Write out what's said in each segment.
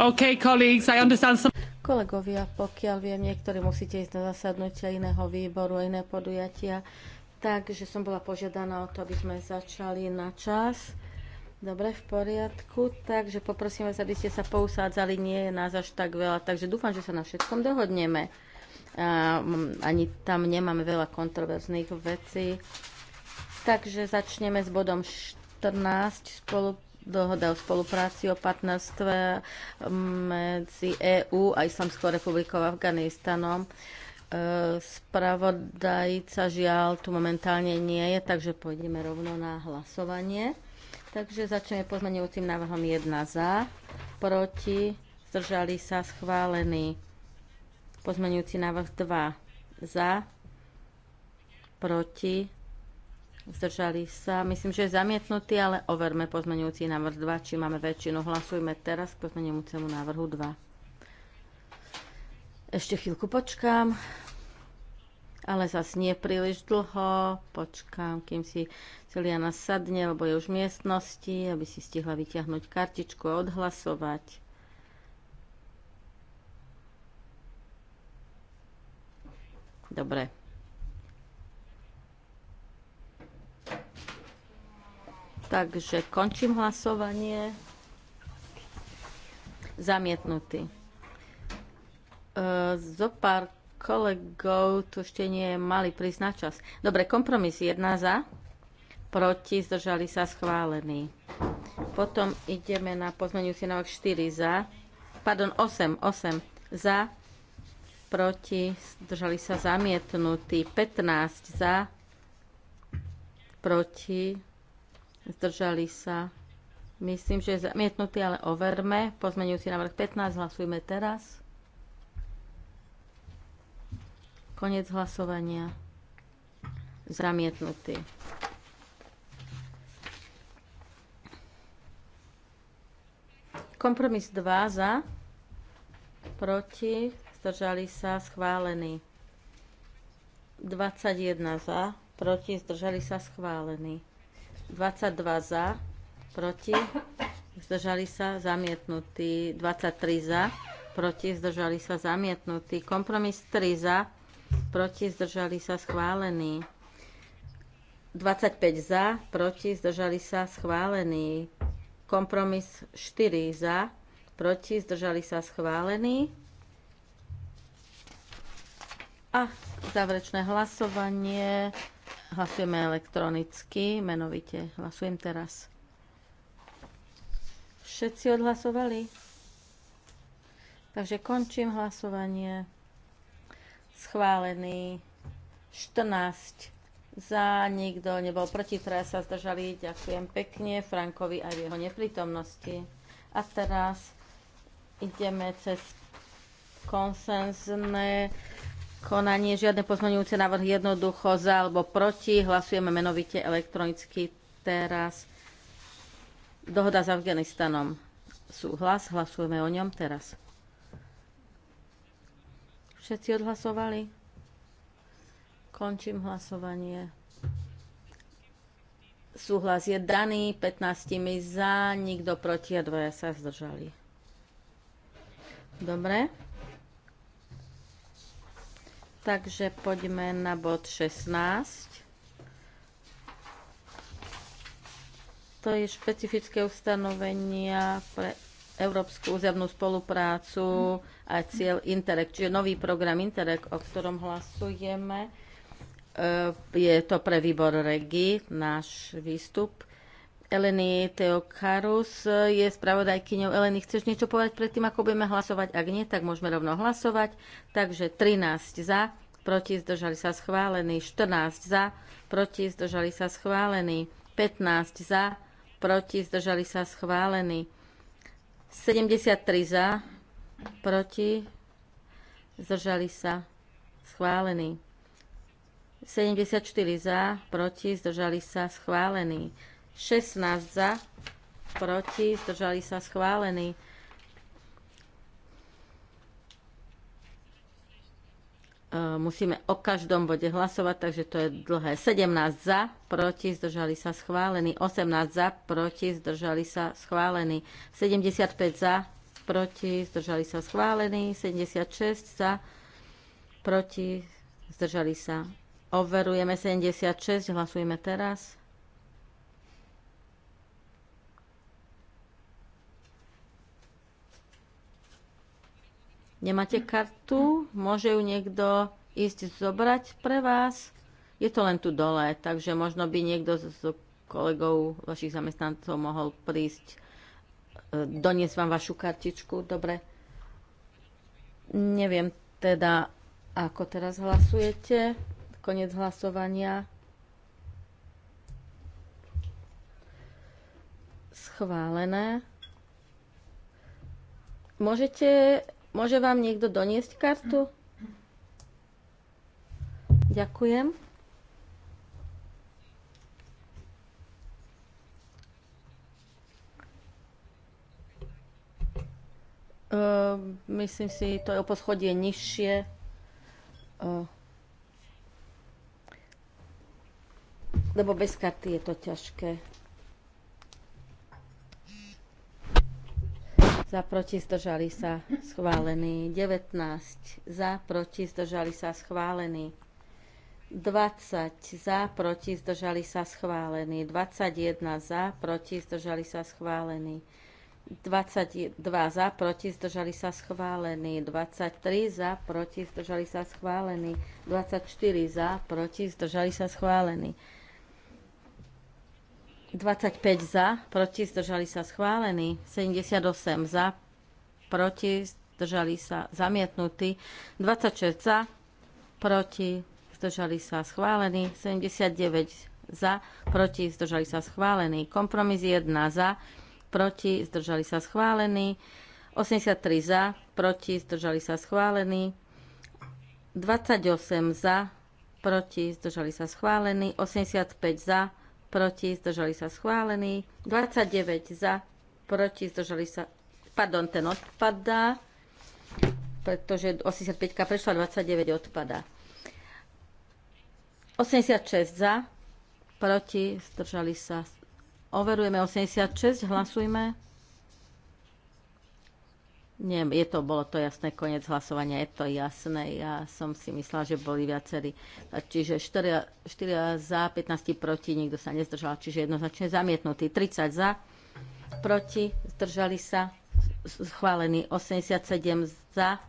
Okay, some... Kolegovia, pokiaľ viem, niektorí musíte ísť na zasadnutia iného výboru, iné podujatia. Takže som bola požiadaná o to, aby sme začali na čas. Dobre, v poriadku. Takže poprosím vás, aby ste sa pousádzali. Nie je nás až tak veľa, takže dúfam, že sa na všetkom dohodneme. A, ani tam nemáme veľa kontroverzných vecí. Takže začneme s bodom 14 spolu dohoda o spolupráci o partnerstve medzi EÚ a Islamskou republikou Afganistanom. E, spravodajca žiaľ tu momentálne nie je, takže pôjdeme rovno na hlasovanie. Takže začneme pozmeňujúcim návrhom 1 za, proti, zdržali sa schválený pozmeňujúci návrh 2 za, proti, Zdržali sa. Myslím, že je zamietnutý, ale overme pozmeňujúci návrh 2, či máme väčšinu. Hlasujme teraz k pozmeňujúcemu návrhu 2. Ešte chvíľku počkám, ale zase nie príliš dlho. Počkám, kým si Celiana sadne, lebo je už v miestnosti, aby si stihla vyťahnuť kartičku a odhlasovať. Dobre, Takže končím hlasovanie. Zamietnutý. E, zo pár kolegov tu ešte nie mali prísť na čas. Dobre, kompromis 1 za, proti, zdržali sa schválení. Potom ideme na pozmeňujúci návrh 4 za, pardon, 8, 8 za, proti, zdržali sa zamietnutý, 15 za, proti, zdržali sa. Myslím, že je zamietnutý, ale overme. Pozmenujúci návrh 15, hlasujme teraz. Konec hlasovania. Zamietnutý. Kompromis 2 za, proti, zdržali sa, schválený. 21 za, proti, zdržali sa schválení. 22 za, proti, zdržali sa zamietnutí. 23 za, proti, zdržali sa zamietnutí. Kompromis 3 za, proti, zdržali sa schválení. 25 za, proti, zdržali sa schválení. Kompromis 4 za, proti, zdržali sa schválení. A záverečné hlasovanie. Hlasujeme elektronicky, menovite. Hlasujem teraz. Všetci odhlasovali? Takže končím hlasovanie. Schválený 14 za, nikto nebol proti, traja sa zdržali. Ďakujem pekne Frankovi aj v jeho neprítomnosti. A teraz ideme cez konsenzné konanie, žiadne pozmeňujúce návrhy, jednoducho za alebo proti. Hlasujeme menovite elektronicky teraz. Dohoda s Afganistanom. Súhlas, hlasujeme o ňom teraz. Všetci odhlasovali? Končím hlasovanie. Súhlas je daný, 15 za, nikto proti a dvaja sa zdržali. Dobre. Takže poďme na bod 16. To je špecifické ustanovenia pre Európsku územnú spoluprácu a cieľ Interreg, čiže nový program Interreg, o ktorom hlasujeme. E, je to pre výbor REGI, náš výstup. Eleny Teokarus je spravodajkyňou. Eleny, chceš niečo povedať predtým, ako budeme hlasovať? Ak nie, tak môžeme rovno hlasovať. Takže 13 za, proti zdržali sa schválení. 14 za, proti zdržali sa schválení. 15 za, proti zdržali sa schválení. 73 za, proti zdržali sa schválení. 74 za, proti zdržali sa schválení. 16 za, proti, zdržali sa schválení. E, musíme o každom bode hlasovať, takže to je dlhé. 17 za, proti, zdržali sa schválení. 18 za, proti, zdržali sa schválení. 75 za, proti, zdržali sa schválení. 76 za, proti, zdržali sa. Overujeme 76, hlasujeme teraz. Nemáte kartu? Môže ju niekto ísť zobrať pre vás? Je to len tu dole, takže možno by niekto z kolegov vašich zamestnancov mohol prísť, e, doniesť vám vašu kartičku. Dobre. Neviem teda, ako teraz hlasujete. Konec hlasovania. Schválené. Môžete Môže vám niekto doniesť kartu? Ďakujem. Uh, myslím si, to je o poschodie nižšie. Uh, lebo bez karty je to ťažké. za proti zdržali sa schválený, 19 za proti zdržali sa schválený, 20 za proti zdržali sa schválený, 21 za proti zdržali sa schválený, 22 za, proti, zdržali sa schválení. 23 za, proti, zdržali sa schválený. 24 za, proti, zdržali sa schválení. 25 za, proti, zdržali sa schválení. 78 za, proti, zdržali sa zamietnutí. 26 za, proti, zdržali sa schválení. 79 za, proti, zdržali sa schválení. Kompromis 1 za, proti, zdržali sa schválení. 83 za, proti, zdržali sa schválení. 28 za, proti, zdržali sa schválení. 85 za, proti, zdržali sa schválení. 29 za, proti, zdržali sa, pardon, ten odpadá, pretože 85 prešla, 29 odpadá. 86 za, proti, zdržali sa. Overujeme 86, hlasujme. Nie, je to, bolo to jasné, koniec hlasovania, je to jasné. Ja som si myslela, že boli viacerí. Čiže 4, 4 za, 15 proti, nikto sa nezdržal, čiže jednoznačne zamietnutý. 30 za, proti, zdržali sa, schválený 87 za,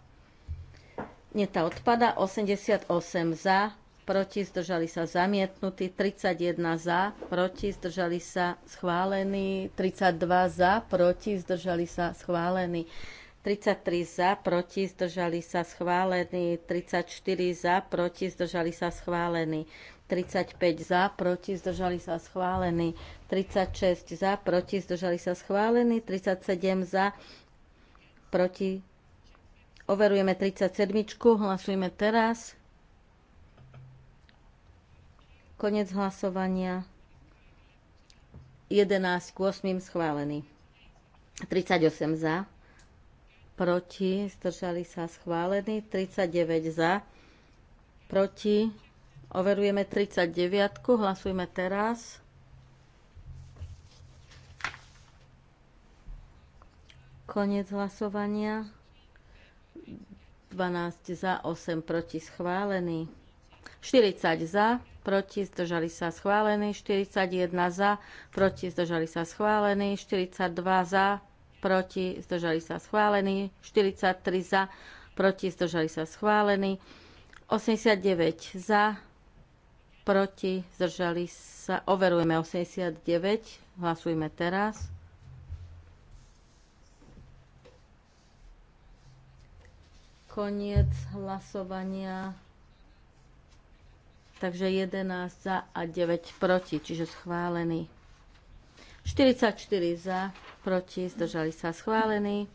nie tá odpada, 88 za, proti, zdržali sa zamietnutí, 31 za, proti, zdržali sa schválení, 32 za, proti, zdržali sa schválení. 33 za, proti, zdržali sa schválení. 34 za, proti, zdržali sa schválení. 35 za, proti, zdržali sa schválení. 36 za, proti, zdržali sa schválení. 37 za, proti. Overujeme 37. Hlasujeme teraz. Konec hlasovania. 11 k 8 schválený. 38 za proti, zdržali sa schválení, 39 za, proti, overujeme 39, hlasujme teraz. Konec hlasovania. 12 za, 8 proti schválený. 40 za, proti, zdržali sa schválený. 41 za, proti, zdržali sa schválený. 42 za, proti, zdržali sa schválení, 43 za, proti, zdržali sa schválení, 89 za, proti, zdržali sa, overujeme 89, hlasujme teraz. Koniec hlasovania. Takže 11 za a 9 proti, čiže schválený. 44 za, proti, zdržali sa schválení.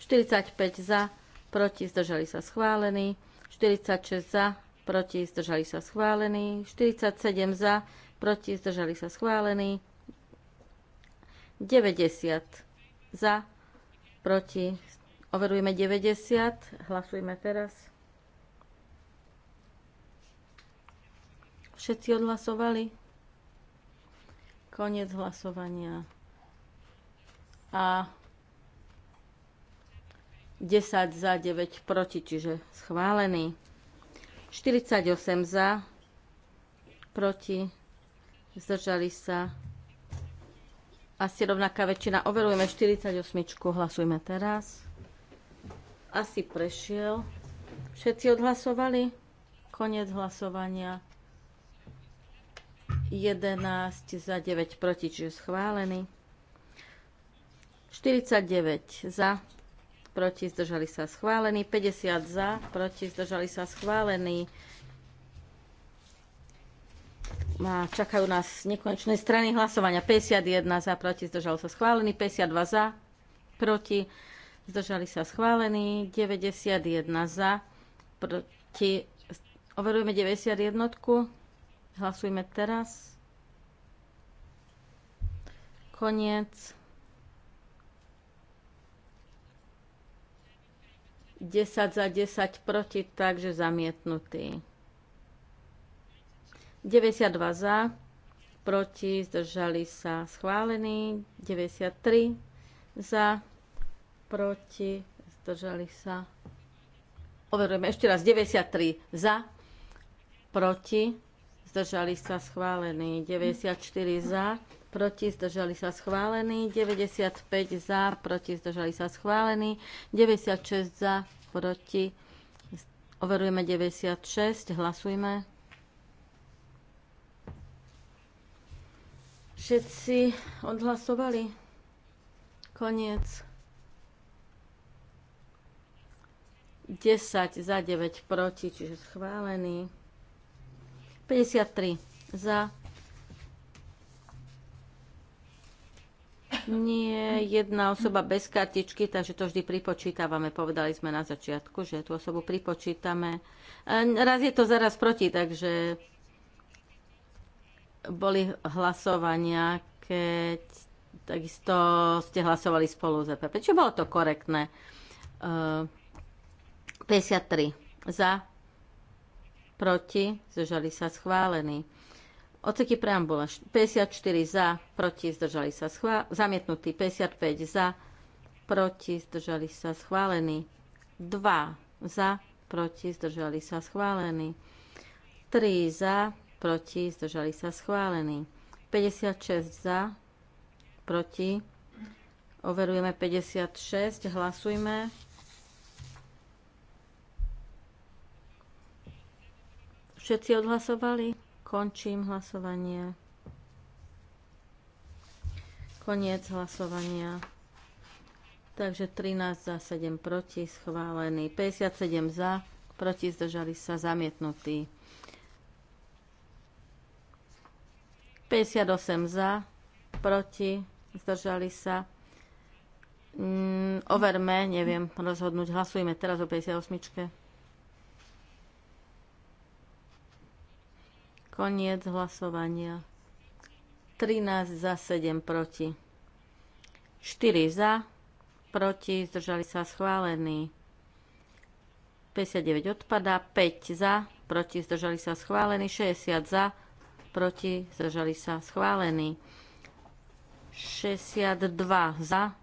45 za, proti, zdržali sa schválení. 46 za, proti, zdržali sa schválení. 47 za, proti, zdržali sa schválení. 90 za, proti, overujeme 90, hlasujme teraz. Všetci odhlasovali? Koniec hlasovania. A 10 za, 9 proti, čiže schválený. 48 za, proti, zdržali sa. Asi rovnaká väčšina. Overujeme 48. Hlasujme teraz. Asi prešiel. Všetci odhlasovali? Koniec hlasovania. 11 za 9 proti, čiže schválený. 49 za, proti, zdržali sa schválený. 50 za, proti, zdržali sa schválený. Má čakajú nás nekonečné strany hlasovania. 51 za, proti, zdržalo sa schválený. 52 za, proti, zdržali sa schválený. 91 za, proti, overujeme 91. Hlasujme teraz. Koniec. 10 za 10 proti, takže zamietnutý. 92 za, proti, zdržali sa schválení. 93 za, proti, zdržali sa. Overujeme ešte raz. 93 za, proti, zdržali sa schválení. 94 za, proti, zdržali sa schválení. 95 za, proti, zdržali sa schválení. 96 za, proti. Overujeme 96, hlasujme. Všetci odhlasovali? Koniec. 10 za 9 proti, čiže schválený. 53 za. Nie jedna osoba bez kartičky, takže to vždy pripočítavame. Povedali sme na začiatku, že tú osobu pripočítame. Raz je to zaraz proti, takže boli hlasovania, keď takisto ste hlasovali spolu z e PP. Čiže bolo to korektné. 53 ehm, za, proti, zdržali sa schválení. Oceky preambula 54 za, proti, zdržali sa schválení, zamietnutý 55 za, proti, zdržali sa schválení. 2 za, proti, zdržali sa schválení. 3 za, proti, zdržali sa schválení. 56 za, proti, overujeme 56, hlasujme. Všetci odhlasovali? Končím hlasovanie. Koniec hlasovania. Takže 13 za, 7 proti, schválený. 57 za, proti, zdržali sa, zamietnutí. 58 za, proti, zdržali sa. Mm, overme, neviem rozhodnúť. Hlasujeme teraz o 58. Koniec hlasovania. 13 za, 7 proti. 4 za, proti, zdržali sa schválení. 59 odpada, 5 za, proti, zdržali sa schválení, 60 za, proti, zdržali sa schválení. 62 za,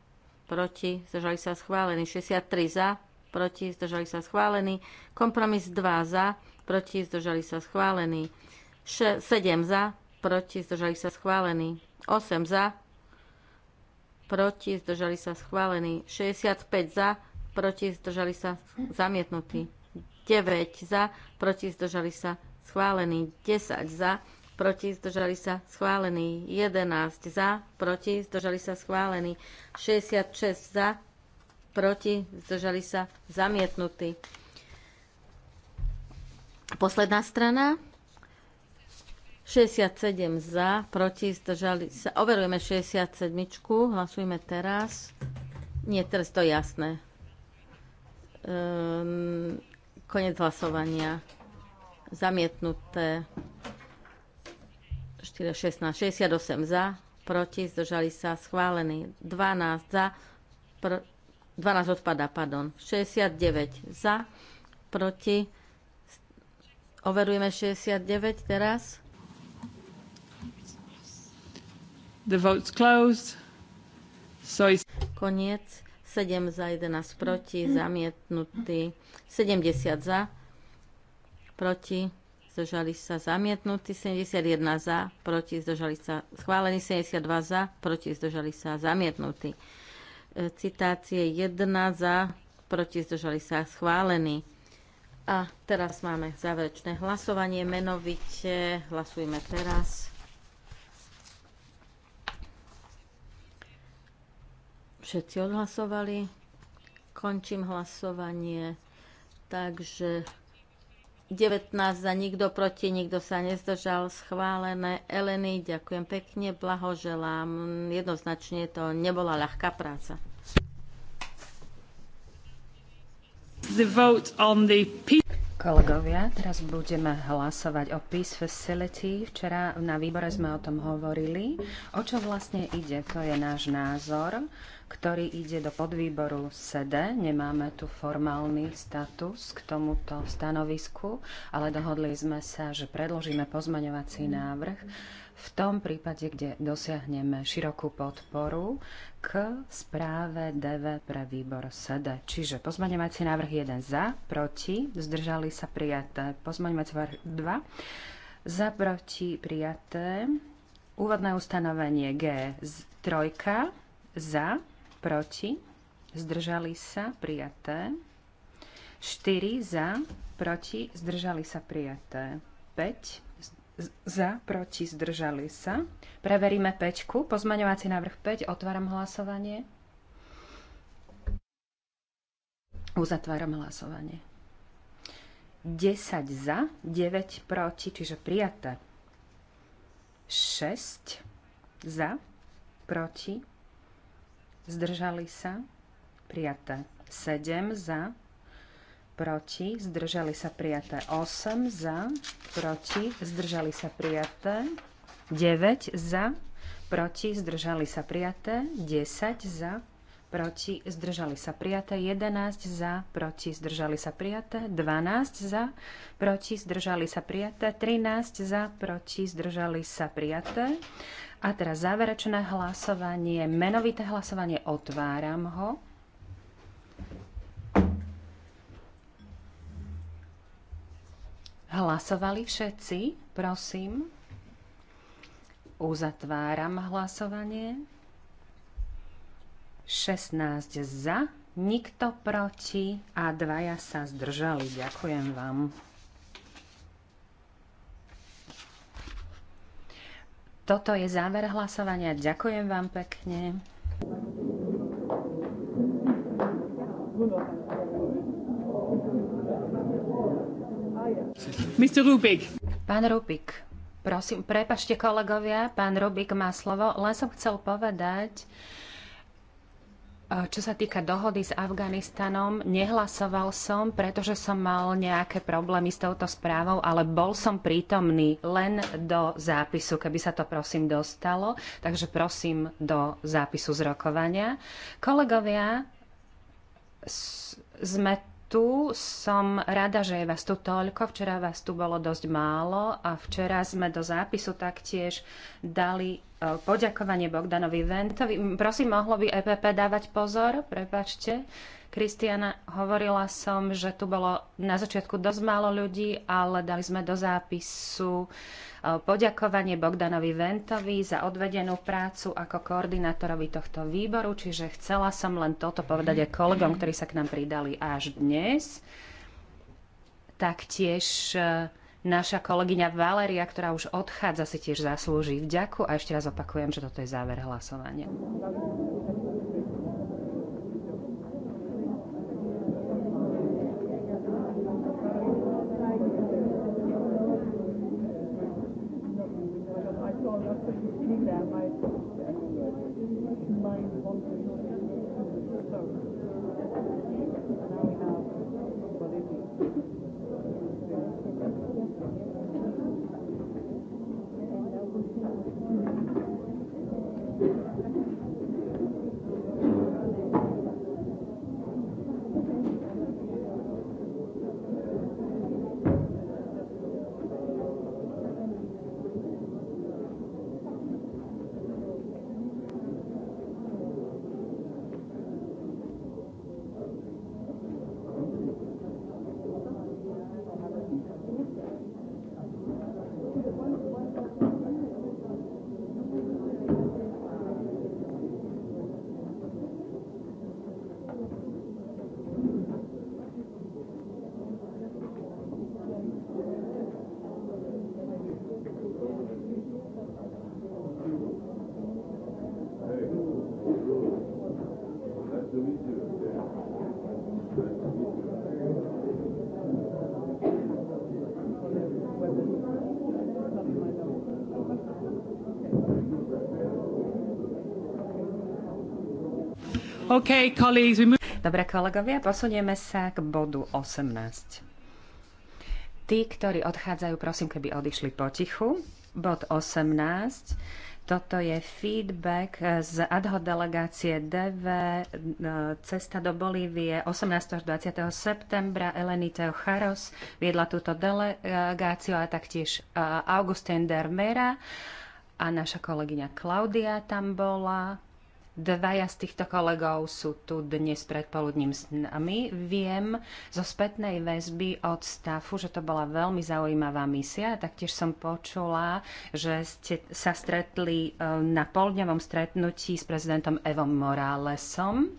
proti, zdržali sa schválení. 63 za, proti, zdržali sa schválení. Kompromis 2 za, proti, zdržali sa schválení. 7 za, proti, zdržali sa schválení. 8 za, proti, zdržali sa schválení. 65 za, proti, zdržali sa zamietnutí. 9 za, proti, zdržali sa schválení. 10 za, proti, zdržali sa schválení. 11 za, proti, zdržali sa schválení. 66 za, proti, zdržali sa zamietnutí. Posledná strana. 67 za, proti, zdržali sa. Overujeme 67. hlasujeme teraz. Nie, teraz to je jasné. Ehm, konec hlasovania. Zamietnuté. 4, 16, 68 za, proti, zdržali sa. Schválený. 12 za, pr- 12 odpadá, pardon. 69 za, proti. Overujeme 69 teraz. The vote's closed. So it's... Koniec. 7 za, 11 proti, zamietnutý. 70 za, proti, zdržali sa zamietnutí, 71 za, proti, zdržali sa schválení, 72 za, proti, zdržali sa zamietnutí. E, citácie 1 za, proti, zdržali sa schválení. A teraz máme záverečné hlasovanie, menovite hlasujeme teraz. Všetci odhlasovali. Končím hlasovanie. Takže 19 za, nikto proti, nikto sa nezdržal. Schválené. Eleny, ďakujem pekne, blahoželám. Jednoznačne to nebola ľahká práca. The vote on the Kolegovia, teraz budeme hlasovať o Peace Facility. Včera na výbore sme o tom hovorili. O čo vlastne ide, to je náš názor ktorý ide do podvýboru SEDE. Nemáme tu formálny status k tomuto stanovisku, ale dohodli sme sa, že predložíme pozmaňovací návrh v tom prípade, kde dosiahneme širokú podporu k správe DV pre výbor SEDE. Čiže pozmaňovací návrh 1 za, proti, zdržali sa prijaté. Pozmaňovací návrh 2 za, proti, prijaté. Úvodné ustanovenie G3 za, proti, zdržali sa, prijaté. 4 za, proti, zdržali sa, prijaté. 5 za, proti, zdržali sa. Preveríme 5. Pozmaňovací návrh 5. Otváram hlasovanie. Uzatváram hlasovanie. 10 za, 9 proti, čiže prijaté. 6 za, proti, zdržali sa, prijaté 7 za, proti, zdržali sa prijaté 8 za, proti, zdržali sa prijaté 9 za, proti, zdržali sa prijaté 10 za, proti, zdržali sa prijaté 11 za, proti, zdržali sa prijaté 12 za, proti, zdržali sa prijaté 13 za, proti, zdržali sa prijaté a teraz záverečné hlasovanie, menovité hlasovanie, otváram ho. Hlasovali všetci, prosím. Uzatváram hlasovanie. 16 za, nikto proti a dvaja sa zdržali. Ďakujem vám. Toto je záver hlasovania. Ďakujem vám pekne. Mr. Rubik. Pán Rubik, prosím, prepašte kolegovia, pán Rubik má slovo. Len som chcel povedať, čo sa týka dohody s Afganistanom, nehlasoval som, pretože som mal nejaké problémy s touto správou, ale bol som prítomný len do zápisu, keby sa to prosím dostalo. Takže prosím do zápisu z rokovania. Kolegovia, sme tu, som rada, že je vás tu toľko. Včera vás tu bolo dosť málo a včera sme do zápisu taktiež dali Eh, poďakovanie Bogdanovi Ventovi. Prosím, mohlo by EPP dávať pozor? Prepačte. Kristiana, hovorila som, že tu bolo na začiatku dosť málo ľudí, ale dali sme do zápisu eh, poďakovanie Bogdanovi Ventovi za odvedenú prácu ako koordinátorovi tohto výboru, čiže chcela som len toto povedať aj kolegom, ktorí sa k nám pridali až dnes. Taktiež eh, Naša kolegyňa Valéria, ktorá už odchádza, si tiež zaslúži vďaku a ešte raz opakujem, že toto je záver hlasovania. Thank you. Okay, colleagues, we move... Dobre, kolegovia, posunieme sa k bodu 18. Tí, ktorí odchádzajú, prosím, keby odišli potichu. Bod 18. Toto je feedback z ad hoc delegácie DV e, Cesta do Bolívie 18. až 20. septembra. Eleni Teocharos viedla túto delegáciu a taktiež e, Augustin Dermera a naša kolegyňa Klaudia tam bola Dvaja z týchto kolegov sú tu dnes predpoludním s nami. Viem zo spätnej väzby od stafu, že to bola veľmi zaujímavá misia. Taktiež som počula, že ste sa stretli eh, na poldňovom stretnutí s prezidentom Evom Moralesom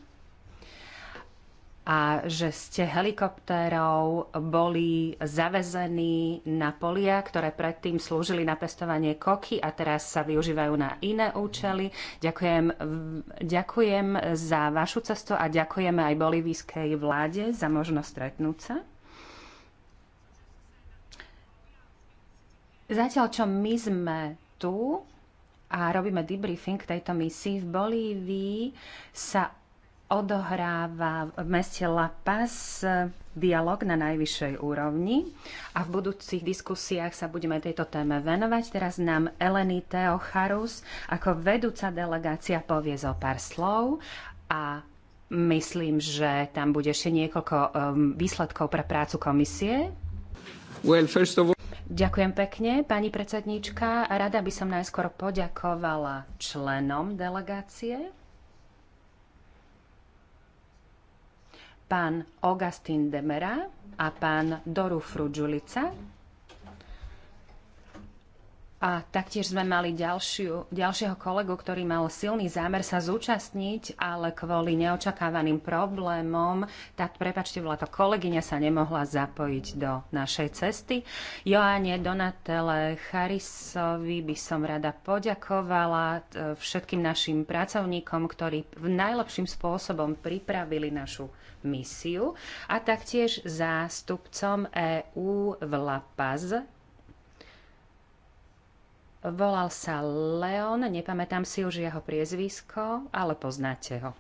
a že ste helikoptérov boli zavezení na polia, ktoré predtým slúžili na pestovanie koky a teraz sa využívajú na iné účely. Ďakujem, ďakujem za vašu cestu a ďakujeme aj bolivijskej vláde za možnosť stretnúť sa. Zatiaľ, čo my sme tu a robíme debriefing tejto misii v Bolívii, sa odohráva v meste La Paz eh, dialog na najvyššej úrovni a v budúcich diskusiách sa budeme tejto téme venovať. Teraz nám Eleni Teocharus ako vedúca delegácia povie zo pár slov a myslím, že tam bude ešte niekoľko um, výsledkov pre prácu komisie. Well, first of all... Ďakujem pekne, pani predsedníčka. Rada by som najskôr poďakovala členom delegácie pán Augustin Demera a pán Doru Frudžulica a taktiež sme mali ďalšiu, ďalšieho kolegu, ktorý mal silný zámer sa zúčastniť, ale kvôli neočakávaným problémom, tak prepačte, bola to kolegyňa, sa nemohla zapojiť do našej cesty. Joáne Donatele Charisovi by som rada poďakovala e, všetkým našim pracovníkom, ktorí v najlepším spôsobom pripravili našu misiu a taktiež zástupcom EÚ v La Paz, Volal sa Leon, nepamätám si už jeho priezvisko, ale poznáte ho.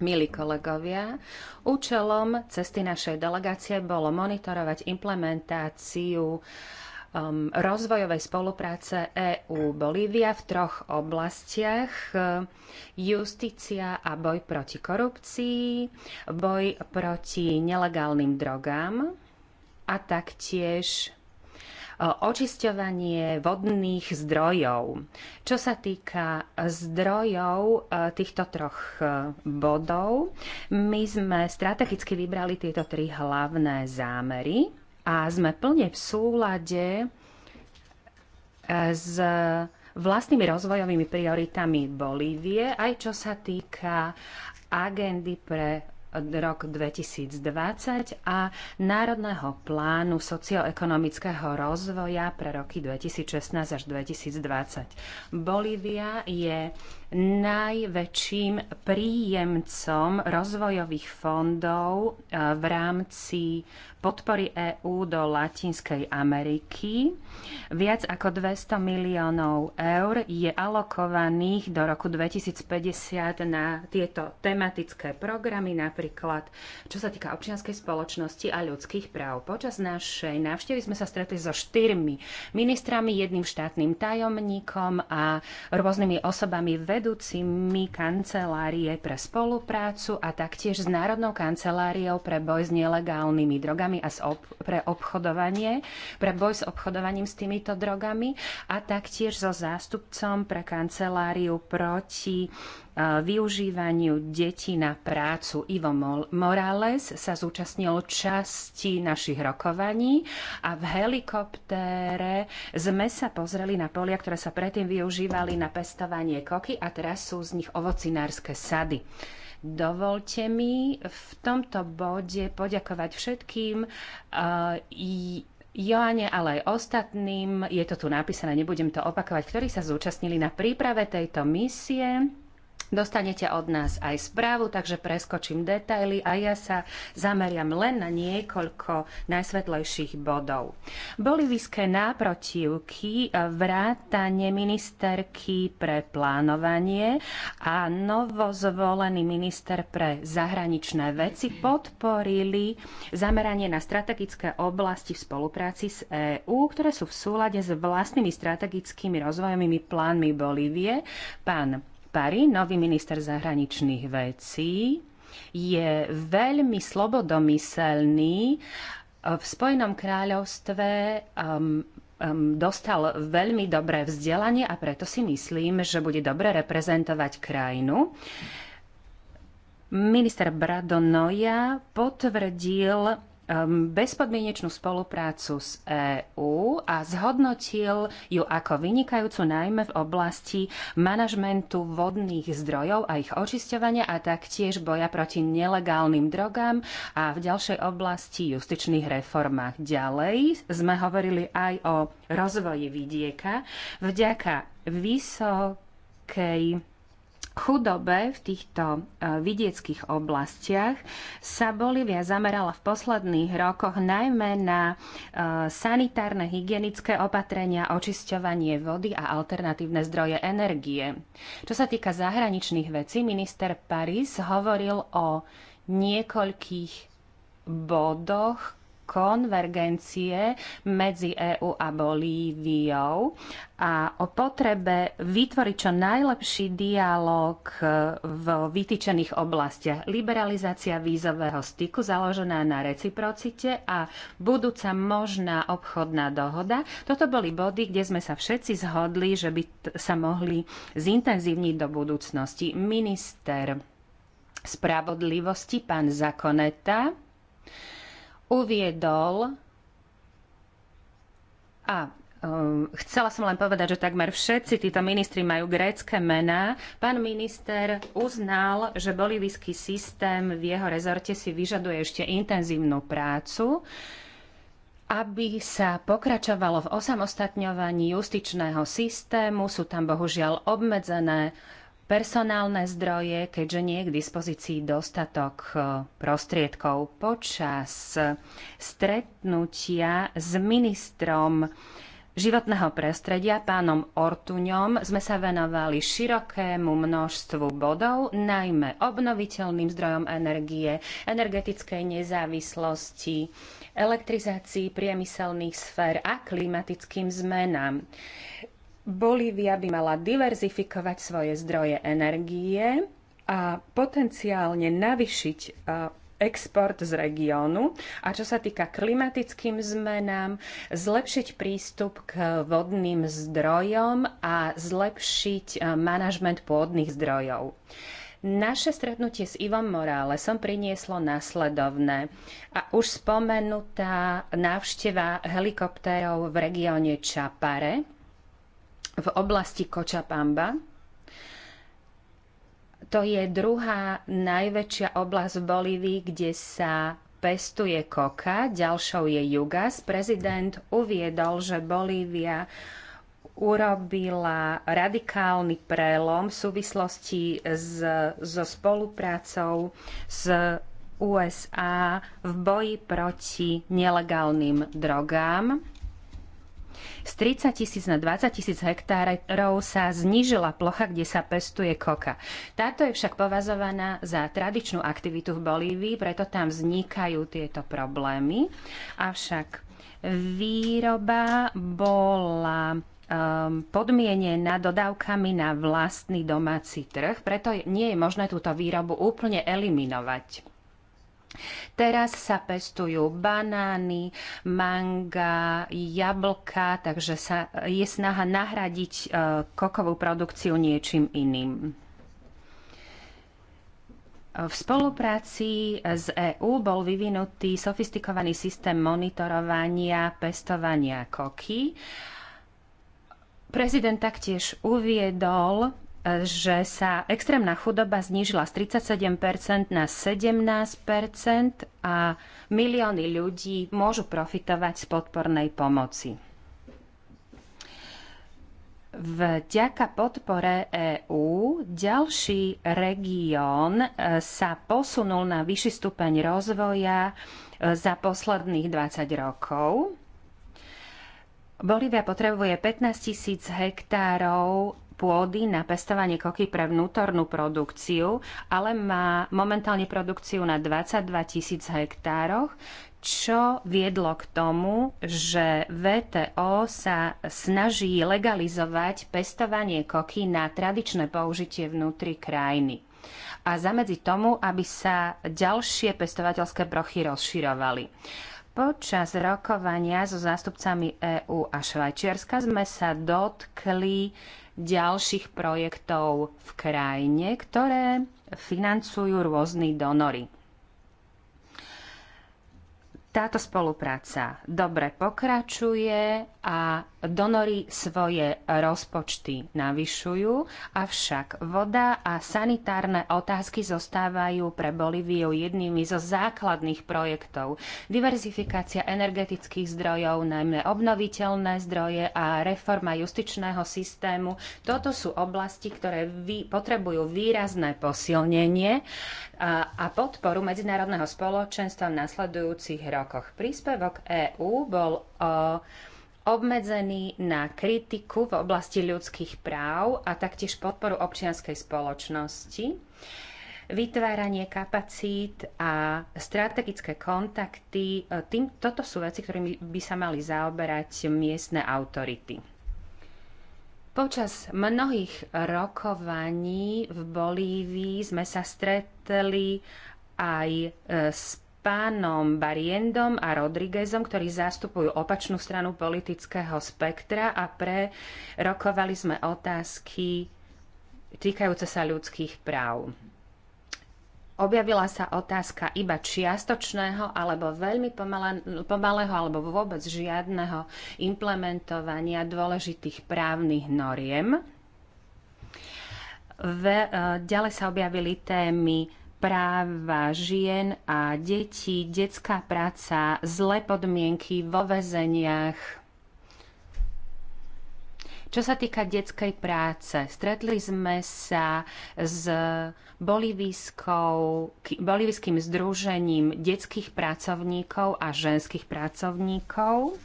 Milí kolegovia, účelom cesty našej delegácie bolo monitorovať implementáciu um, rozvojovej spolupráce EU-Bolívia v troch oblastiach. Justícia a boj proti korupcii, boj proti nelegálnym drogám a taktiež očisťovanie vodných zdrojov. Čo sa týka zdrojov e, týchto troch e, bodov, my sme strategicky vybrali tieto tri hlavné zámery a sme plne v súlade e, s vlastnými rozvojovými prioritami Bolívie, aj čo sa týka agendy pre rok 2020 a Národného plánu socioekonomického rozvoja pre roky 2016 až 2020. Bolívia je najväčším príjemcom rozvojových fondov eh, v rámci podpory EÚ do Latinskej Ameriky. Viac ako 200 miliónov eur je alokovaných do roku 2050 na tieto tematické programy, napríklad čo sa týka občianskej spoločnosti a ľudských práv. Počas našej návštevy sme sa stretli so štyrmi ministrami, jedným štátnym tajomníkom a rôznymi osobami ve vedúcimi kancelárie pre spoluprácu a taktiež s Národnou kanceláriou pre boj s nelegálnymi drogami a ob- pre obchodovanie, pre boj s obchodovaním s týmito drogami a taktiež so zástupcom pre kanceláriu proti využívaniu detí na prácu. Ivo Morales sa zúčastnil časti našich rokovaní a v helikoptére sme sa pozreli na polia, ktoré sa predtým využívali na pestovanie koky a teraz sú z nich ovocinárske sady. Dovolte mi v tomto bode poďakovať všetkým uh, Joane, ale aj ostatným, je to tu napísané, nebudem to opakovať, ktorí sa zúčastnili na príprave tejto misie. Dostanete od nás aj správu, takže preskočím detaily a ja sa zameriam len na niekoľko najsvetlejších bodov. Bolivijské náprotivky e, vrátane ministerky pre plánovanie a novozvolený minister pre zahraničné veci podporili zameranie na strategické oblasti v spolupráci s EÚ, ktoré sú v súlade s vlastnými strategickými rozvojovými plánmi Bolívie. Pán Gaspari, nový minister zahraničných vecí, je veľmi slobodomyselný. V Spojenom kráľovstve um, um, dostal veľmi dobré vzdelanie a preto si myslím, že bude dobre reprezentovať krajinu. Minister Bradonoja potvrdil bezpodmienečnú spoluprácu s EÚ a zhodnotil ju ako vynikajúcu najmä v oblasti manažmentu vodných zdrojov a ich očisťovania a taktiež boja proti nelegálnym drogám a v ďalšej oblasti justičných reformách. Ďalej sme hovorili aj o rozvoji vidieka vďaka vysokej chudobe v týchto e, vidieckých oblastiach sa Bolivia zamerala v posledných rokoch najmä na e, sanitárne hygienické opatrenia, očisťovanie vody a alternatívne zdroje energie. Čo sa týka zahraničných vecí, minister Paris hovoril o niekoľkých bodoch, konvergencie medzi EÚ a Bolíviou a o potrebe vytvoriť čo najlepší dialog v vytýčených oblastiach. Liberalizácia vízového styku založená na reciprocite a budúca možná obchodná dohoda. Toto boli body, kde sme sa všetci zhodli, že by sa mohli zintenzívniť do budúcnosti. Minister spravodlivosti, pán Zakoneta, uviedol a um, chcela som len povedať, že takmer všetci títo ministri majú grécké mená. Pán minister uznal, že bolivijský systém v jeho rezorte si vyžaduje ešte intenzívnu prácu aby sa pokračovalo v osamostatňovaní justičného systému. Sú tam bohužiaľ obmedzené personálne zdroje, keďže nie je k dispozícii dostatok e, prostriedkov. Počas stretnutia s ministrom životného prostredia pánom Ortuňom sme sa venovali širokému množstvu bodov, najmä obnoviteľným zdrojom energie, energetickej nezávislosti, elektrizácii priemyselných sfér a klimatickým zmenám. Bolívia by mala diverzifikovať svoje zdroje energie a potenciálne navyšiť e, export z regiónu a čo sa týka klimatickým zmenám, zlepšiť prístup k vodným zdrojom a zlepšiť e, manažment pôdnych zdrojov. Naše stretnutie s Ivom Moralesom prinieslo následovné a už spomenutá návšteva helikoptérov v regióne Čapare, v oblasti Kočapamba. To je druhá najväčšia oblasť v Bolívii, kde sa pestuje koka, ďalšou je Jugas. Prezident uviedol, že Bolívia urobila radikálny prelom v súvislosti s, so spoluprácou s USA v boji proti nelegálnym drogám z 30 tisíc na 20 tisíc hektárov sa znížila plocha, kde sa pestuje koka. Táto je však považovaná za tradičnú aktivitu v Bolívii, preto tam vznikajú tieto problémy. Avšak výroba bola ehm, podmienená dodávkami na vlastný domáci trh, preto nie je možné túto výrobu úplne eliminovať. Teraz sa pestujú banány, manga, jablka, takže sa, je snaha nahradiť e, kokovú produkciu niečím iným. V spolupráci s EÚ bol vyvinutý sofistikovaný systém monitorovania pestovania koky. Prezident taktiež uviedol, že sa extrémna chudoba znížila z 37% na 17% a milióny ľudí môžu profitovať z podpornej pomoci. Vďaka podpore EÚ ďalší región e, sa posunul na vyšší stupeň rozvoja e, za posledných 20 rokov. Bolívia potrebuje 15 tisíc hektárov pôdy na pestovanie koky pre vnútornú produkciu, ale má momentálne produkciu na 22 tisíc hektároch, čo viedlo k tomu, že VTO sa snaží legalizovať pestovanie koky na tradičné použitie vnútri krajiny a zamedzi tomu, aby sa ďalšie pestovateľské brochy rozširovali. Počas rokovania so zástupcami EÚ a Švajčiarska sme sa dotkli ďalších projektov v krajine, ktoré financujú rôzni donory. Táto spolupráca dobre pokračuje a donory svoje rozpočty navyšujú, avšak voda a sanitárne otázky zostávajú pre Bolíviu jednými zo základných projektov. Diverzifikácia energetických zdrojov, najmä obnoviteľné zdroje a reforma justičného systému, toto sú oblasti, ktoré vy, potrebujú výrazné posilnenie a, a podporu medzinárodného spoločenstva v nasledujúcich rokoch. Príspevok EÚ bol o obmedzený na kritiku v oblasti ľudských práv a taktiež podporu občianskej spoločnosti, vytváranie kapacít a strategické kontakty. E, tým, toto sú veci, ktorými by sa mali zaoberať miestne autority. Počas mnohých rokovaní v Bolívii sme sa stretli aj e, s pánom Bariendom a Rodriguezom, ktorí zastupujú opačnú stranu politického spektra a prerokovali sme otázky týkajúce sa ľudských práv. Objavila sa otázka iba čiastočného alebo veľmi pomalého alebo vôbec žiadneho implementovania dôležitých právnych noriem. V, e, ďalej sa objavili témy práva žien a detí, detská práca, zlé podmienky vo väzeniach. Čo sa týka detskej práce, stretli sme sa s bolivijským združením detských pracovníkov a ženských pracovníkov.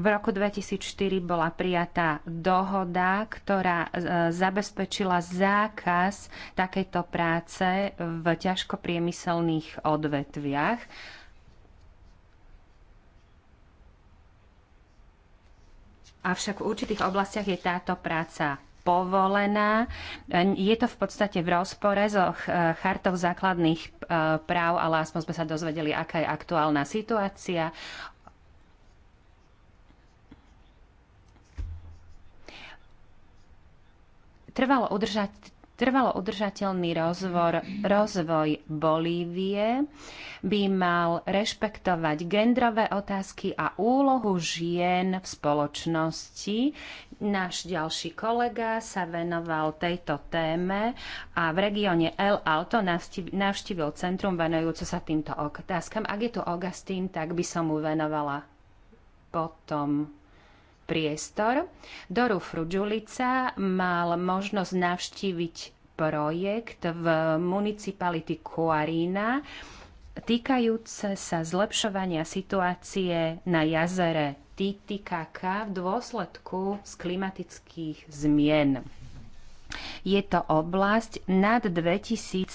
V roku 2004 bola prijatá dohoda, ktorá e, zabezpečila zákaz takéto práce v ťažkopriemyselných odvetviach. Avšak v určitých oblastiach je táto práca povolená. Je to v podstate v rozpore so chartou základných e, práv, ale aspoň sme sa dozvedeli, aká je aktuálna situácia. trvalo, udržať, trvalo udržateľný rozvor, rozvoj Bolívie by mal rešpektovať gendrové otázky a úlohu žien v spoločnosti. Náš ďalší kolega sa venoval tejto téme a v regióne El Alto navštívil centrum venujúce sa týmto otázkam. Ak je tu Augustín, tak by som mu venovala potom priestor. Doru Frudžulica mal možnosť navštíviť projekt v municipality Kuarína týkajúce sa zlepšovania situácie na jazere Titicaca v dôsledku z klimatických zmien. Je to oblasť nad 2000 eh,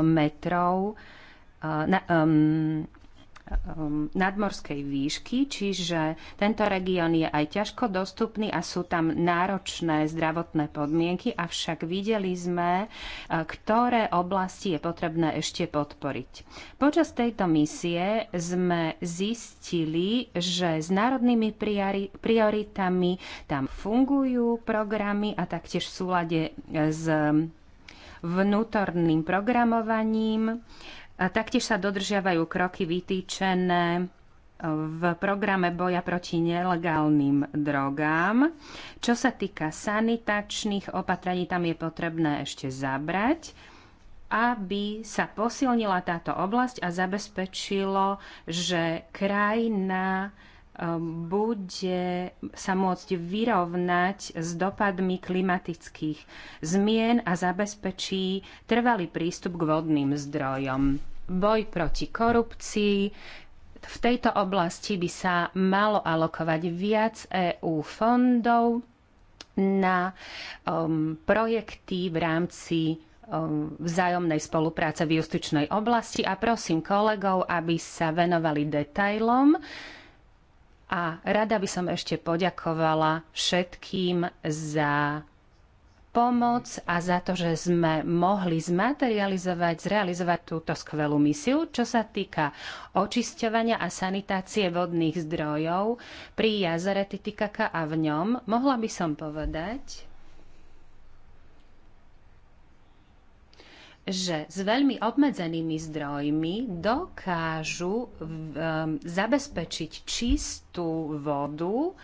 metrov eh, na, um, Um, nadmorskej výšky, čiže tento región je aj ťažko dostupný a sú tam náročné zdravotné podmienky, avšak videli sme, uh, ktoré oblasti je potrebné ešte podporiť. Počas tejto misie sme zistili, že s národnými prioritami tam fungujú programy a taktiež v súlade s vnútorným programovaním a taktiež sa dodržiavajú kroky vytýčené e, v programe boja proti nelegálnym drogám. Čo sa týka sanitačných opatrení, tam je potrebné ešte zabrať aby sa posilnila táto oblasť a zabezpečilo, že krajina bude sa môcť vyrovnať s dopadmi klimatických zmien a zabezpečí trvalý prístup k vodným zdrojom. Boj proti korupcii. V tejto oblasti by sa malo alokovať viac EU fondov na um, projekty v rámci um, vzájomnej spolupráce v justičnej oblasti a prosím kolegov, aby sa venovali detailom a rada by som ešte poďakovala všetkým za pomoc a za to, že sme mohli zmaterializovať, zrealizovať túto skvelú misiu. Čo sa týka očisťovania a sanitácie vodných zdrojov pri jazere Titikaka a v ňom, mohla by som povedať, že s veľmi obmedzenými zdrojmi dokážu ehm, zabezpečiť čistú vodu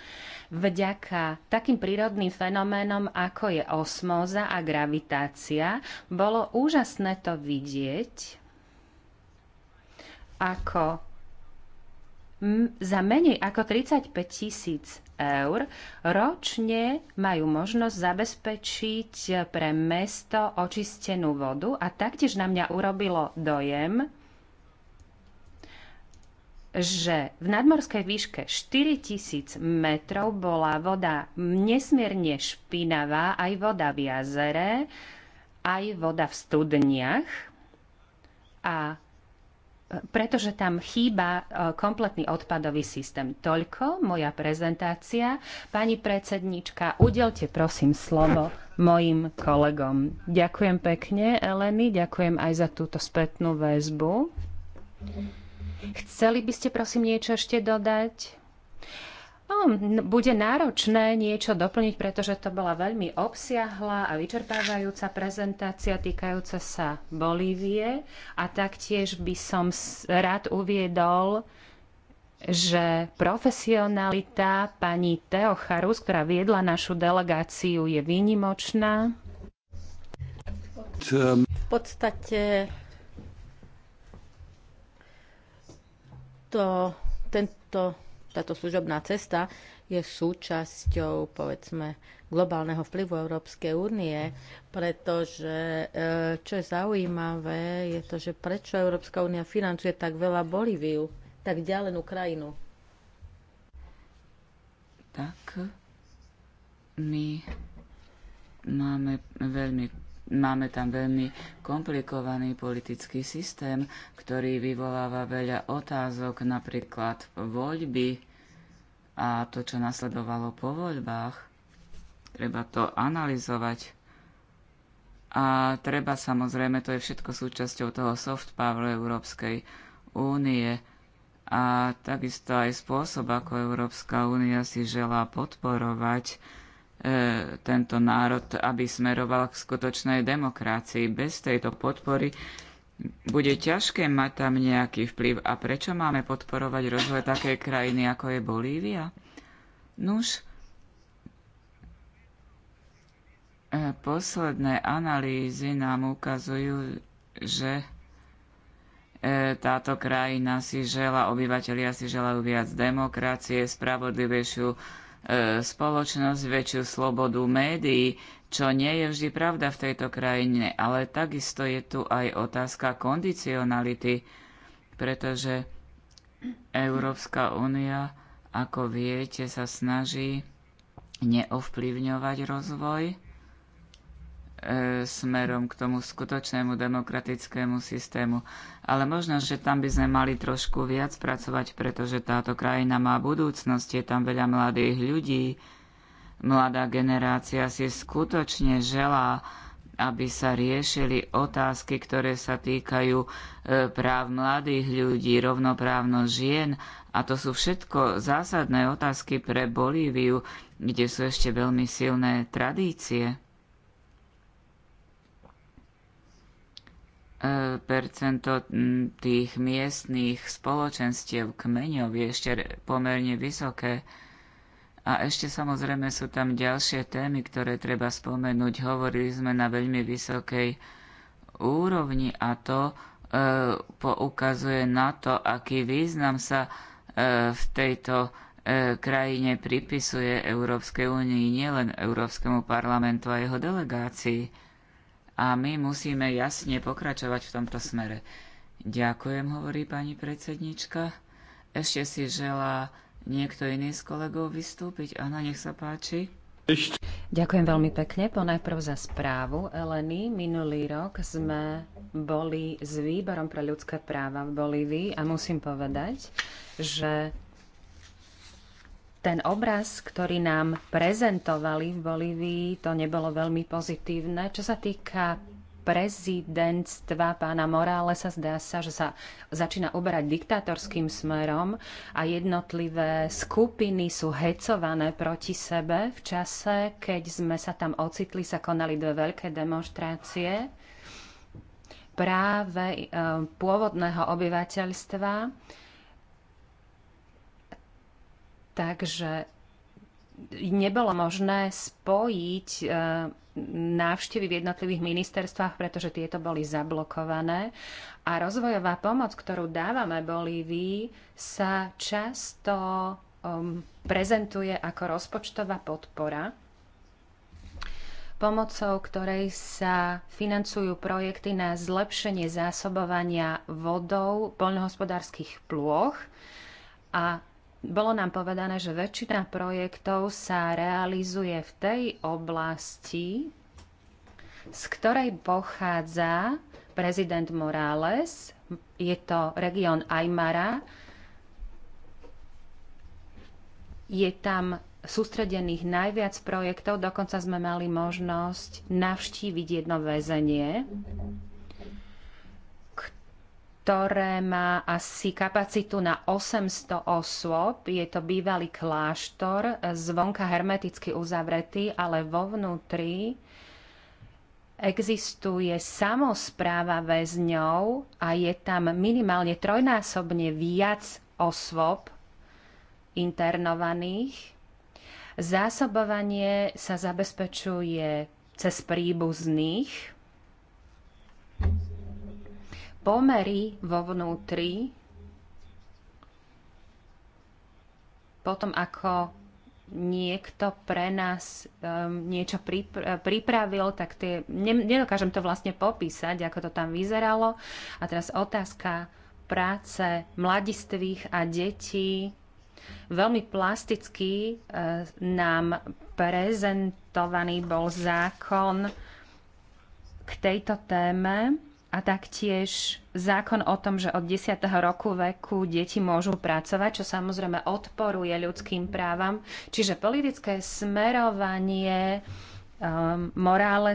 vďaka takým prírodným fenoménom, ako je osmóza a gravitácia. Bolo úžasné to vidieť, ako za menej ako 35 tisíc eur ročne majú možnosť zabezpečiť pre mesto očistenú vodu a taktiež na mňa urobilo dojem, že v nadmorskej výške 4000 metrov bola voda nesmierne špinavá, aj voda v jazere, aj voda v studniach a pretože tam chýba e, kompletný odpadový systém. Toľko moja prezentácia. Pani predsednička, udelte prosím slovo mojim kolegom. Ďakujem pekne, Eleny, ďakujem aj za túto spätnú väzbu. Chceli by ste prosím niečo ešte dodať? bude náročné niečo doplniť, pretože to bola veľmi obsiahla a vyčerpávajúca prezentácia týkajúca sa Bolívie a taktiež by som rád uviedol, že profesionalita pani Teocharus, ktorá viedla našu delegáciu, je výnimočná. V podstate to, tento táto služobná cesta je súčasťou, povedzme, globálneho vplyvu Európskej únie, pretože e, čo je zaujímavé, je to, že prečo Európska únia financuje tak veľa Bolíviu, tak ďalenú krajinu. Tak my máme veľmi Máme tam veľmi komplikovaný politický systém, ktorý vyvoláva veľa otázok, napríklad voľby a to, čo nasledovalo po voľbách. Treba to analyzovať. A treba samozrejme, to je všetko súčasťou toho soft power Európskej únie a takisto aj spôsob, ako Európska únia si želá podporovať e, tento národ, aby smeroval k skutočnej demokracii. Bez tejto podpory bude ťažké mať tam nejaký vplyv. A prečo máme podporovať rozvoj takej krajiny, ako je Bolívia? Nuž, e, posledné analýzy nám ukazujú, že e, táto krajina si žela, obyvateľia si želajú viac demokracie, spravodlivejšiu e, spoločnosť, väčšiu slobodu médií, čo nie je vždy pravda v tejto krajine, ale takisto je tu aj otázka kondicionality, pretože Európska únia, ako viete, sa snaží neovplyvňovať rozvoj e, smerom k tomu skutočnému demokratickému systému. Ale možno, že tam by sme mali trošku viac pracovať, pretože táto krajina má budúcnosť, je tam veľa mladých ľudí, Mladá generácia si skutočne želá, aby sa riešili otázky, ktoré sa týkajú e, práv mladých ľudí, rovnoprávno žien. A to sú všetko zásadné otázky pre Bolíviu, kde sú ešte veľmi silné tradície. E, percento tých miestných spoločenstiev kmeňov je ešte pomerne vysoké. A ešte samozrejme sú tam ďalšie témy, ktoré treba spomenúť. Hovorili sme na veľmi vysokej úrovni a to e, poukazuje na to, aký význam sa e, v tejto e, krajine pripisuje Európskej únii, nielen Európskemu parlamentu a jeho delegácii. A my musíme jasne pokračovať v tomto smere. Ďakujem, hovorí pani predsednička. Ešte si želá niekto iný z kolegov vystúpiť? Áno, nech sa páči. Ďakujem veľmi pekne. Ponajprv za správu Eleny. Minulý rok sme boli s výborom pre ľudské práva v Bolívii a musím povedať, že ten obraz, ktorý nám prezentovali v Bolívii, to nebolo veľmi pozitívne. Čo sa týka prezidentstva pána Morále sa zdá sa, že sa začína uberať diktátorským smerom a jednotlivé skupiny sú hecované proti sebe. V čase, keď sme sa tam ocitli, sa konali dve veľké demonstrácie práve e, pôvodného obyvateľstva. Takže nebolo možné spojiť e, návštevy v jednotlivých ministerstvách, pretože tieto boli zablokované. A rozvojová pomoc, ktorú dávame Bolívii, sa často um, prezentuje ako rozpočtová podpora, pomocou ktorej sa financujú projekty na zlepšenie zásobovania vodou poľnohospodárskych plôch a bolo nám povedané, že väčšina projektov sa realizuje v tej oblasti, z ktorej pochádza prezident Morales. Je to región Aymara. Je tam sústredených najviac projektov. Dokonca sme mali možnosť navštíviť jedno väzenie ktoré má asi kapacitu na 800 osôb. Je to bývalý kláštor, zvonka hermeticky uzavretý, ale vo vnútri existuje samozpráva väzňov a je tam minimálne trojnásobne viac osôb internovaných. Zásobovanie sa zabezpečuje cez príbuzných pomery vo vnútri, potom ako niekto pre nás um, niečo pripr- pripravil, tak tie, ne, nedokážem to vlastne popísať, ako to tam vyzeralo. A teraz otázka práce mladistvých a detí. Veľmi plasticky e, nám prezentovaný bol zákon k tejto téme a taktiež zákon o tom, že od 10. roku veku deti môžu pracovať, čo samozrejme odporuje ľudským právam. Čiže politické smerovanie um,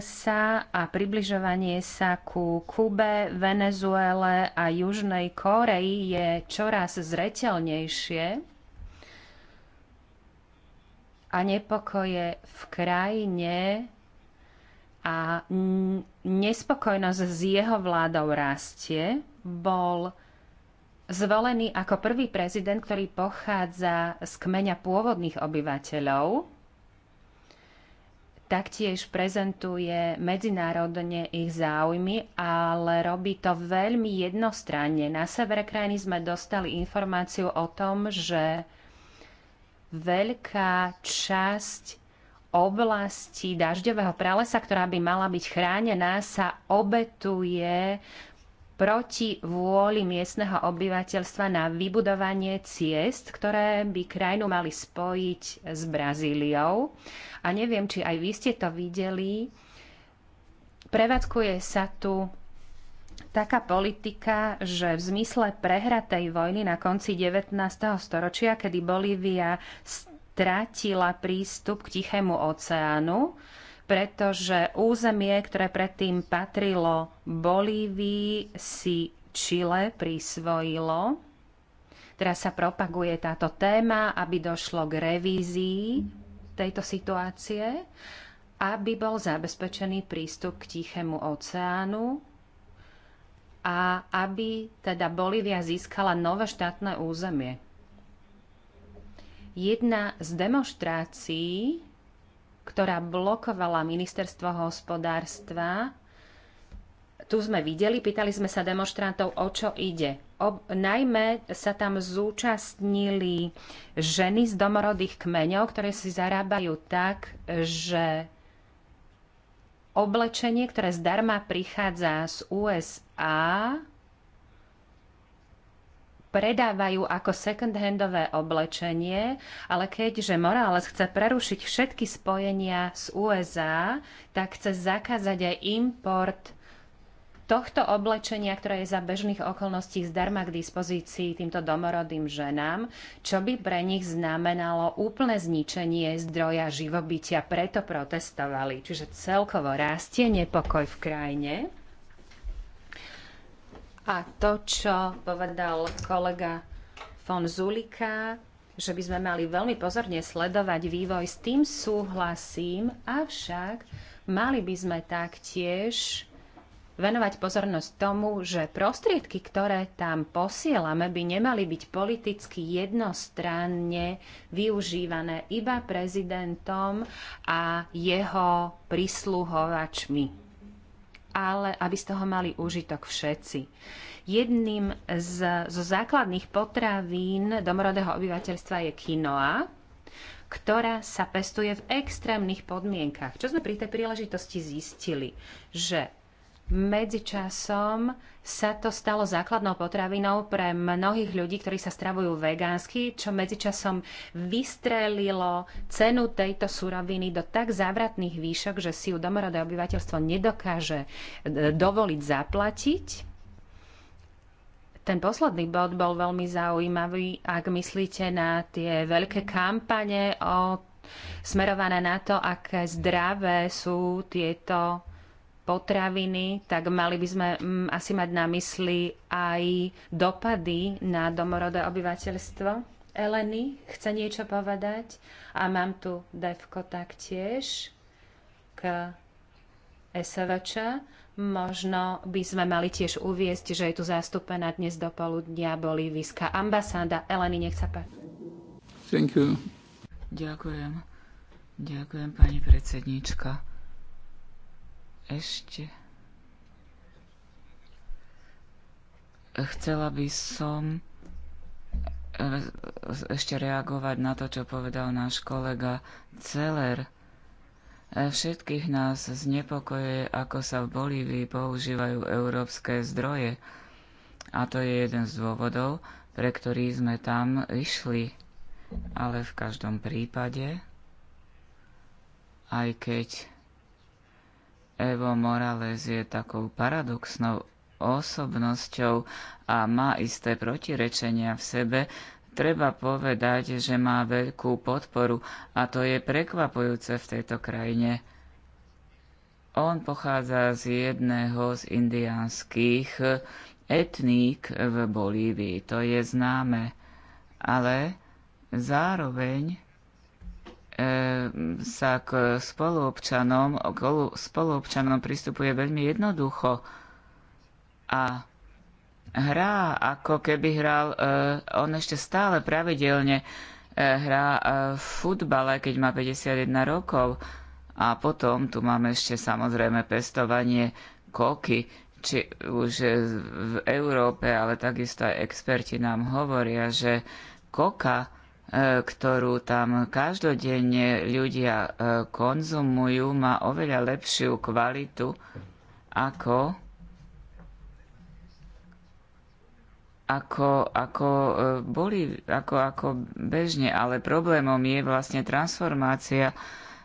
sa a približovanie sa ku Kube, Venezuele a Južnej Koreji je čoraz zreteľnejšie a nepokoje v krajine a nespokojnosť s jeho vládou rastie. Bol zvolený ako prvý prezident, ktorý pochádza z kmeňa pôvodných obyvateľov. Taktiež prezentuje medzinárodne ich záujmy, ale robí to veľmi jednostranne. Na severe krajiny sme dostali informáciu o tom, že veľká časť oblasti dažďového pralesa, ktorá by mala byť chránená, sa obetuje proti vôli miestneho obyvateľstva na vybudovanie ciest, ktoré by krajinu mali spojiť s Brazíliou. A neviem, či aj vy ste to videli. Prevádzkuje sa tu taká politika, že v zmysle prehratej vojny na konci 19. storočia, kedy Bolívia trátila prístup k Tichému oceánu, pretože územie, ktoré predtým patrilo Bolívii, si Čile prisvojilo. Teraz sa propaguje táto téma, aby došlo k revízii tejto situácie, aby bol zabezpečený prístup k Tichému oceánu a aby teda Bolívia získala nové štátne územie jedna z demonstrácií, ktorá blokovala ministerstvo hospodárstva. Tu sme videli, pýtali sme sa demonstrantov, o čo ide. O, najmä sa tam zúčastnili ženy z domorodých kmeňov, ktoré si zarábajú tak, že oblečenie, ktoré zdarma prichádza z USA, predávajú ako second-handové oblečenie, ale keďže Morales chce prerušiť všetky spojenia z USA, tak chce zakázať aj import tohto oblečenia, ktoré je za bežných okolností zdarma k dispozícii týmto domorodým ženám, čo by pre nich znamenalo úplné zničenie zdroja živobytia, preto protestovali. Čiže celkovo rastie nepokoj v krajine. A to, čo povedal kolega von Zulika, že by sme mali veľmi pozorne sledovať vývoj, s tým súhlasím, avšak mali by sme taktiež venovať pozornosť tomu, že prostriedky, ktoré tam posielame, by nemali byť politicky jednostranne využívané iba prezidentom a jeho prisluhovačmi ale aby z toho mali úžitok všetci. Jedným z, zo základných potravín domorodého obyvateľstva je kinoa, ktorá sa pestuje v extrémnych podmienkach. Čo sme pri tej príležitosti zistili? Že Medzičasom sa to stalo základnou potravinou pre mnohých ľudí, ktorí sa stravujú vegánsky, čo medzičasom vystrelilo cenu tejto suroviny do tak závratných výšok, že si ju domorodé obyvateľstvo nedokáže e, dovoliť zaplatiť. Ten posledný bod bol veľmi zaujímavý, ak myslíte na tie veľké kampane o, smerované na to, aké zdravé sú tieto potraviny, tak mali by sme mm, asi mať na mysli aj dopady na domorodé obyvateľstvo. Eleny chce niečo povedať a mám tu Devko taktiež k SVČ. Možno by sme mali tiež uviesť, že je tu zastúpená dnes do poludnia bolívska ambasáda. Eleny, nech sa páči. Ďakujem. Ďakujem, pani predsednička. Ešte. Chcela by som eh, ešte reagovať na to, čo povedal náš kolega Celer. Eh, všetkých nás znepokoje, ako sa v Bolívii používajú európske zdroje. A to je jeden z dôvodov, pre ktorý sme tam išli. Ale v každom prípade, aj keď Evo Morales je takou paradoxnou osobnosťou a má isté protirečenia v sebe, treba povedať, že má veľkú podporu a to je prekvapujúce v tejto krajine. On pochádza z jedného z indiánskych etník v Bolívii, to je známe, ale zároveň sa k spoluobčanom, k spoluobčanom pristupuje veľmi jednoducho a hrá, ako keby hral, e, on ešte stále pravidelne e, hrá e, v futbale, keď má 51 rokov. A potom tu máme ešte samozrejme pestovanie koky, či už v Európe, ale takisto aj experti nám hovoria, že koka E, ktorú tam každodenne ľudia e, konzumujú, má oveľa lepšiu kvalitu ako ako, ako e, boli, ako, ako bežne, ale problémom je vlastne transformácia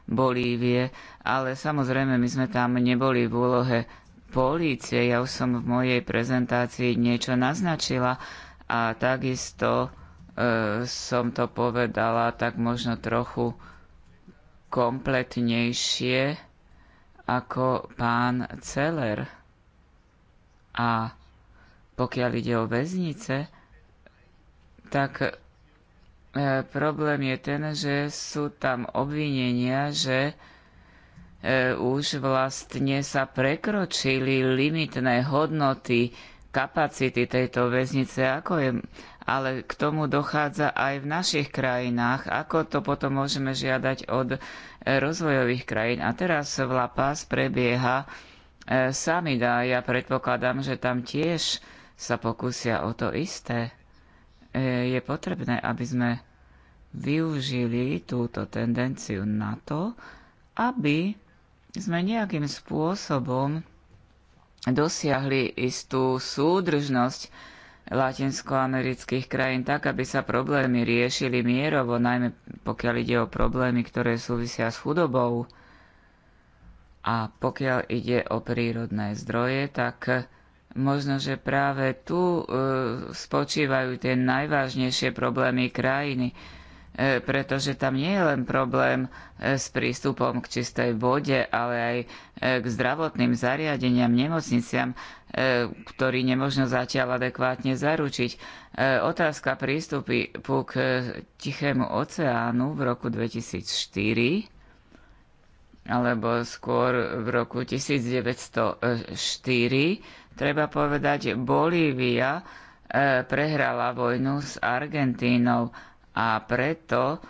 Bolívie, ale samozrejme my sme tam neboli v úlohe polície, ja už som v mojej prezentácii niečo naznačila a takisto Eh, som to povedala tak možno trochu kompletnejšie ako pán Celer. A pokiaľ ide o väznice, tak e, problém je ten, že sú tam obvinenia, že e, už vlastne sa prekročili limitné hodnoty kapacity tejto väznice. Ako je ale k tomu dochádza aj v našich krajinách. Ako to potom môžeme žiadať od e, rozvojových krajín? A teraz v La Paz prebieha e, samida. ja predpokladám, že tam tiež sa pokúsia o to isté. E, je potrebné, aby sme využili túto tendenciu na to, aby sme nejakým spôsobom dosiahli istú súdržnosť latinskoamerických krajín tak, aby sa problémy riešili mierovo, najmä pokiaľ ide o problémy, ktoré súvisia s chudobou. A pokiaľ ide o prírodné zdroje, tak možno, že práve tu e, spočívajú tie najvážnejšie problémy krajiny, e, pretože tam nie je len problém e, s prístupom k čistej vode, ale aj e, k zdravotným zariadeniam, nemocniciam. E, ktorý nemožno zatiaľ adekvátne zaručiť. E, otázka prístupu k e, Tichému oceánu v roku 2004 alebo skôr v roku 1904, treba povedať, Bolívia prehrala vojnu s Argentínou a preto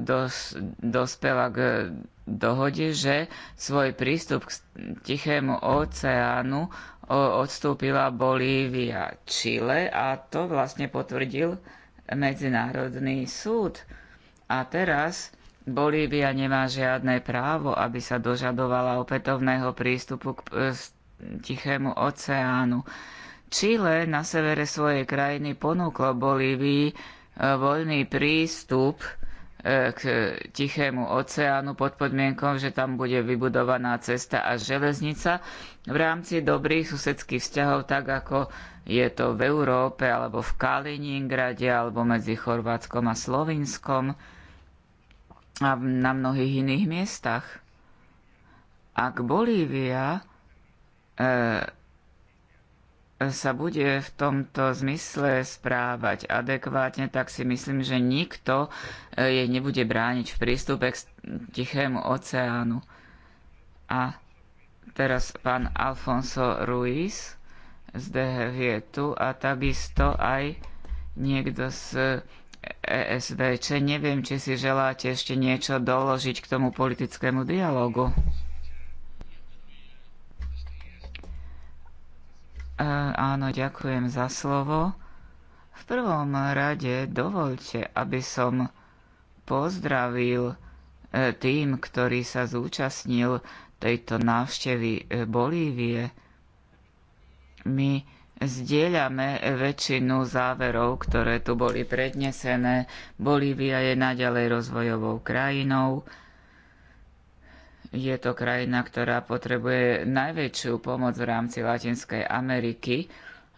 dos, dospela k dohode, že svoj prístup k Tichému oceánu odstúpila Bolívia, Čile a to vlastne potvrdil Medzinárodný súd. A teraz Bolívia nemá žiadne právo, aby sa dožadovala opätovného prístupu k e, Tichému oceánu. Čile na severe svojej krajiny ponúklo Bolívii e, voľný prístup E, k Tichému oceánu pod podmienkou, že tam bude vybudovaná cesta a železnica v rámci dobrých susedských vzťahov, tak ako je to v Európe alebo v Kaliningrade alebo medzi Chorvátskom a Slovinskom a na mnohých iných miestach. Ak Bolívia e, sa bude v tomto zmysle správať adekvátne, tak si myslím, že nikto e, jej nebude brániť v prístupe k Tichému oceánu. A teraz pán Alfonso Ruiz z tu, a takisto aj niekto z ESVČ. E Neviem, či si želáte ešte niečo doložiť k tomu politickému dialogu. E, áno, ďakujem za slovo. V prvom rade dovolte, aby som pozdravil e, tým, ktorý sa zúčastnil tejto návštevy e, Bolívie. My zdieľame väčšinu záverov, ktoré tu boli prednesené. Bolívia je naďalej rozvojovou krajinou je to krajina, ktorá potrebuje najväčšiu pomoc v rámci Latinskej Ameriky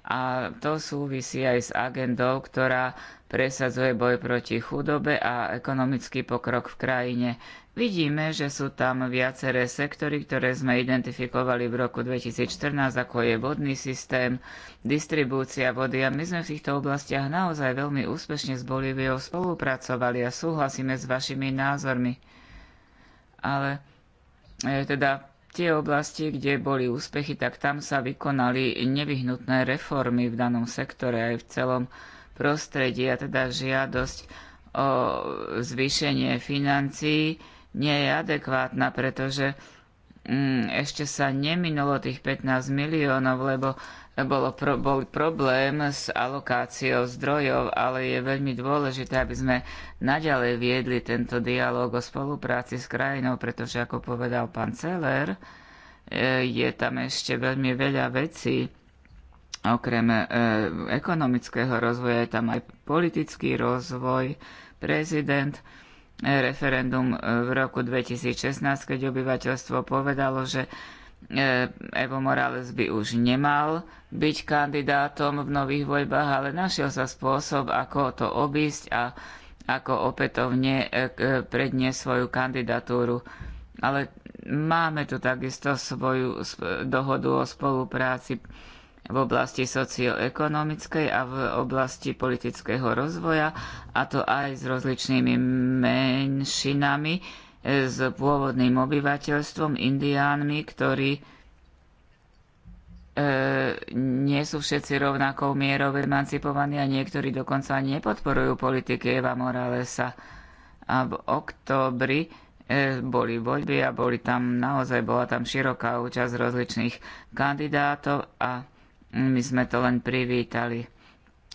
a to súvisí aj s agendou, ktorá presadzuje boj proti chudobe a ekonomický pokrok v krajine. Vidíme, že sú tam viaceré sektory, ktoré sme identifikovali v roku 2014, ako je vodný systém, distribúcia vody a my sme v týchto oblastiach naozaj veľmi úspešne s Bolíviou spolupracovali a súhlasíme s vašimi názormi. Ale E, teda tie oblasti, kde boli úspechy, tak tam sa vykonali nevyhnutné reformy v danom sektore aj v celom prostredí a teda žiadosť o zvýšenie financií nie je adekvátna, pretože mm, ešte sa neminulo tých 15 miliónov, lebo bolo pro, bol problém s alokáciou zdrojov, ale je veľmi dôležité, aby sme naďalej viedli tento dialog o spolupráci s krajinou, pretože ako povedal pán Celer, e, je tam ešte veľmi veľa vecí. Okrem e, ekonomického rozvoja je tam aj politický rozvoj, prezident, e, referendum v roku 2016, keď obyvateľstvo povedalo, že E, Evo Morales by už nemal byť kandidátom v nových voľbách, ale našiel sa spôsob, ako to obísť a ako opätovne e, e, prednie svoju kandidatúru. Ale máme tu takisto svoju dohodu o spolupráci v oblasti socioekonomickej a v oblasti politického rozvoja, a to aj s rozličnými menšinami, s pôvodným obyvateľstvom, indiánmi, ktorí e, nie sú všetci rovnakou mierou emancipovaní a niektorí dokonca ani nepodporujú politiky Eva Moralesa. A v oktobri e, boli voľby a boli tam naozaj bola tam široká účasť rozličných kandidátov a my sme to len privítali.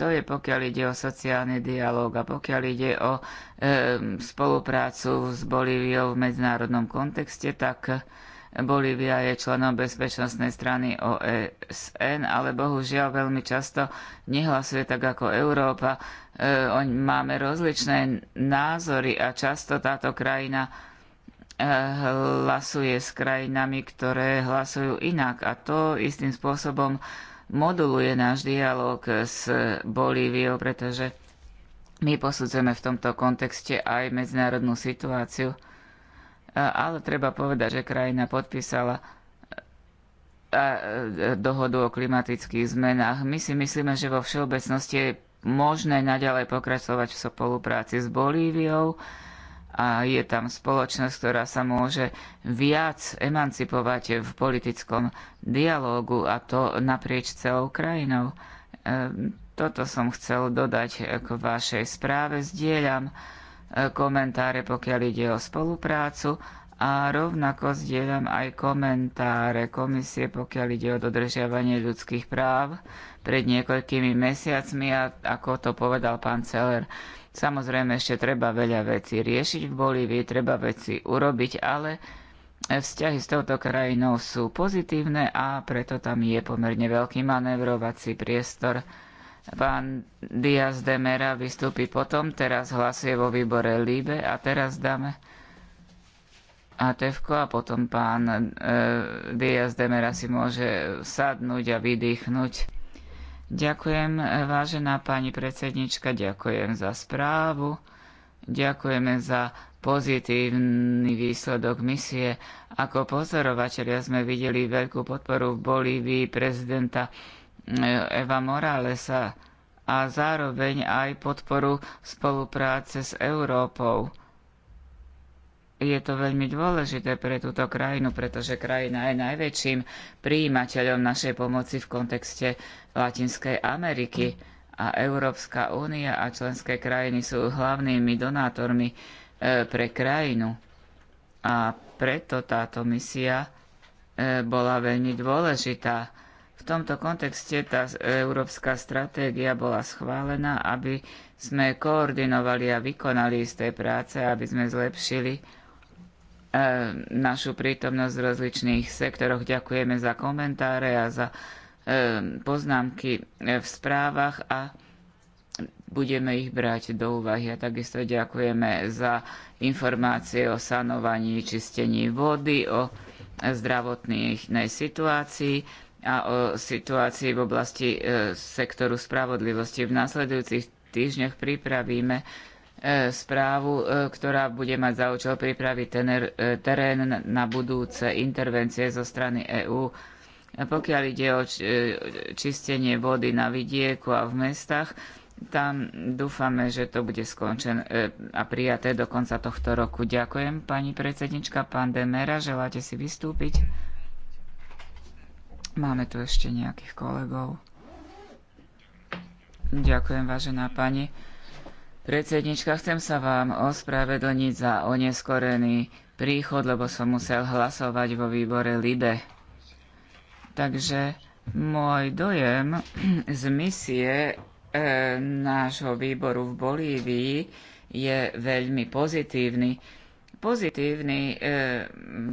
To je pokiaľ ide o sociálny dialog a pokiaľ ide o e, spoluprácu s Bolíviou v medzinárodnom kontexte, tak Bolívia je členom bezpečnostnej strany OSN, ale bohužiaľ veľmi často nehlasuje tak ako Európa. E, on, máme rozličné názory a často táto krajina e, hlasuje s krajinami, ktoré hlasujú inak. A to istým spôsobom moduluje náš dialog s Bolíviou, pretože my posudzujeme v tomto kontexte aj medzinárodnú situáciu. Ale treba povedať, že krajina podpísala dohodu o klimatických zmenách. My si myslíme, že vo všeobecnosti je možné naďalej pokračovať v spolupráci s Bolíviou a je tam spoločnosť, ktorá sa môže viac emancipovať v politickom dialógu a to naprieč celou krajinou. Ehm, toto som chcel dodať k vašej správe. Zdieľam e, komentáre, pokiaľ ide o spoluprácu a rovnako zdieľam aj komentáre komisie, pokiaľ ide o dodržiavanie ľudských práv pred niekoľkými mesiacmi, ako to povedal pán Celer Samozrejme, ešte treba veľa vecí riešiť v Bolívii, treba veci urobiť, ale vzťahy s touto krajinou sú pozitívne a preto tam je pomerne veľký manevrovací priestor. Pán Diaz de Mera vystúpi potom, teraz hlasuje vo výbore Líbe a teraz dáme Atevko a potom pán e, eh, Diaz de Mera si môže sadnúť a vydýchnuť. Ďakujem, e, vážená pani predsednička, ďakujem za správu, ďakujeme za pozitívny výsledok misie. Ako pozorovateľia sme videli veľkú podporu v Bolívii prezidenta e, Eva Moralesa a zároveň aj podporu spolupráce s Európou je to veľmi dôležité pre túto krajinu, pretože krajina je najväčším príjimateľom našej pomoci v kontexte Latinskej Ameriky a Európska únia a členské krajiny sú hlavnými donátormi e, pre krajinu. A preto táto misia e, bola veľmi dôležitá. V tomto kontexte tá európska stratégia bola schválená, aby sme koordinovali a vykonali isté práce, aby sme zlepšili E, našu prítomnosť v rozličných sektoroch. Ďakujeme za komentáre a za e, poznámky e, v správach a budeme ich brať do úvahy. A takisto ďakujeme za informácie o sanovaní, čistení vody, o zdravotnej situácii a o situácii v oblasti sektoru spravodlivosti. V nasledujúcich týždňoch pripravíme E, správu, e, ktorá bude mať za účel pripraviť e, terén na budúce intervencie zo strany EÚ. Pokiaľ ide o čistenie vody na vidieku a v mestách, tam dúfame, že to bude skončené a prijaté do konca tohto roku. Ďakujem, pani predsednička, pán Demera, želáte si vystúpiť? Máme tu ešte nejakých kolegov. Ďakujem, vážená pani. Predsednička, chcem sa vám ospravedlniť za oneskorený príchod, lebo som musel hlasovať vo výbore LIBE. Takže môj dojem z misie e, nášho výboru v Bolívii je veľmi pozitívny. Pozitívny e,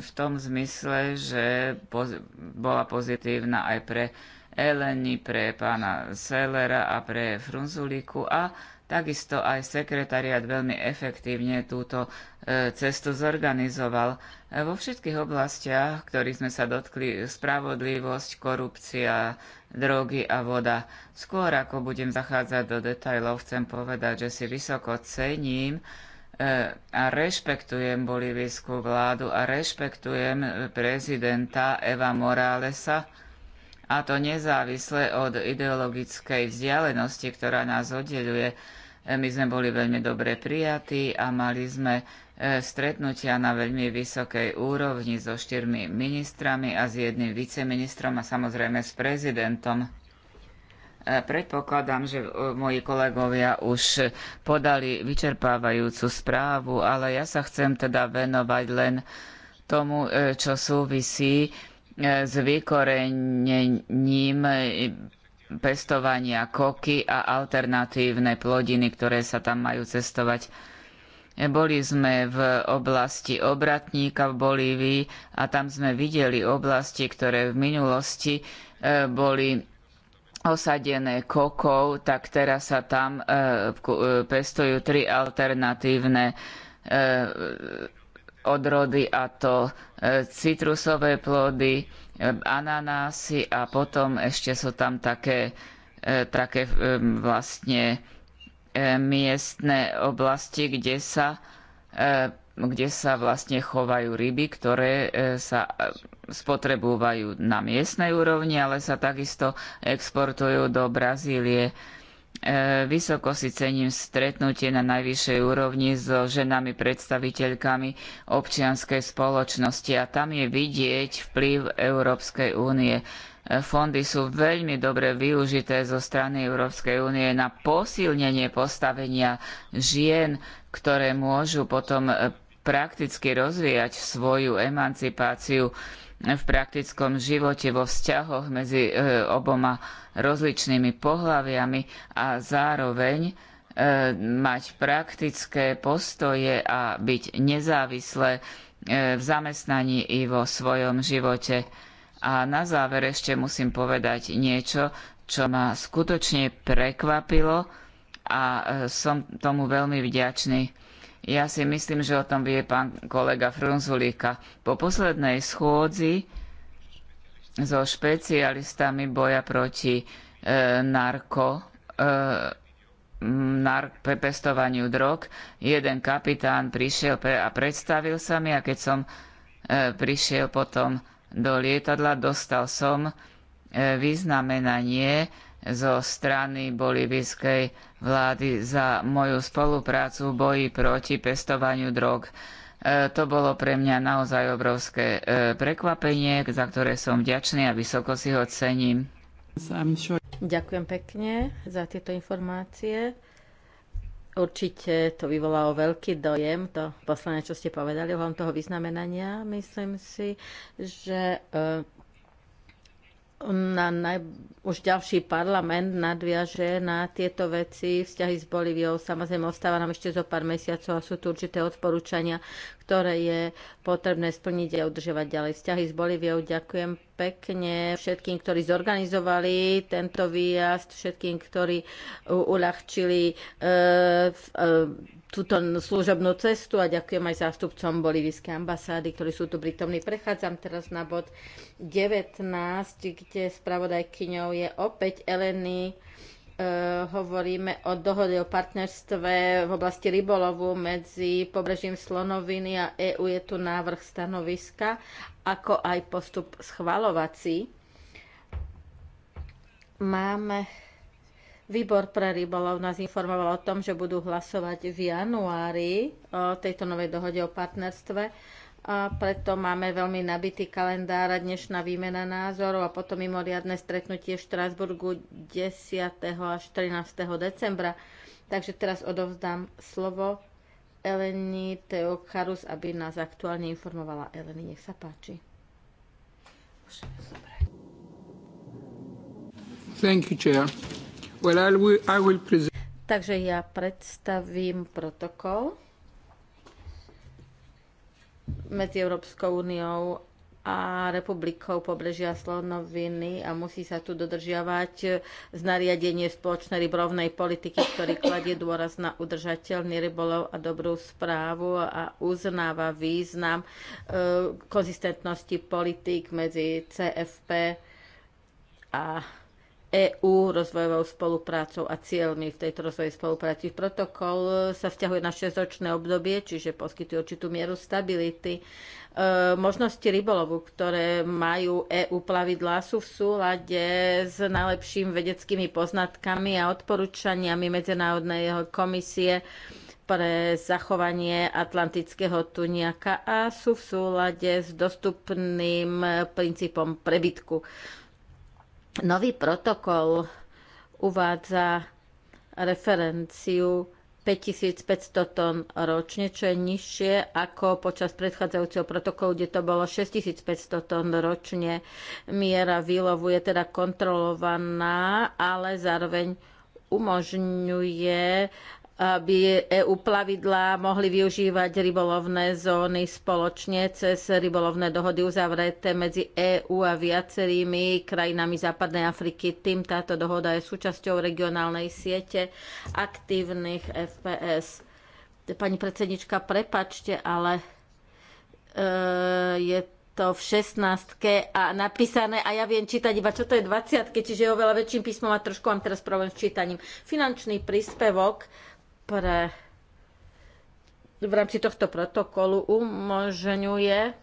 v tom zmysle, že poz, bola pozitívna aj pre Eleni, pre pána Sellera a pre Frunzuliku a Takisto aj sekretariat veľmi efektívne túto e, cestu zorganizoval. E, vo všetkých oblastiach, ktorých sme sa dotkli, spravodlivosť, korupcia, drogy a voda. Skôr ako budem zachádzať do detajlov, chcem povedať, že si vysoko cením e, a rešpektujem bolivijskú vládu a rešpektujem prezidenta Eva Moralesa, a to nezávisle od ideologickej vzdialenosti, ktorá nás oddeľuje. E, my sme boli veľmi dobre prijatí a mali sme e, stretnutia na veľmi vysokej úrovni so štyrmi ministrami a s jedným viceministrom a samozrejme s prezidentom. E, predpokladám, že moji kolegovia už podali vyčerpávajúcu správu, ale ja sa chcem teda venovať len tomu, čo súvisí s vykorenením pestovania koky a alternatívne plodiny, ktoré sa tam majú cestovať. E, boli sme v oblasti obratníka v Bolívii a tam sme videli oblasti, ktoré v minulosti e, boli osadené kokov, tak teraz sa tam e, pestujú tri alternatívne odrody a to e, citrusové plody, e, ananásy a potom ešte sú tam také, e, také vlastne miestne oblasti, kde sa, kde sa vlastne chovajú ryby, ktoré sa spotrebúvajú na miestnej úrovni, ale sa takisto exportujú do Brazílie. E, vysoko si cením stretnutie na najvyššej úrovni so ženami predstaviteľkami občianskej spoločnosti a tam je vidieť vplyv Európskej únie. E, fondy sú veľmi dobre využité zo strany Európskej únie na posilnenie postavenia žien, ktoré môžu potom e, prakticky rozvíjať svoju emancipáciu v praktickom živote, vo vzťahoch medzi e, oboma rozličnými pohľaviami a zároveň e, mať praktické postoje a byť nezávislé e, v zamestnaní i vo svojom živote. A na záver ešte musím povedať niečo, čo ma skutočne prekvapilo a som tomu veľmi vďačný ja si myslím, že o tom vie pán kolega Frunzulíka. Po poslednej schôdzi so špecialistami boja proti e, narko, e, nar, pestovaniu drog, jeden kapitán prišiel pre, a predstavil sa mi a keď som e, prišiel potom do lietadla, dostal som e, vyznamenanie, zo strany bolivijskej vlády za moju spoluprácu v boji proti pestovaniu drog. E, to bolo pre mňa naozaj obrovské e, prekvapenie, za ktoré som vďačný a vysoko si ho cením. Ďakujem pekne za tieto informácie. Určite to vyvolalo veľký dojem, to posledné, čo ste povedali ohľadom toho vyznamenania. Myslím si, že e, na naj, už ďalší parlament nadviaže na tieto veci. Vzťahy s Bolíviou samozrejme ostáva nám ešte zo pár mesiacov a sú tu určité odporúčania, ktoré je potrebné splniť a udržovať ďalej. Vzťahy s Bolíviou ďakujem pekne všetkým, ktorí zorganizovali tento výjazd, všetkým, ktorí uľahčili e, e, túto služobnú cestu a ďakujem aj zástupcom bolivijskej ambasády, ktorí sú tu prítomní. Prechádzam teraz na bod 19, kde spravodajkyňou je opäť Eleny Eh, hovoríme o dohode o partnerstve v oblasti rybolovu medzi pobrežím Slonoviny a EU je tu návrh stanoviska, ako aj postup schvalovací. Máme Výbor pre rybolov nás informoval o tom, že budú hlasovať v januári o tejto novej dohode o partnerstve a preto máme veľmi nabitý kalendár a dnešná výmena názorov a potom mimoriadne stretnutie v Štrásburgu 10. až 13. decembra. Takže teraz odovzdám slovo Eleni Teokarus, aby nás aktuálne informovala. Eleni, nech sa páči. Thank you, Chair. Well, I will, I will present... Takže ja predstavím protokol medzi Európskou úniou a republikou pobrežia Slonoviny a musí sa tu dodržiavať znariadenie spoločnej rybrovnej politiky, ktorý kladie dôraz na udržateľný rybolov a dobrú správu a uznáva význam eh, konzistentnosti politik medzi CFP a EÚ rozvojovou spoluprácou a cieľmi v tejto rozvojovej spolupráci. Protokol sa vzťahuje na 6-ročné obdobie, čiže poskytuje určitú mieru stability. E, možnosti rybolovu, ktoré majú EÚ plavidlá, sú v súlade s najlepším vedeckými poznatkami a odporúčaniami Medzinárodnej komisie pre zachovanie atlantického tuniaka a sú v súlade s dostupným princípom prebytku. Nový protokol uvádza referenciu 5500 tón ročne, čo je nižšie ako počas predchádzajúceho protokolu, kde to bolo 6500 tón ročne. Miera výlovu je teda kontrolovaná, ale zároveň umožňuje aby EU plavidlá mohli využívať rybolovné zóny spoločne cez rybolovné dohody uzavreté medzi EÚ a viacerými krajinami západnej Afriky. Tým táto dohoda je súčasťou regionálnej siete aktívnych FPS. Pani predsednička, prepačte, ale e, je to v 16 a napísané a ja viem čítať iba čo to je 20, čiže je oveľa väčším písmom a trošku mám teraz problém s čítaním. Finančný príspevok pre v rámci tohto protokolu umožňuje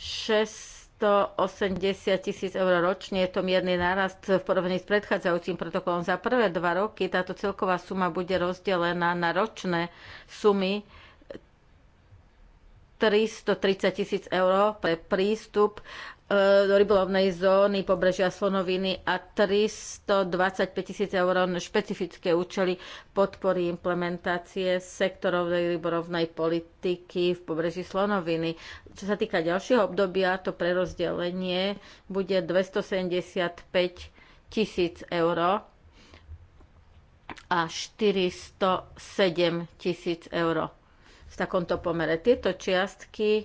680 tisíc eur ročne. Je to mierny nárast v porovnaní s predchádzajúcim protokolom. Za prvé dva roky táto celková suma bude rozdelená na ročné sumy 330 tisíc eur pre prístup e, do rybolovnej zóny pobrežia Slonoviny a 325 tisíc eur na špecifické účely podpory implementácie sektorovej rybolovnej politiky v pobreží Slonoviny. Čo sa týka ďalšieho obdobia, to prerozdelenie bude 275 tisíc eur a 407 tisíc eur v takomto pomere. Tieto čiastky e,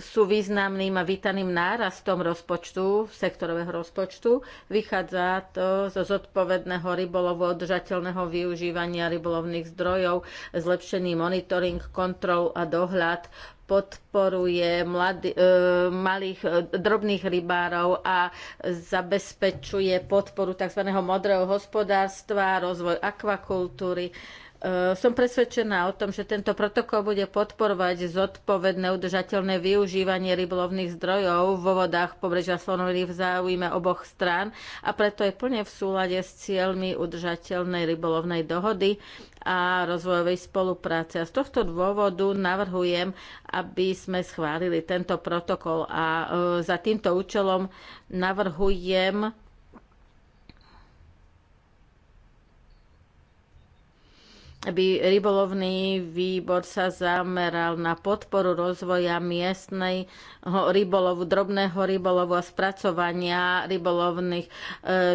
sú významným a vítaným nárastom rozpočtu, sektorového rozpočtu. Vychádza to zo zodpovedného rybolovu, održateľného využívania rybolovných zdrojov, zlepšený monitoring, kontrol a dohľad podporuje mladý, e, malých e, drobných rybárov a zabezpečuje podporu tzv. modrého hospodárstva, rozvoj akvakultúry. E, Ehm, som presvedčená o tom, že tento protokol bude podporovať zodpovedné udržateľné využívanie rybolovných zdrojov vo vodách pobrežia Slonoviny v záujme oboch strán a preto je plne v súlade s cieľmi udržateľnej rybolovnej dohody a rozvojovej spolupráce. A z tohto dôvodu navrhujem, aby sme schválili tento protokol a ehm, za týmto účelom navrhujem aby rybolovný výbor sa zameral na podporu rozvoja miestnej rybolovu, drobného rybolovu a spracovania rybolovných e,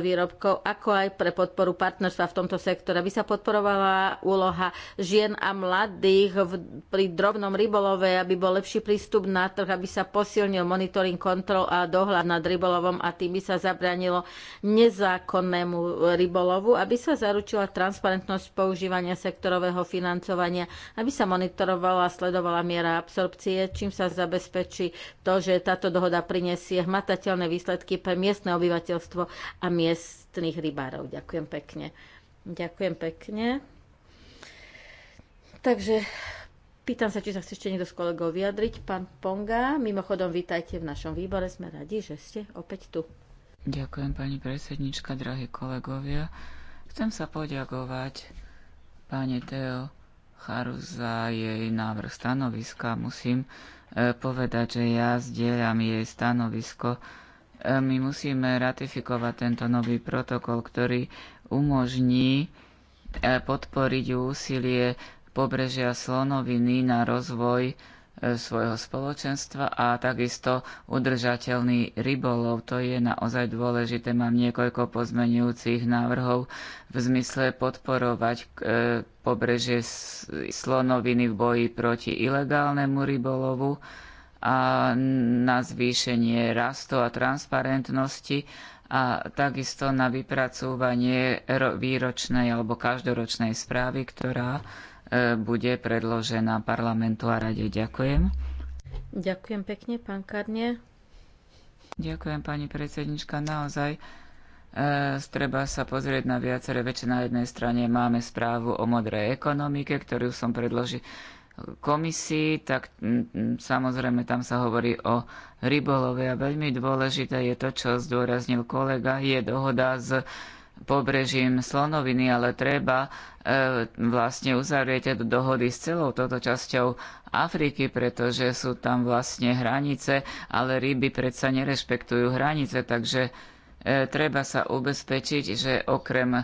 výrobkov, ako aj pre podporu partnerstva v tomto sektore. Aby sa podporovala úloha žien a mladých v, pri drobnom rybolove, aby bol lepší prístup na trh, aby sa posilnil monitoring, kontrol a dohľad nad rybolovom a tým by sa zabránilo nezákonnému rybolovu, aby sa zaručila transparentnosť používania sektora sektorového financovania, aby sa monitorovala a sledovala miera absorpcie, čím sa zabezpečí to, že táto dohoda prinesie hmatateľné výsledky pre miestne obyvateľstvo a miestnych rybárov. Ďakujem pekne. Ďakujem pekne. Takže Pýtam sa, či sa chce ešte niekto z kolegov vyjadriť. Pán Ponga, mimochodom vítajte v našom výbore, sme radi, že ste opäť tu. Ďakujem pani predsednička, drahí kolegovia. Chcem sa poďakovať pani Teo Charu za jej návrh stanoviska. Musím e, povedať, že ja zdieľam jej stanovisko. E, my musíme ratifikovať tento nový protokol, ktorý umožní e, podporiť úsilie pobrežia Slonoviny na rozvoj E, svojho spoločenstva a takisto udržateľný rybolov. To je naozaj dôležité. Mám niekoľko pozmenujúcich návrhov v zmysle podporovať e, pobrežie slonoviny v boji proti ilegálnemu rybolovu a na zvýšenie rastu a transparentnosti a takisto na vypracúvanie výročnej alebo každoročnej správy, ktorá E, bude predložená parlamentu a rade. Ďakujem. Ďakujem pekne, pán Karnie. Ďakujem, pani predsednička. Naozaj e, treba sa pozrieť na viaceré veci. Na jednej strane máme správu o modrej ekonomike, ktorú som predložil komisii, tak m, samozrejme tam sa hovorí o rybolove a veľmi dôležité je to, čo zdôraznil kolega, je dohoda s pobrežím slonoviny, ale treba e, vlastne uzavrieť dohody s celou touto časťou Afriky, pretože sú tam vlastne hranice, ale ryby predsa nerešpektujú hranice, takže e, treba sa ubezpečiť, že okrem e,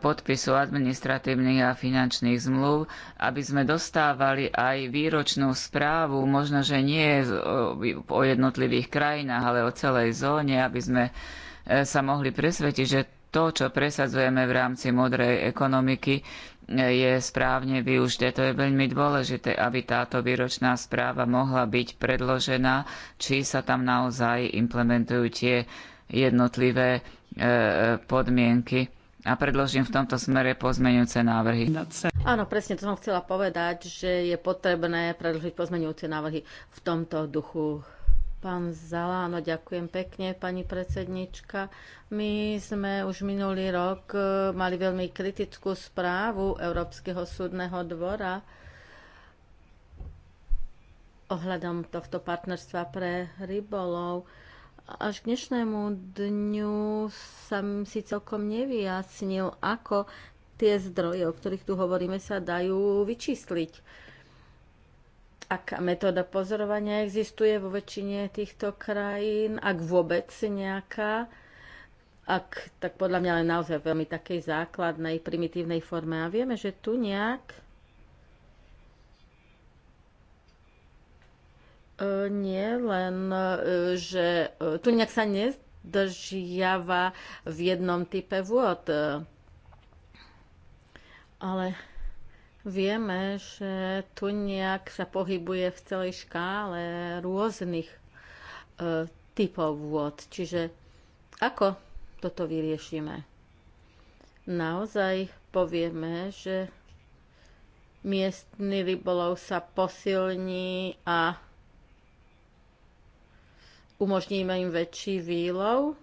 podpisu administratívnych a finančných zmluv, aby sme dostávali aj výročnú správu, možno, že nie o jednotlivých krajinách, ale o celej zóne, aby sme e, sa mohli presvetiť, že to, čo presadzujeme v rámci modrej ekonomiky, je správne využité. To je veľmi dôležité, aby táto výročná správa mohla byť predložená, či sa tam naozaj implementujú tie jednotlivé e, podmienky a predložím v tomto smere pozmeňujúce návrhy. Áno, presne to som chcela povedať, že je potrebné predložiť pozmeňujúce návrhy v tomto duchu. Pán Zala, áno, ďakujem pekne, pani predsednička. My sme už minulý rok e, mali veľmi kritickú správu Európskeho súdneho dvora ohľadom tohto partnerstva pre rybolov. Až k dnešnému dňu sa si celkom nevyjasnil, ako tie zdroje, o ktorých tu hovoríme, sa dajú vyčísliť aká metóda pozorovania existuje vo väčšine týchto krajín, ak vôbec nejaká, ak, tak podľa mňa len naozaj veľmi takej základnej, primitívnej forme. A vieme, že tu nejak e, nie len, e, že e, tu nejak sa nedržiava v jednom type vôd. Ale Vieme, že tu nejak sa pohybuje v celej škále rôznych e, typov vôd. Čiže ako toto vyriešime? Naozaj povieme, že miestny rybolov sa posilní a umožníme im väčší výlov,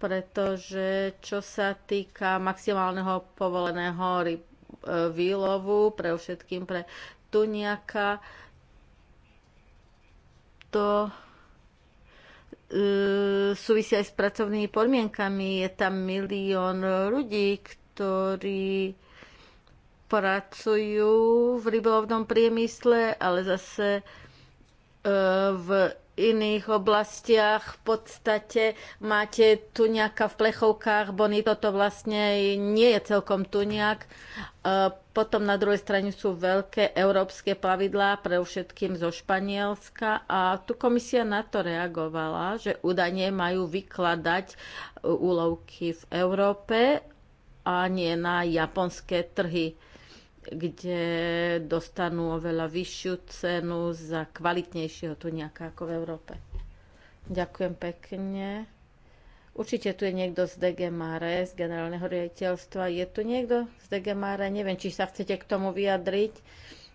pretože čo sa týka maximálneho povoleného ryb, E, výlovu, pre všetkým pre tuniaka. To e, súvisia aj s pracovnými podmienkami. Je tam milión ľudí, ktorí pracujú v rybolovnom priemysle, ale zase e, v iných oblastiach v podstate máte tuňaka v plechovkách, bony toto vlastne nie je celkom tuňak. E, potom na druhej strane sú veľké európske plavidlá, pre všetkým zo Španielska a tu komisia na to reagovala, že údajne majú vykladať úlovky v Európe a nie na japonské trhy kde dostanú oveľa vyššiu cenu za kvalitnejšieho tuniaka ako v Európe. Ďakujem pekne. Určite tu je niekto z DG Mare, z generálneho riaditeľstva. Je tu niekto z DG Mare? Neviem, či sa chcete k tomu vyjadriť.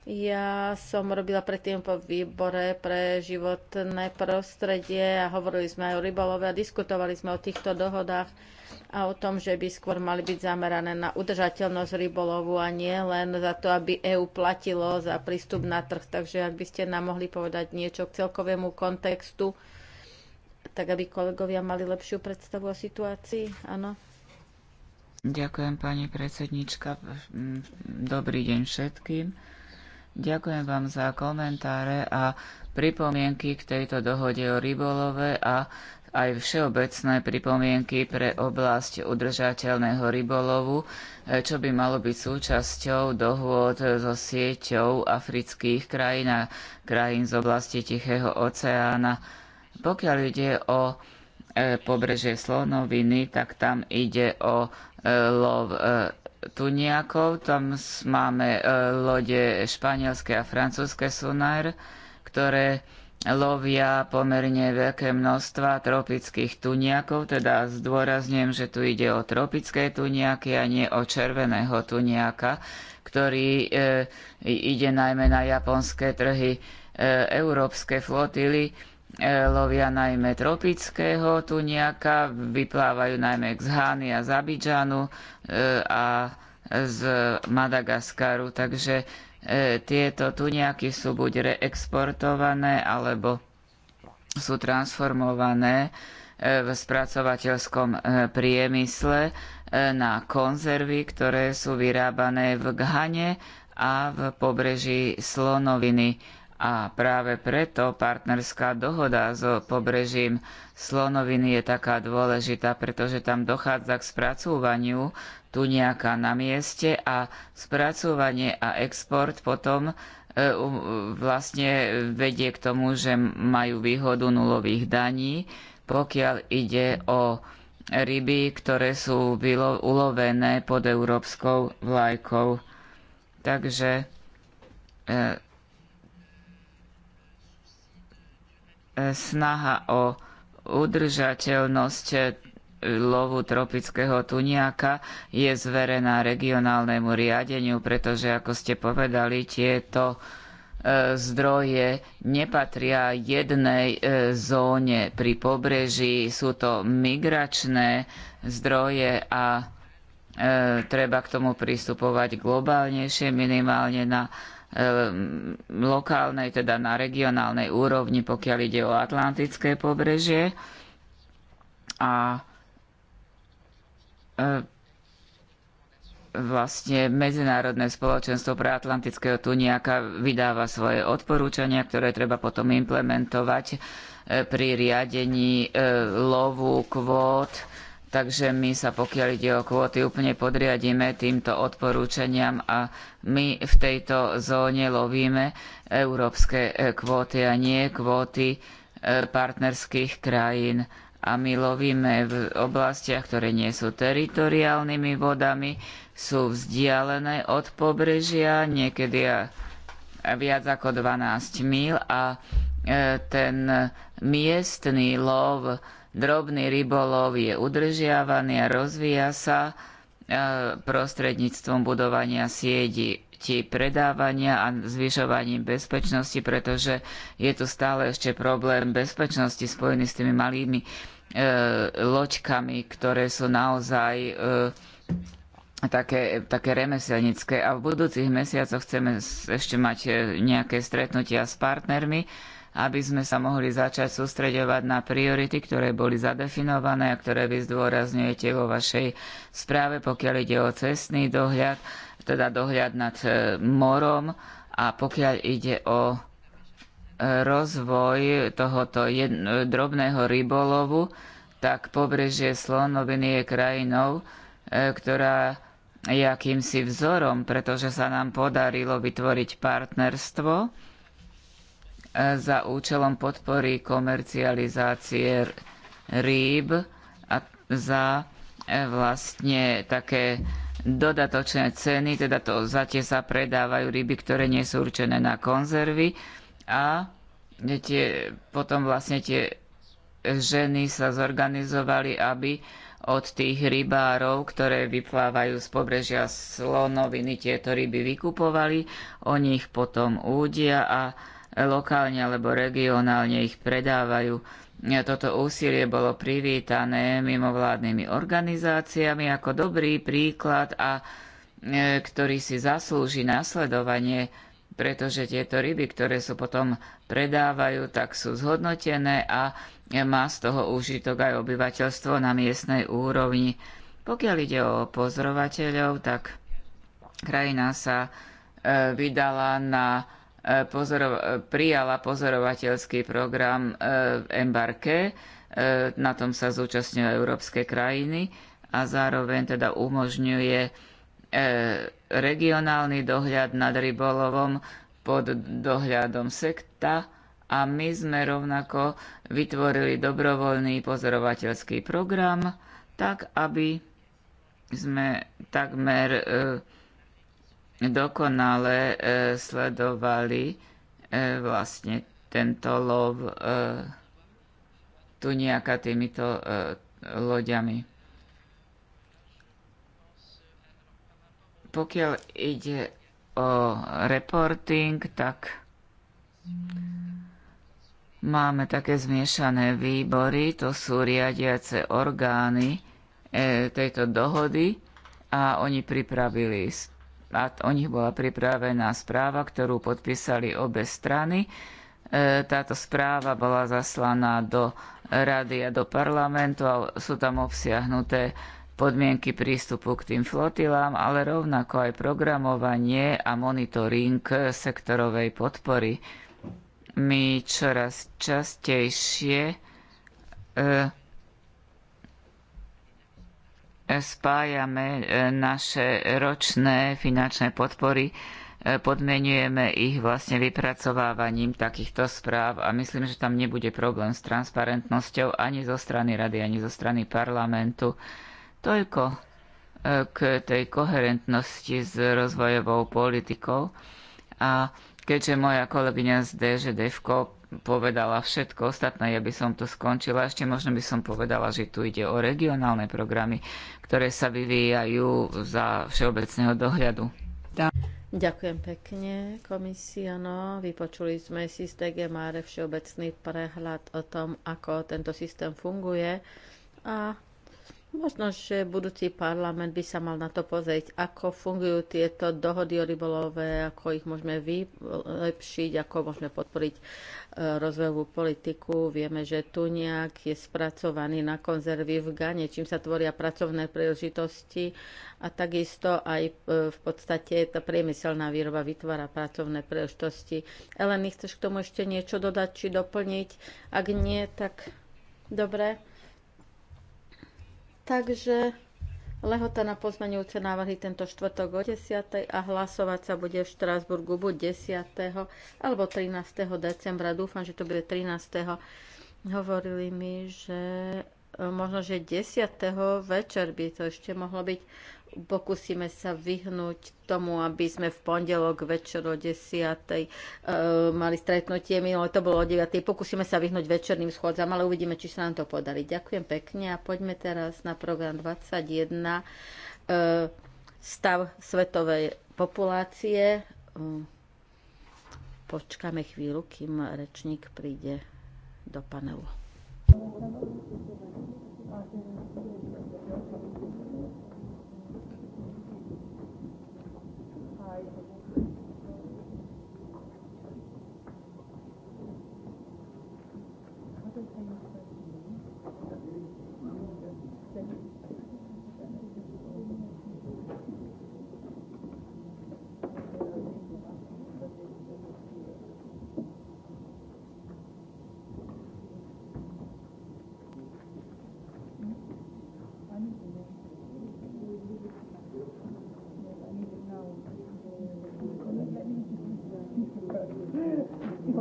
Ja som robila predtým po výbore pre životné prostredie a hovorili sme aj o rybolove a diskutovali sme o týchto dohodách a o tom, že by skôr mali byť zamerané na udržateľnosť rybolovu a nie len za to, aby EÚ platilo za prístup na trh. Takže ak by ste nám mohli povedať niečo k celkovému kontextu, tak aby kolegovia mali lepšiu predstavu o situácii. Áno. Ďakujem, pani predsednička. Dobrý deň všetkým. Ďakujem vám za komentáre a pripomienky k tejto dohode o rybolove a aj všeobecné pripomienky pre oblasť udržateľného rybolovu, eh, čo by malo byť súčasťou dohôd so sieťou afrických krajín a krajín z oblasti Tichého oceána. Pokiaľ ide o eh, pobrežie Slonoviny, tak tam ide o eh, lov tuniakov, tam máme e, lode španielské a francúzske sunár, ktoré lovia pomerne veľké množstva tropických tuniakov, teda zdôrazňujem, že tu ide o tropické tuniaky a nie o červeného tuniaka, ktorý e, ide najmä na japonské trhy e, európske flotily E, lovia najmä tropického tuniaka, vyplávajú najmä z Hány a Zabidžanu e, a z Madagaskaru. Takže e, tieto tuniaky sú buď reexportované alebo sú transformované v spracovateľskom priemysle na konzervy, ktoré sú vyrábané v Ghane a v pobreží Slonoviny a práve preto partnerská dohoda so pobrežím Slonoviny je taká dôležitá, pretože tam dochádza k spracúvaniu tu nejaká na mieste a spracúvanie a export potom e, vlastne vedie k tomu, že majú výhodu nulových daní, pokiaľ ide o ryby, ktoré sú ulovené pod európskou vlajkou. Takže e, snaha o udržateľnosť eh, lovu tropického tuniaka je zverená regionálnemu riadeniu, pretože, ako ste povedali, tieto eh, zdroje nepatria jednej eh, zóne pri pobreží. Sú to migračné zdroje a treba k tomu pristupovať globálnejšie, minimálne na Ehm, lokálnej, teda na regionálnej úrovni, pokiaľ ide o Atlantické pobrežie. A e, vlastne Medzinárodné spoločenstvo pre Atlantického tuniaka vydáva svoje odporúčania, ktoré treba potom implementovať e, pri riadení e, lovu, kvót Takže my sa, pokiaľ ide o kvóty, úplne podriadíme týmto odporúčaniam a my v tejto zóne lovíme európske e, kvóty a nie kvóty e, partnerských krajín. A my lovíme v oblastiach, ktoré nie sú teritoriálnymi vodami, sú vzdialené od pobrežia, niekedy viac ako 12 mil a e, ten miestny lov drobný rybolov je udržiavaný a rozvíja sa e, prostredníctvom budovania siedi ti predávania a zvyšovaním bezpečnosti, pretože je tu stále ešte problém bezpečnosti spojený s tými malými e, loďkami, ktoré sú naozaj e, také, také remeselnické. A v budúcich mesiacoch chceme ešte mať e, nejaké stretnutia s partnermi, aby sme sa mohli začať sústreďovať na priority, ktoré boli zadefinované a ktoré vy zdôrazňujete vo vašej správe, pokiaľ ide o cestný dohľad, teda dohľad nad e, morom a pokiaľ ide o e, rozvoj tohoto drobného rybolovu, tak pobrežie Slonoviny je krajinou, e, ktorá je akýmsi vzorom, pretože sa nám podarilo vytvoriť partnerstvo za účelom podpory komercializácie rýb a za e, vlastne také dodatočné ceny, teda to za tie sa predávajú ryby, ktoré nie sú určené na konzervy a tie, potom vlastne tie ženy sa zorganizovali, aby od tých rybárov, ktoré vyplávajú z pobrežia slonoviny, tieto ryby vykupovali, o nich potom údia a lokálne alebo regionálne ich predávajú. Toto úsilie bolo privítané mimovládnymi organizáciami ako dobrý príklad a e, ktorý si zaslúži nasledovanie, pretože tieto ryby, ktoré sú potom predávajú, tak sú zhodnotené a e, má z toho úžitok aj obyvateľstvo na miestnej úrovni. Pokiaľ ide o pozorovateľov, tak krajina sa e, vydala na E, pozoro- e, prijala pozorovateľský program e, v Embarke, na tom sa zúčastňujú európske krajiny a zároveň teda umožňuje regionálny dohľad nad rybolovom pod dohľadom sekta a my sme rovnako vytvorili dobrovoľný pozorovateľský program, tak aby sme takmer e, dokonale e, sledovali e, vlastne tento lov e, tu nejaká týmito loďami. Pokiaľ ide o reporting, tak máme také zmiešané výbory, to sú riadiace orgány tejto dohody a oni pripravili a o nich bola pripravená správa, ktorú podpísali obe strany. E, táto správa bola zaslaná do rady a do parlamentu a sú tam obsiahnuté podmienky prístupu k tým flotilám, ale rovnako aj programovanie a monitoring sektorovej podpory. My čoraz častejšie e, spájame e, naše ročné finančné podpory, e, podmenujeme ich vlastne vypracovávaním takýchto správ a myslím, že tam nebude problém s transparentnosťou ani zo strany rady, ani zo strany parlamentu. Toľko e, k tej koherentnosti s rozvojovou politikou. A keďže moja kolegyňa z DŽDFko povedala všetko ostatné, ja by som to skončila. Ešte možno by som povedala, že tu ide o regionálne programy, ktoré sa vyvíjajú za všeobecného dohľadu. Ďakujem pekne, komisia. No, vypočuli sme si z TGMR všeobecný prehľad o tom, ako tento systém funguje. A Možno, že budúci parlament by sa mal na to pozrieť, ako fungujú tieto dohody o rybolove, ako ich môžeme vylepšiť, ako môžeme podporiť e, rozvojovú politiku. Vieme, že tuniak je spracovaný na konzervy v Gane, čím sa tvoria pracovné príležitosti a takisto aj e, v podstate tá priemyselná výroba vytvára pracovné príležitosti. Eleny, chceš k tomu ešte niečo dodať či doplniť? Ak nie, tak dobre. Takže lehota na pozmeňujúce návrhy tento štvrtok o 10. a hlasovať sa bude v Štrásburgu buď 10. alebo 13. decembra. Dúfam, že to bude 13. Hovorili mi, že e, možno, že 10. večer by to ešte mohlo byť. Pokúsime sa vyhnúť tomu, aby sme v pondelok večer o 10. E, eh, mali stretnutie, minulé to bolo o 9. Pokúsime sa vyhnúť večerným schôdzam, ale uvidíme, či sa nám to podarí. Ďakujem pekne a poďme teraz na program 21. E, eh, stav svetovej populácie. Eh, počkáme chvíľu, kým rečník príde do panelu.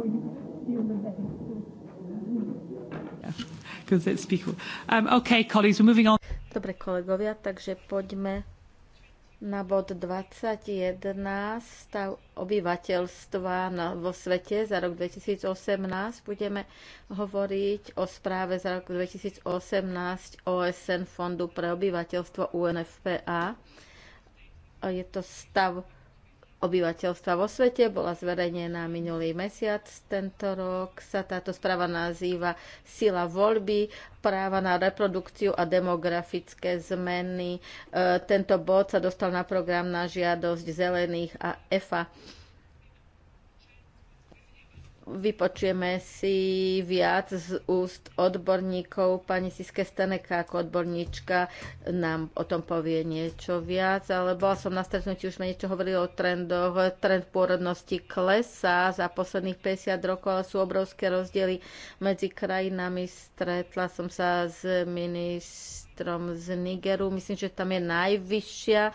Um, Dobre kolegovia, takže poďme na bod 21 stav obyvateľstva vo svete za rok 2018. Budeme hovoriť o správe za rok 2018 OSN Fondu pre obyvateľstvo UNFPA. Je to stav obyvateľstva vo svete. Bola zverejnená minulý mesiac. Tento rok sa táto správa nazýva Sila voľby, práva na reprodukciu a demografické zmeny. E, tento bod sa dostal na program na žiadosť zelených a EFA. Vypočujeme si viac z úst odborníkov. Pani Siske Staneka ako odborníčka nám o tom povie niečo viac, ale bola som na stretnutí, už sme niečo hovorili o trendoch. Trend pôrodnosti klesá za posledných 50 rokov, ale sú obrovské rozdiely medzi krajinami. Stretla som sa s ministrom z Nigeru, myslím, že tam je najvyššia e,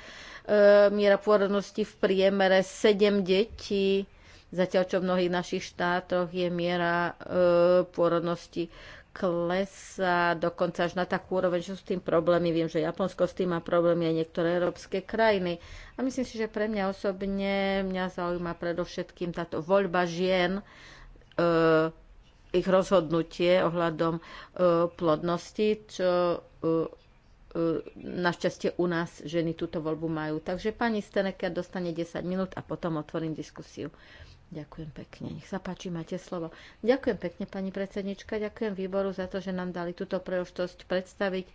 miera pôrodnosti v priemere 7 detí Zatiaľ, čo v mnohých našich štátoch je miera e, pôrodnosti klesa dokonca až na takú úroveň, že sú s tým problémy. Viem, že Japonsko s tým má problémy aj niektoré európske krajiny. A myslím si, že pre mňa osobne mňa zaujíma predovšetkým táto voľba žien, e, ich rozhodnutie ohľadom e, plodnosti, čo e, e našťastie u nás ženy túto voľbu majú. Takže pani Steneka dostane 10 minút a potom otvorím diskusiu. Ďakujem pekne. Nech sa páči, máte slovo. Ďakujem pekne, pani predsednička. Ďakujem výboru za to, že nám dali túto preoštosť predstaviť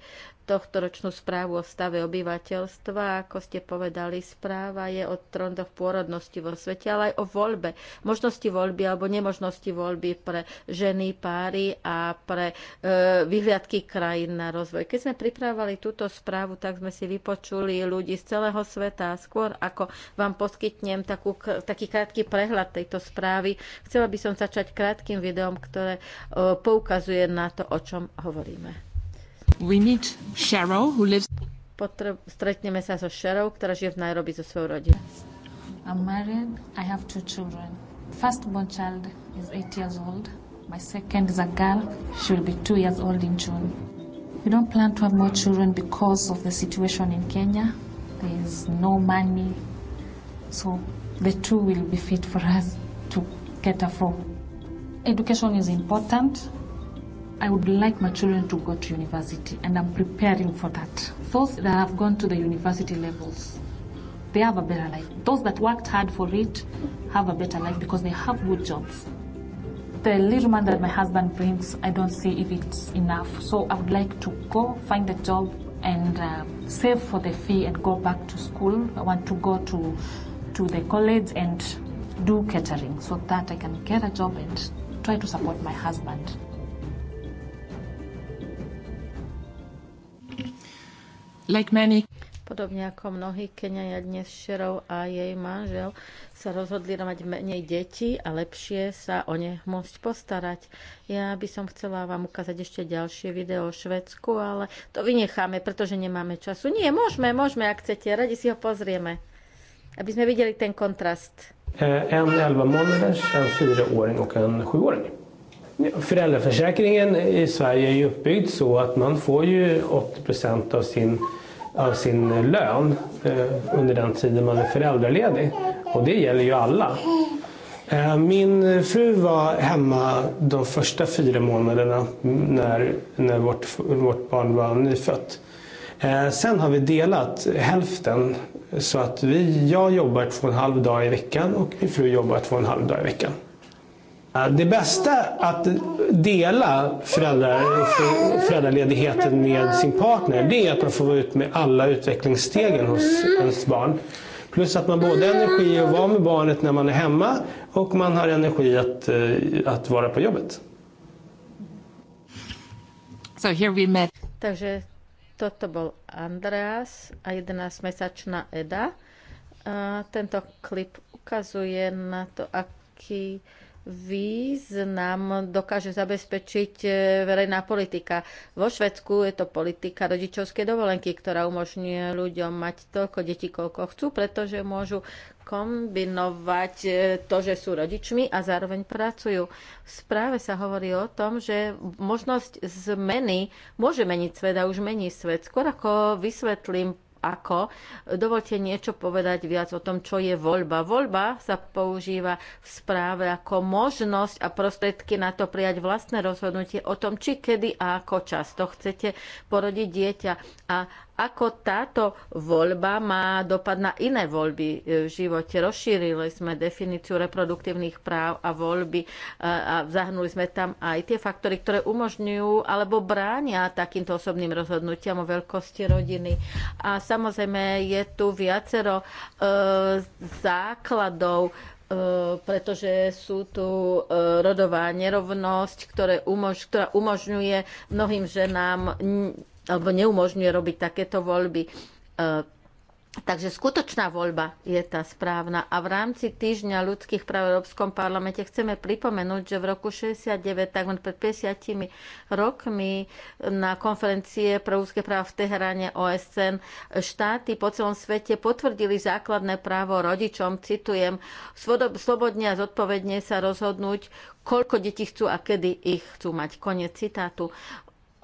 tohto ročnú správu o stave obyvateľstva. Ako ste povedali, správa je o trondoch pôrodnosti vo svete, ale aj o voľbe. Možnosti voľby alebo nemožnosti voľby pre ženy, páry a pre e, vyhliadky krajín na rozvoj. Keď sme pripravovali túto správu, tak sme si vypočuli ľudí z celého sveta. Skôr ako vám poskytnem takú, taký krátky prehľad tej tejto správy. Chcela by som začať krátkým videom, ktoré e, poukazuje na to, o čom hovoríme. We meet Cheryl, who lives... Potreb... Stretneme sa so Cheryl, ktorá žije v Nairobi so svojou rodinou. I'm married. I have two children. First born child is eight years old. My second is a girl. She will be two years old in June. We don't plan to have more children because of the situation in Kenya. There is no money. So the two will be fit for us to get a for. Education is important. I would like my children to go to university, and I'm preparing for that. Those that have gone to the university levels, they have a better life. Those that worked hard for it have a better life because they have good jobs. The little man that my husband brings, I don't see if it's enough. So I would like to go find a job and uh, save for the fee and go back to school. I want to go to to the college and do catering so that I can get a job and try to support my husband. Like many Podobne ako mnohí Keniania dnes Šerov a jej manžel sa rozhodli mať menej detí a lepšie sa o ne môcť postarať. Ja by som chcela vám ukázať ešte ďalšie video o Švedsku, ale to vynecháme, pretože nemáme času. Nie, môžeme, môžeme, ak chcete, radi si ho pozrieme aby sme videli ten kontrast. Eh, en 11 månaders, en 4-åring och en 7-åring. Föräldraförsäkringen i Sverige är ju uppbyggd så att man får ju 80 av sin, av sin lön eh, under den tiden man är föräldraledig. Och det gäller ju alla. Eh, min fru var hemma de första fyra månaderna när, när vårt, vårt barn var nyfött. Eh, sen har vi delat hälften så att vi, jag jobbar två och en halv dag i veckan och min fru jobbar två och en halv dag i veckan. Eh, det bästa att dela föräldrar och föräldraledigheten med sin partner det är att man får vara ut med alla utvecklingsstegen hos ens barn. Plus att man både har energi att vara med barnet när man är hemma och man har energi att, eh, att vara på jobbet. Takže toto bol Andreas a 11-mesačná Eda. A tento klip ukazuje na to, aký význam dokáže zabezpečiť e, verejná politika. Vo Švedsku je to politika rodičovskej dovolenky, ktorá umožňuje ľuďom mať toľko detí, koľko chcú, pretože môžu kombinovať e, to, že sú rodičmi a zároveň pracujú. V správe sa hovorí o tom, že možnosť zmeny môže meniť svet a už mení svet. Skôr ako vysvetlím ako. Dovolte niečo povedať viac o tom, čo je voľba. Voľba sa používa v správe ako možnosť a prostriedky na to prijať vlastné rozhodnutie o tom, či kedy a ako často chcete porodiť dieťa a ako táto voľba má dopad na iné voľby e, v živote. Rozšírili sme definíciu reproduktívnych práv a voľby e, a zahnuli sme tam aj tie faktory, ktoré umožňujú alebo bránia takýmto osobným rozhodnutiam o veľkosti rodiny. A samozrejme je tu viacero e, základov, pretože sú tu rodová nerovnosť, ktoré umož, ktorá umožňuje mnohým ženám alebo neumožňuje robiť takéto voľby. E, takže skutočná voľba je tá správna. A v rámci týždňa ľudských práv v Európskom parlamente chceme pripomenúť, že v roku 69, takmer pred 50 rokmi na konferencie pre ľudské práva v Teheráne OSN štáty po celom svete potvrdili základné právo rodičom, citujem, slobodne a zodpovedne sa rozhodnúť, koľko detí chcú a kedy ich chcú mať. Konec citátu.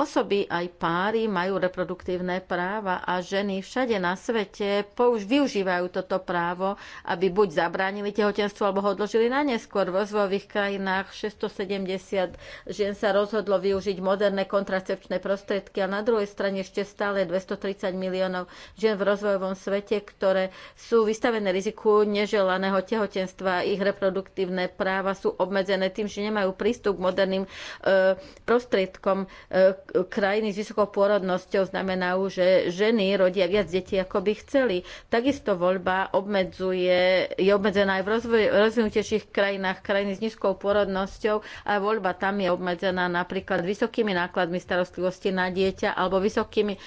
Osoby aj páry majú reproduktívne práva a ženy všade na svete použ- využívajú toto právo, aby buď zabránili tehotenstvo alebo ho odložili na neskôr. V rozvojových krajinách 670 žien sa rozhodlo využiť moderné kontracepčné prostriedky a na druhej strane ešte stále 230 miliónov žien v rozvojovom svete, ktoré sú vystavené riziku neželaného tehotenstva. Ich reproduktívne práva sú obmedzené tým, že nemajú prístup k moderným e, prostriedkom e, krajiny s vysokou pôrodnosťou znamenajú, že ženy rodia viac detí, ako by chceli. Takisto voľba obmedzuje, je obmedzená aj v rozvoj, rozvinutejších krajinách, krajiny s nízkou pôrodnosťou a voľba tam je obmedzená napríklad vysokými nákladmi starostlivosti na dieťa alebo vysokými e,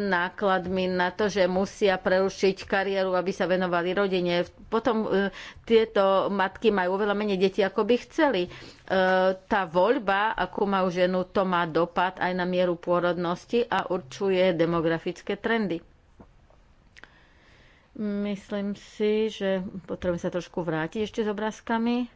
nákladmi na to, že musia prerušiť kariéru, aby sa venovali rodine. Potom e, tieto matky majú oveľa menej detí, ako by chceli. E, tá voľba, akú majú ženu, to má dopad aj aj na mieru pôrodnosti a určuje demografické trendy. Myslím si, že potrebujem sa trošku vrátiť ešte s obrázkami.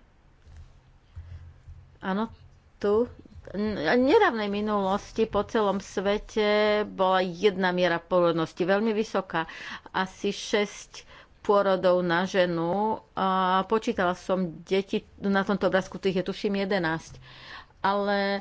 Áno, tu. V nedávnej minulosti po celom svete bola jedna miera pôrodnosti, veľmi vysoká, asi 6 pôrodov na ženu. A počítala som deti, na tomto obrázku tých je tuším 11. Ale e,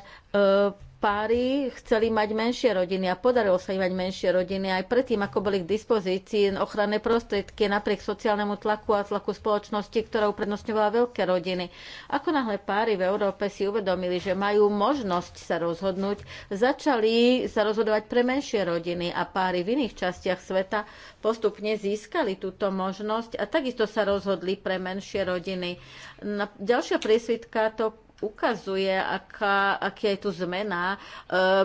páry chceli mať menšie rodiny a podarilo sa im mať menšie rodiny aj predtým, ako boli k dispozícii ochranné prostriedky napriek sociálnemu tlaku a tlaku spoločnosti, ktorá uprednostňovala veľké rodiny. Ako náhle páry v Európe si uvedomili, že majú možnosť sa rozhodnúť, začali sa rozhodovať pre menšie rodiny a páry v iných častiach sveta postupne získali túto možnosť a takisto sa rozhodli pre menšie rodiny. Ďalšia priesvitka to ukazuje, aká, aká je tu zmena e,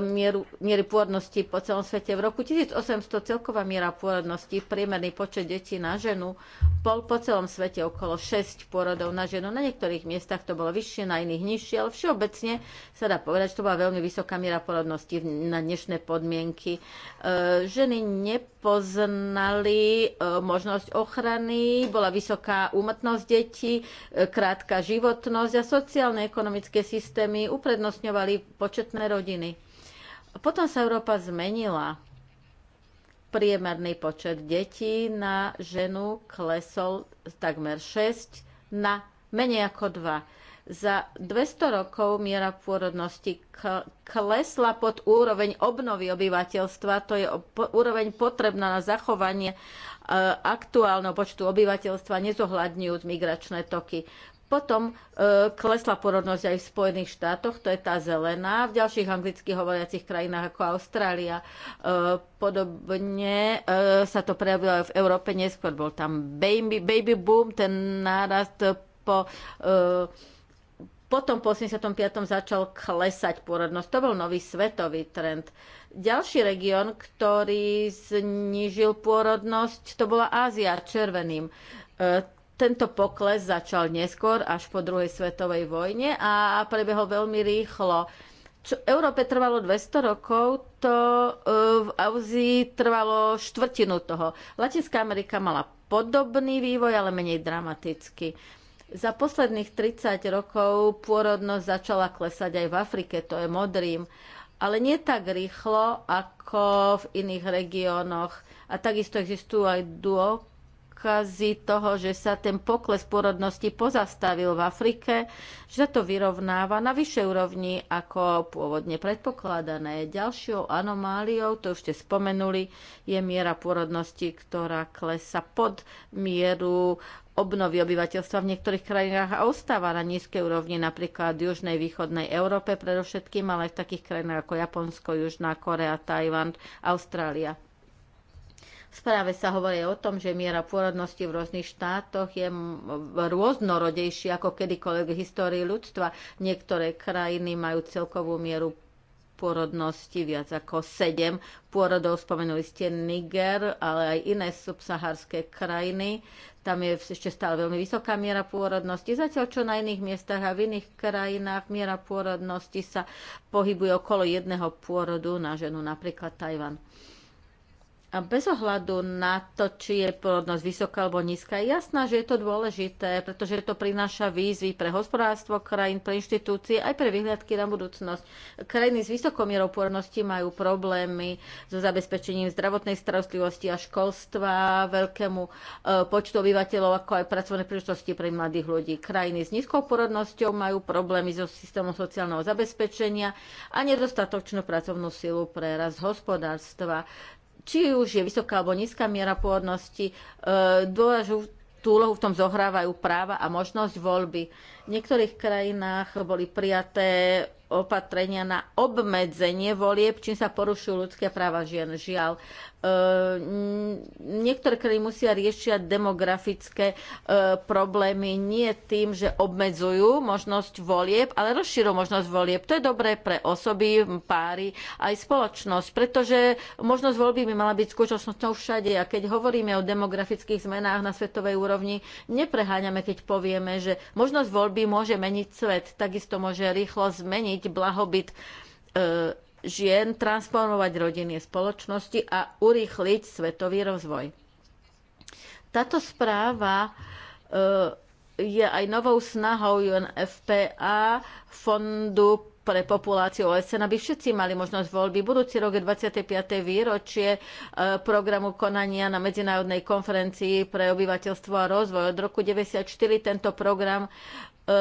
mieru, miery pôrodnosti po celom svete. V roku 1800 celková miera pôrodnosti, priemerný počet detí na ženu, bol po celom svete okolo 6 pôrodov na ženu. Na niektorých miestach to bolo vyššie, na iných nižšie, ale všeobecne sa dá povedať, že to bola veľmi vysoká miera pôrodnosti na dnešné podmienky. E, ženy nepoznali e, možnosť ochrany, bola vysoká úmrtnosť detí, e, krátka životnosť a sociálne ekonomické ekonomické systémy uprednostňovali početné rodiny. Potom sa Európa zmenila. Priemerný počet detí na ženu klesol takmer 6 na menej ako 2. Za 200 rokov miera pôrodnosti klesla pod úroveň obnovy obyvateľstva, to je úroveň potrebná na zachovanie e, aktuálneho počtu obyvateľstva nezohľadňujúc migračné toky. Potom e, klesla porodnosť aj v Spojených štátoch, to je tá zelená, v ďalších anglicky hovoriacich krajinách ako Austrália. E, podobne e, sa to prejavilo aj v Európe, neskôr bol tam baby, baby boom, ten nárast po... E, potom po 85. začal klesať porodnosť. To bol nový svetový trend. Ďalší región, ktorý znížil pôrodnosť, to bola Ázia červeným. E, tento pokles začal neskôr až po druhej svetovej vojne a prebehol veľmi rýchlo. Čo Európe trvalo 200 rokov, to e, v Auzii trvalo štvrtinu toho. Latinská Amerika mala podobný vývoj, ale menej dramatický. Za posledných 30 rokov pôrodnosť začala klesať aj v Afrike, to je modrým, ale nie tak rýchlo ako v iných regiónoch. A takisto existujú aj duo dôkazy toho, že sa ten pokles porodnosti pozastavil v Afrike, že sa to vyrovnáva na vyššej úrovni ako pôvodne predpokladané. Ďalšou anomáliou, to už ste spomenuli, je miera porodnosti, ktorá klesa pod mieru obnovy obyvateľstva v niektorých krajinách a ostáva na nízkej úrovni, napríklad v južnej, východnej Európe predovšetkým, ale aj v takých krajinách ako Japonsko, Južná Korea, Tajvan, Austrália. V správe sa hovorí o tom, že miera pôrodnosti v rôznych štátoch je rôznorodejšia ako kedykoľvek v histórii ľudstva. Niektoré krajiny majú celkovú mieru pôrodnosti viac ako 7 pôrodov. Spomenuli ste Niger, ale aj iné subsaharské krajiny. Tam je ešte stále veľmi vysoká miera pôrodnosti. Zatiaľ čo na iných miestach a v iných krajinách miera pôrodnosti sa pohybuje okolo jedného pôrodu na ženu, napríklad Tajvan. A bez ohľadu na to, či je plodnosť vysoká alebo nízka, je jasná, že je to dôležité, pretože to prináša výzvy pre hospodárstvo krajín, pre inštitúcie, aj pre vyhľadky na budúcnosť. Krajiny s vysokou mierou pôrodnosti majú problémy so zabezpečením zdravotnej starostlivosti a školstva, veľkému e, počtu obyvateľov, ako aj pracovné príležitosti pre mladých ľudí. Krajiny s nízkou pôrodnosťou majú problémy so systémom sociálneho zabezpečenia a nedostatočnú pracovnú silu pre rast hospodárstva či už je vysoká alebo nízka miera pôrodnosti, e, dôležitú tú úlohu v tom zohrávajú práva a možnosť voľby. V niektorých krajinách boli prijaté opatrenia na obmedzenie volieb, čím sa porušujú ľudské práva žien. Žiaľ, Ehm, niektoré krajiny musia riešiť demografické e, problémy nie tým, že obmedzujú možnosť volieb, ale rozširujú možnosť volieb. To je dobré pre osoby, páry, aj spoločnosť, pretože možnosť voľby by mala byť skutočnosťou všade. A keď hovoríme o demografických zmenách na svetovej úrovni, nepreháňame, keď povieme, že možnosť voľby môže meniť svet, takisto môže rýchlo zmeniť blahobyt e, žien, transformovať rodiny spoločnosti a urýchliť svetový rozvoj. Táto správa e, je aj novou snahou UNFPA, Fondu pre populáciu OSN, aby všetci mali možnosť voľby. Budúci rok je 25. výročie e, programu konania na Medzinárodnej konferencii pre obyvateľstvo a rozvoj. Od roku 1994 tento program E,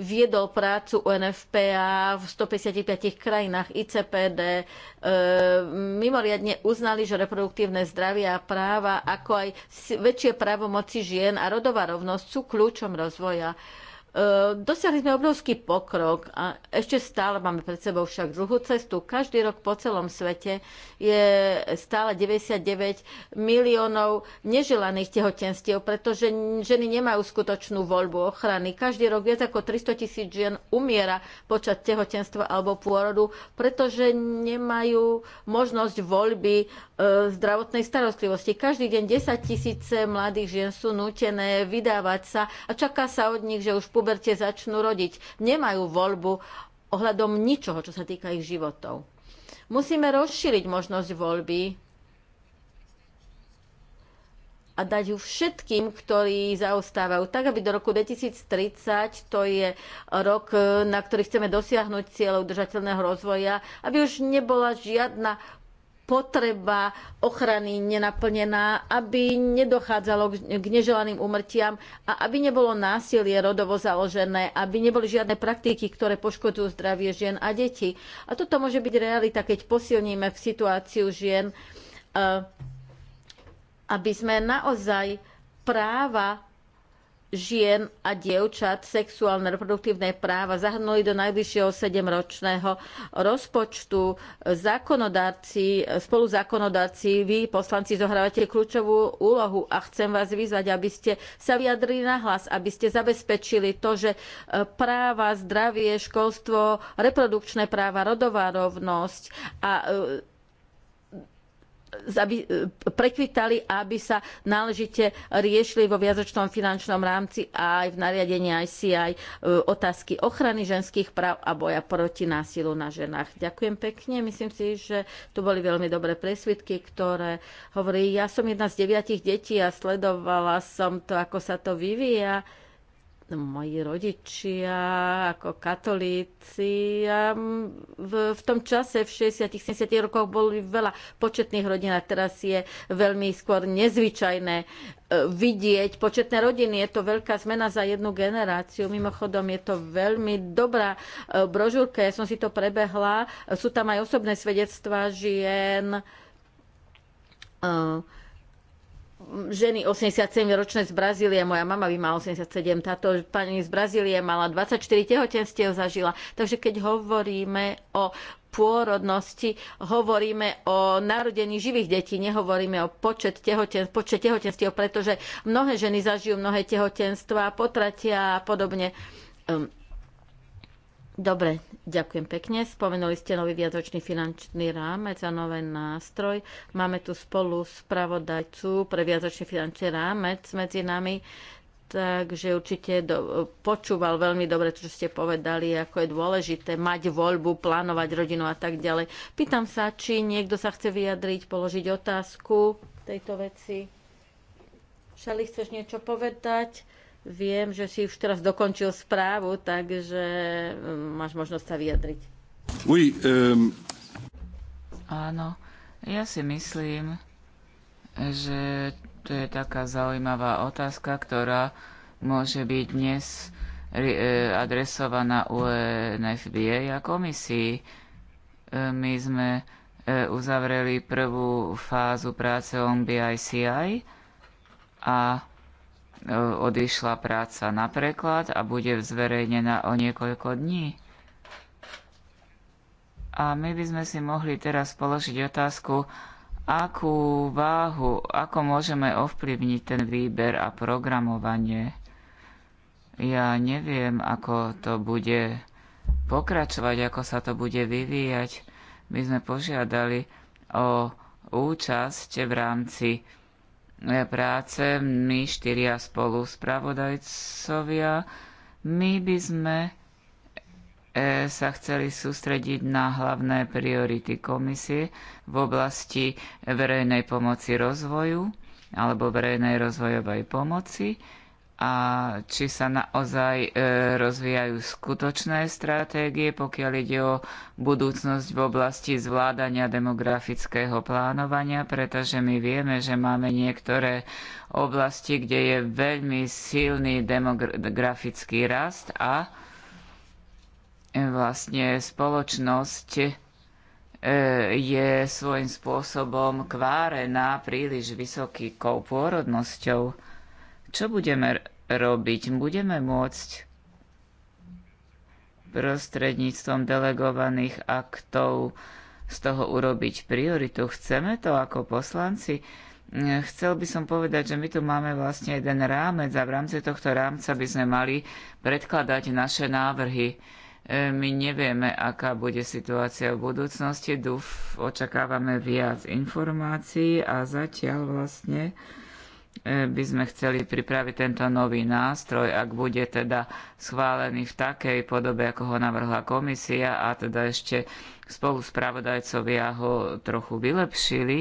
viedol prácu UNFPA v 155 krajinách ICPD. E, mimoriadne uznali, že reproduktívne zdravie a práva, ako aj väčšie právomoci žien a rodová rovnosť sú kľúčom rozvoja. Ehm, dosiahli sme obrovský pokrok a ešte stále máme pred sebou však druhú cestu. Každý rok po celom svete je stále 99 miliónov neželaných tehotenstiev, pretože ženy nemajú skutočnú voľbu ochrany. Každý rok viac ako 300 tisíc žien umiera počas tehotenstva alebo pôrodu, pretože nemajú možnosť voľby E, zdravotnej starostlivosti. Každý deň 10 tisíce mladých žien sú nutené vydávať sa a čaká sa od nich, že už v puberte začnú rodiť. Nemajú voľbu ohľadom ničoho, čo sa týka ich životov. Musíme rozšíriť možnosť voľby a dať ju všetkým, ktorí zaostávajú, tak aby do roku 2030, to je rok, na ktorý chceme dosiahnuť cieľ udržateľného rozvoja, aby už nebola žiadna potreba ochrany nenaplnená, aby nedochádzalo k neželaným umrtiam a aby nebolo násilie rodovo založené, aby neboli žiadne praktiky, ktoré poškodujú zdravie žien a detí. A toto môže byť realita, keď posilníme v situáciu žien, eh, aby sme naozaj práva žien a dievčat sexuálne reproduktívne práva zahrnuli do najbližšieho sedemročného rozpočtu. Zákonodárci, spoluzákonodárci, vy poslanci zohrávate kľúčovú úlohu a chcem vás vyzvať, aby ste sa vyjadrili nahlas, aby ste zabezpečili to, že e, práva, zdravie, školstvo, reprodukčné práva, rodová rovnosť a e, E, prekvitali a aby sa náležite riešili vo viazočnom finančnom rámci a aj v nariadení ICI e, otázky ochrany ženských práv a boja proti násilu na ženách. Ďakujem pekne. Myslím si, že tu boli veľmi dobré presvitky, ktoré hovorí, ja som jedna z deviatich detí a sledovala som to, ako sa to vyvíja moji rodičia ako katolíci a v, v tom čase v 60 70 rokoch boli veľa početných rodín a teraz je veľmi skôr nezvyčajné e, vidieť početné rodiny. Je to veľká zmena za jednu generáciu. Mimochodom je to veľmi dobrá e, brožúrka. Ja som si to prebehla. Sú tam aj osobné svedectvá žien. Uh, ženy 87-ročné z Brazílie, moja mama by mala 87, táto pani z Brazílie mala 24 tehotenstiev zažila. Takže keď hovoríme o pôrodnosti, hovoríme o narodení živých detí, nehovoríme o počet, tehoten, počet tehotenstiev, pretože mnohé ženy zažijú mnohé tehotenstva, potratia a podobne. Um, Dobre, ďakujem pekne. Spomenuli ste nový viacročný finančný rámec a nový nástroj. Máme tu spolu spravodajcu pre viacročný finančný rámec medzi nami, takže určite do, počúval veľmi dobre, čo ste povedali, ako je dôležité mať voľbu, plánovať rodinu a tak ďalej. Pýtam sa, či niekto sa chce vyjadriť, položiť otázku tejto veci. Šali, chceš niečo povedať? Viem, že si už teraz dokončil správu, takže mm, máš možnosť sa vyjadriť. Oui, um... Áno, ja si myslím, že to je taká zaujímavá otázka, ktorá môže byť dnes e, adresovaná UNFBA a komisii. E, my sme e, uzavreli prvú fázu práce on BICI a E, odišla práca na preklad a bude zverejnená o niekoľko dní. A my by sme si mohli teraz položiť otázku, akú váhu, ako môžeme ovplyvniť ten výber a programovanie. Ja neviem, ako to bude pokračovať, ako sa to bude vyvíjať. My sme požiadali o účasť v rámci práce, my štyria spolu spravodajcovia, my by sme e, sa chceli sústrediť na hlavné priority komisie v oblasti verejnej pomoci rozvoju alebo verejnej rozvojovej pomoci a či sa naozaj e, rozvíjajú skutočné stratégie, pokiaľ ide o budúcnosť v oblasti zvládania demografického plánovania, pretože my vieme, že máme niektoré oblasti, kde je veľmi silný demografický rast a e, vlastne spoločnosť e, je svojím spôsobom kvárená príliš vysokou pôrodnosťou čo budeme robiť? Budeme môcť prostredníctvom delegovaných aktov z toho urobiť prioritu. Chceme to ako poslanci? Chcel by som povedať, že my tu máme vlastne jeden rámec a v rámci tohto rámca by sme mali predkladať naše návrhy. E, my nevieme, aká bude situácia v budúcnosti. Dúf, očakávame viac informácií a zatiaľ vlastne E, by sme chceli pripraviť tento nový nástroj, ak bude teda schválený v takej podobe, ako ho navrhla komisia a teda ešte spolu spravodajcovia ho trochu vylepšili.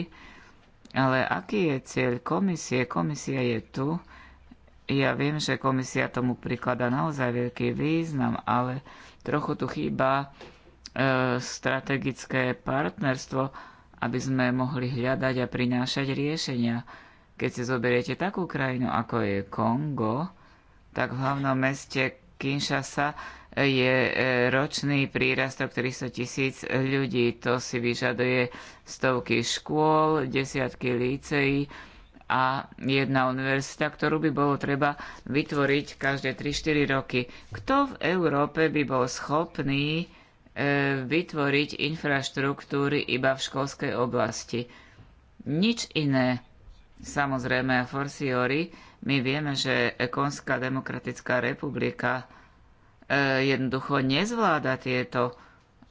Ale aký je cieľ komisie? Komisia je tu. Ja viem, že komisia tomu prikladá naozaj veľký význam, ale trochu tu chýba e, strategické partnerstvo, aby sme mohli hľadať a prinášať riešenia keď si zoberiete takú krajinu, ako je Kongo, tak v hlavnom meste Kinshasa je e, ročný prírastok 300 tisíc ľudí. To si vyžaduje stovky škôl, desiatky líceí a jedna univerzita, ktorú by bolo treba vytvoriť každé 3-4 roky. Kto v Európe by bol schopný e, vytvoriť infraštruktúry iba v školskej oblasti? Nič iné. Samozrejme, a forciori, my vieme, že Konská demokratická republika e, jednoducho nezvláda tieto,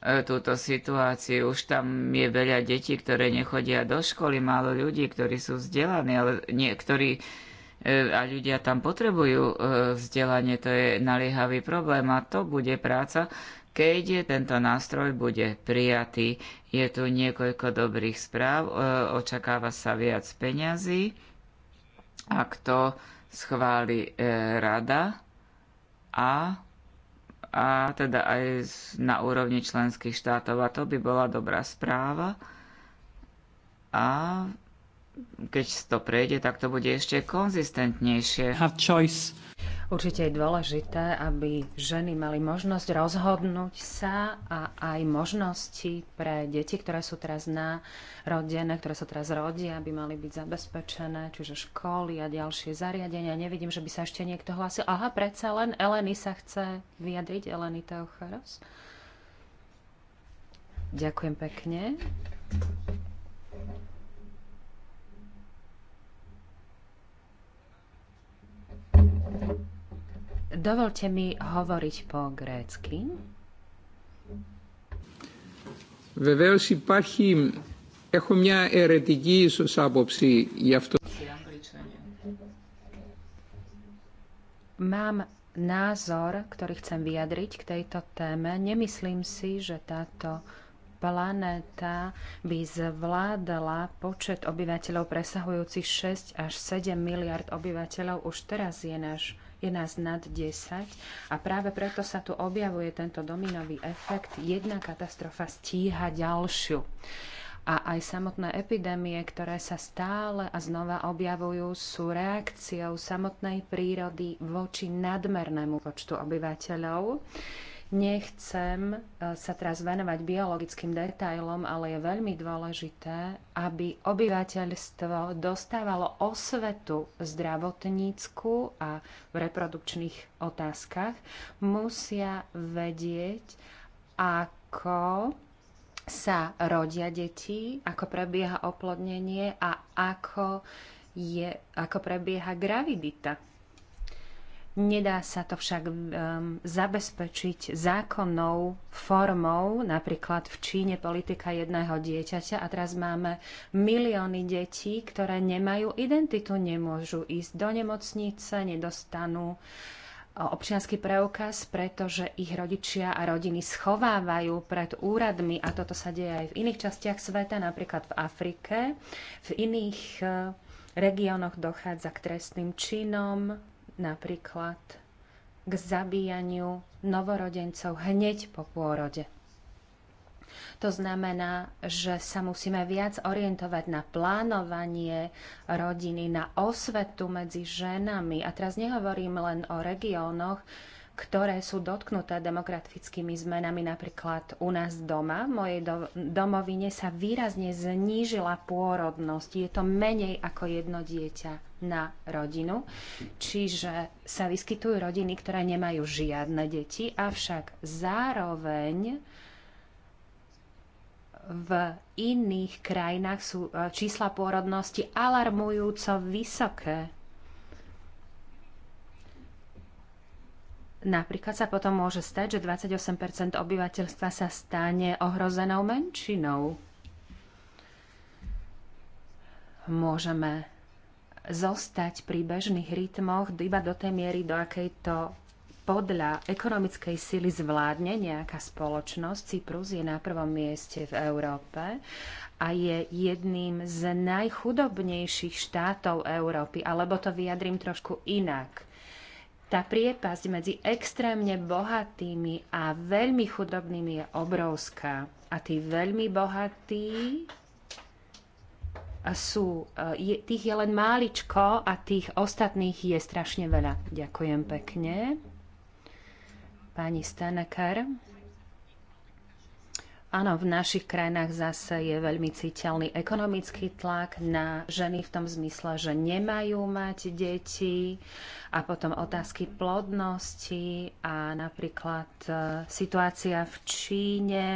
e, túto situáciu. Už tam je veľa detí, ktoré nechodia do školy, málo ľudí, ktorí sú vzdelaní, ale niektorí e, a ľudia tam potrebujú vzdelanie, to je naliehavý problém a to bude práca, keď tento nástroj bude prijatý, je tu niekoľko dobrých správ, e, očakáva sa viac peňazí. ak to schváli e, rada a, a teda aj na úrovni členských štátov. A to by bola dobrá správa. A keď to prejde, tak to bude ešte konzistentnejšie. Have choice Určite je dôležité, aby ženy mali možnosť rozhodnúť sa a aj možnosti pre deti, ktoré sú teraz narodené, ktoré sa teraz rodia, aby mali byť zabezpečené, čiže školy a ďalšie zariadenia. Nevidím, že by sa ešte niekto hlásil. Aha, predsa len Eleny sa chce vyjadriť, Eleny Teocharos. Ďakujem pekne. Dovolte mi hovoriť po grécky. Βεβαίως υπάρχει, έχω μια αιρετική ίσως άποψη γι' αυτό. Mám názor, ktorý chcem vyjadriť k tejto téme. Nemyslím si, že táto planéta by zvládala počet obyvateľov presahujúcich 6 až 7 miliard obyvateľov. Už teraz je náš je nás nad 10 a práve preto sa tu objavuje tento dominový efekt. Jedna katastrofa stíha ďalšiu a aj samotné epidémie, ktoré sa stále a znova objavujú, sú reakciou samotnej prírody voči nadmernému počtu obyvateľov. Nechcem e, sa teraz venovať biologickým detailom, ale je veľmi dôležité, aby obyvateľstvo dostávalo osvetu zdravotnícku a v reprodukčných otázkach. Musia vedieť, ako sa rodia deti, ako prebieha oplodnenie a ako, je, ako prebieha gravidita Nedá sa to však um, zabezpečiť zákonnou formou, napríklad v Číne politika jedného dieťaťa a teraz máme milióny detí, ktoré nemajú identitu, nemôžu ísť do nemocnice, nedostanú uh, občianský preukaz, pretože ich rodičia a rodiny schovávajú pred úradmi a toto sa deje aj v iných častiach sveta, napríklad v Afrike. V iných uh, regiónoch dochádza k trestným činom, napríklad k zabíjaniu novorodencov hneď po pôrode. To znamená, že sa musíme viac orientovať na plánovanie rodiny, na osvetu medzi ženami. A teraz nehovorím len o regiónoch, ktoré sú dotknuté demografickými zmenami. Napríklad u nás doma, v mojej domovine, sa výrazne znížila pôrodnosť. Je to menej ako jedno dieťa na rodinu. Čiže sa vyskytujú rodiny, ktoré nemajú žiadne deti, avšak zároveň v iných krajinách sú e, čísla pôrodnosti alarmujúco vysoké. Napríklad sa potom môže stať, že 28 obyvateľstva sa stane ohrozenou menšinou. Môžeme zostať pri bežných rytmoch iba do tej miery, do akej to podľa ekonomickej sily zvládne nejaká spoločnosť. Cyprus je na prvom mieste v Európe a je jedným z najchudobnejších štátov Európy, alebo to vyjadrím trošku inak. Tá priepasť medzi extrémne bohatými a veľmi chudobnými je obrovská. A tí veľmi bohatí sú, eh, je, tých je len máličko a tých ostatných je strašne veľa. Ďakujem pekne. Pani Stanakar. Áno, v našich krajinách zase je veľmi citeľný ekonomický tlak na ženy v tom zmysle, že nemajú mať deti a potom otázky plodnosti a napríklad eh, situácia v Číne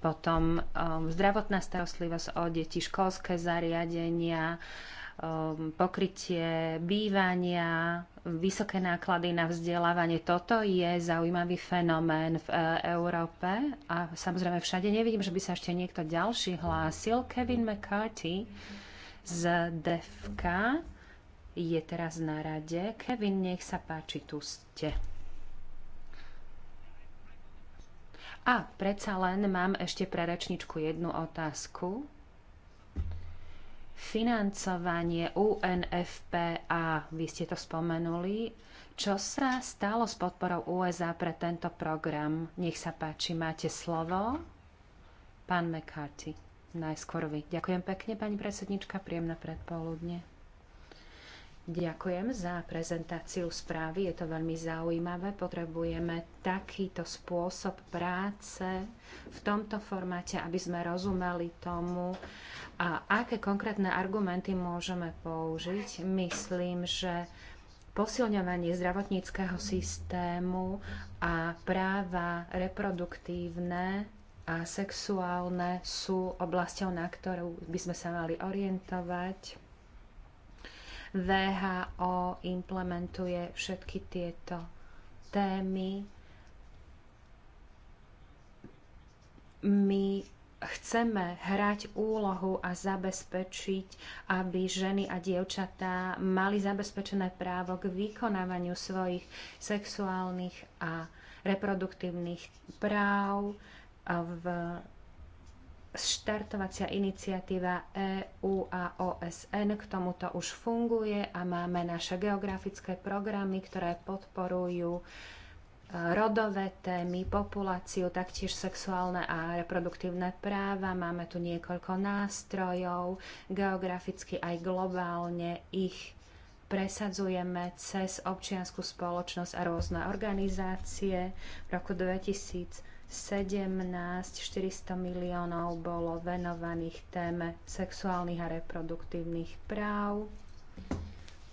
potom um, zdravotná starostlivosť o deti, školské zariadenia, um, pokrytie bývania, vysoké náklady na vzdelávanie. Toto je zaujímavý fenomén v e, Európe a samozrejme všade nevidím, že by sa ešte niekto ďalší hlásil. Kevin McCarthy z DEFKA je teraz na rade. Kevin, nech sa páči, tu ste. A predsa len mám ešte pre rečničku jednu otázku. Financovanie UNFPA, vy ste to spomenuli. Čo sa stalo s podporou USA pre tento program? Nech sa páči, máte slovo. Pán McCarthy, najskôr vy. Ďakujem pekne, pani predsednička, príjemné predpoludne. Ďakujem za prezentáciu správy, je to veľmi zaujímavé. Potrebujeme takýto spôsob práce v tomto formáte, aby sme rozumeli tomu, a aké konkrétne argumenty môžeme použiť. Myslím, že posilňovanie zdravotníckého systému a práva reproduktívne a sexuálne sú oblasťou, na ktorú by sme sa mali orientovať VHO implementuje všetky tieto témy. My chceme hrať úlohu a zabezpečiť, aby ženy a dievčatá mali zabezpečené právo k vykonávaniu svojich sexuálnych a reproduktívnych práv v štartovacia iniciatíva EU a OSN k tomuto už funguje a máme naše geografické programy, ktoré podporujú e, rodové témy, populáciu, taktiež sexuálne a reproduktívne práva. Máme tu niekoľko nástrojov, geograficky aj globálne ich presadzujeme cez občianskú spoločnosť a rôzne organizácie. V roku 2000 17 400 miliónov bolo venovaných téme sexuálnych a reproduktívnych práv,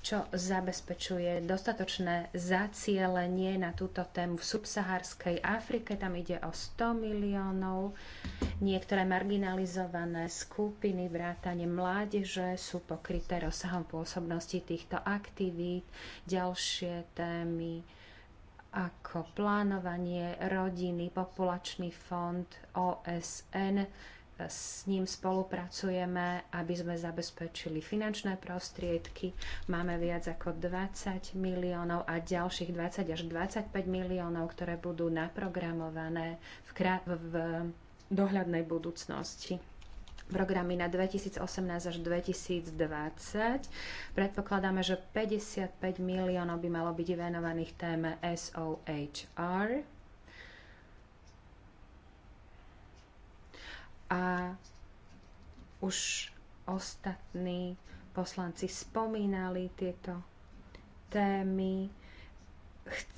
čo zabezpečuje dostatočné zacielenie na túto tému v subsaharskej Afrike. Tam ide o 100 miliónov. Niektoré marginalizované skupiny vrátane mládeže sú pokryté rozsahom pôsobnosti týchto aktivít. Ďalšie témy ako plánovanie rodiny, populačný fond OSN. S ním spolupracujeme, aby sme zabezpečili finančné prostriedky. Máme viac ako 20 miliónov a ďalších 20 až 25 miliónov, ktoré budú naprogramované v, v dohľadnej budúcnosti programy na 2018 až 2020. Predpokladáme, že 55 miliónov by malo byť venovaných téme SOHR. A už ostatní poslanci spomínali tieto témy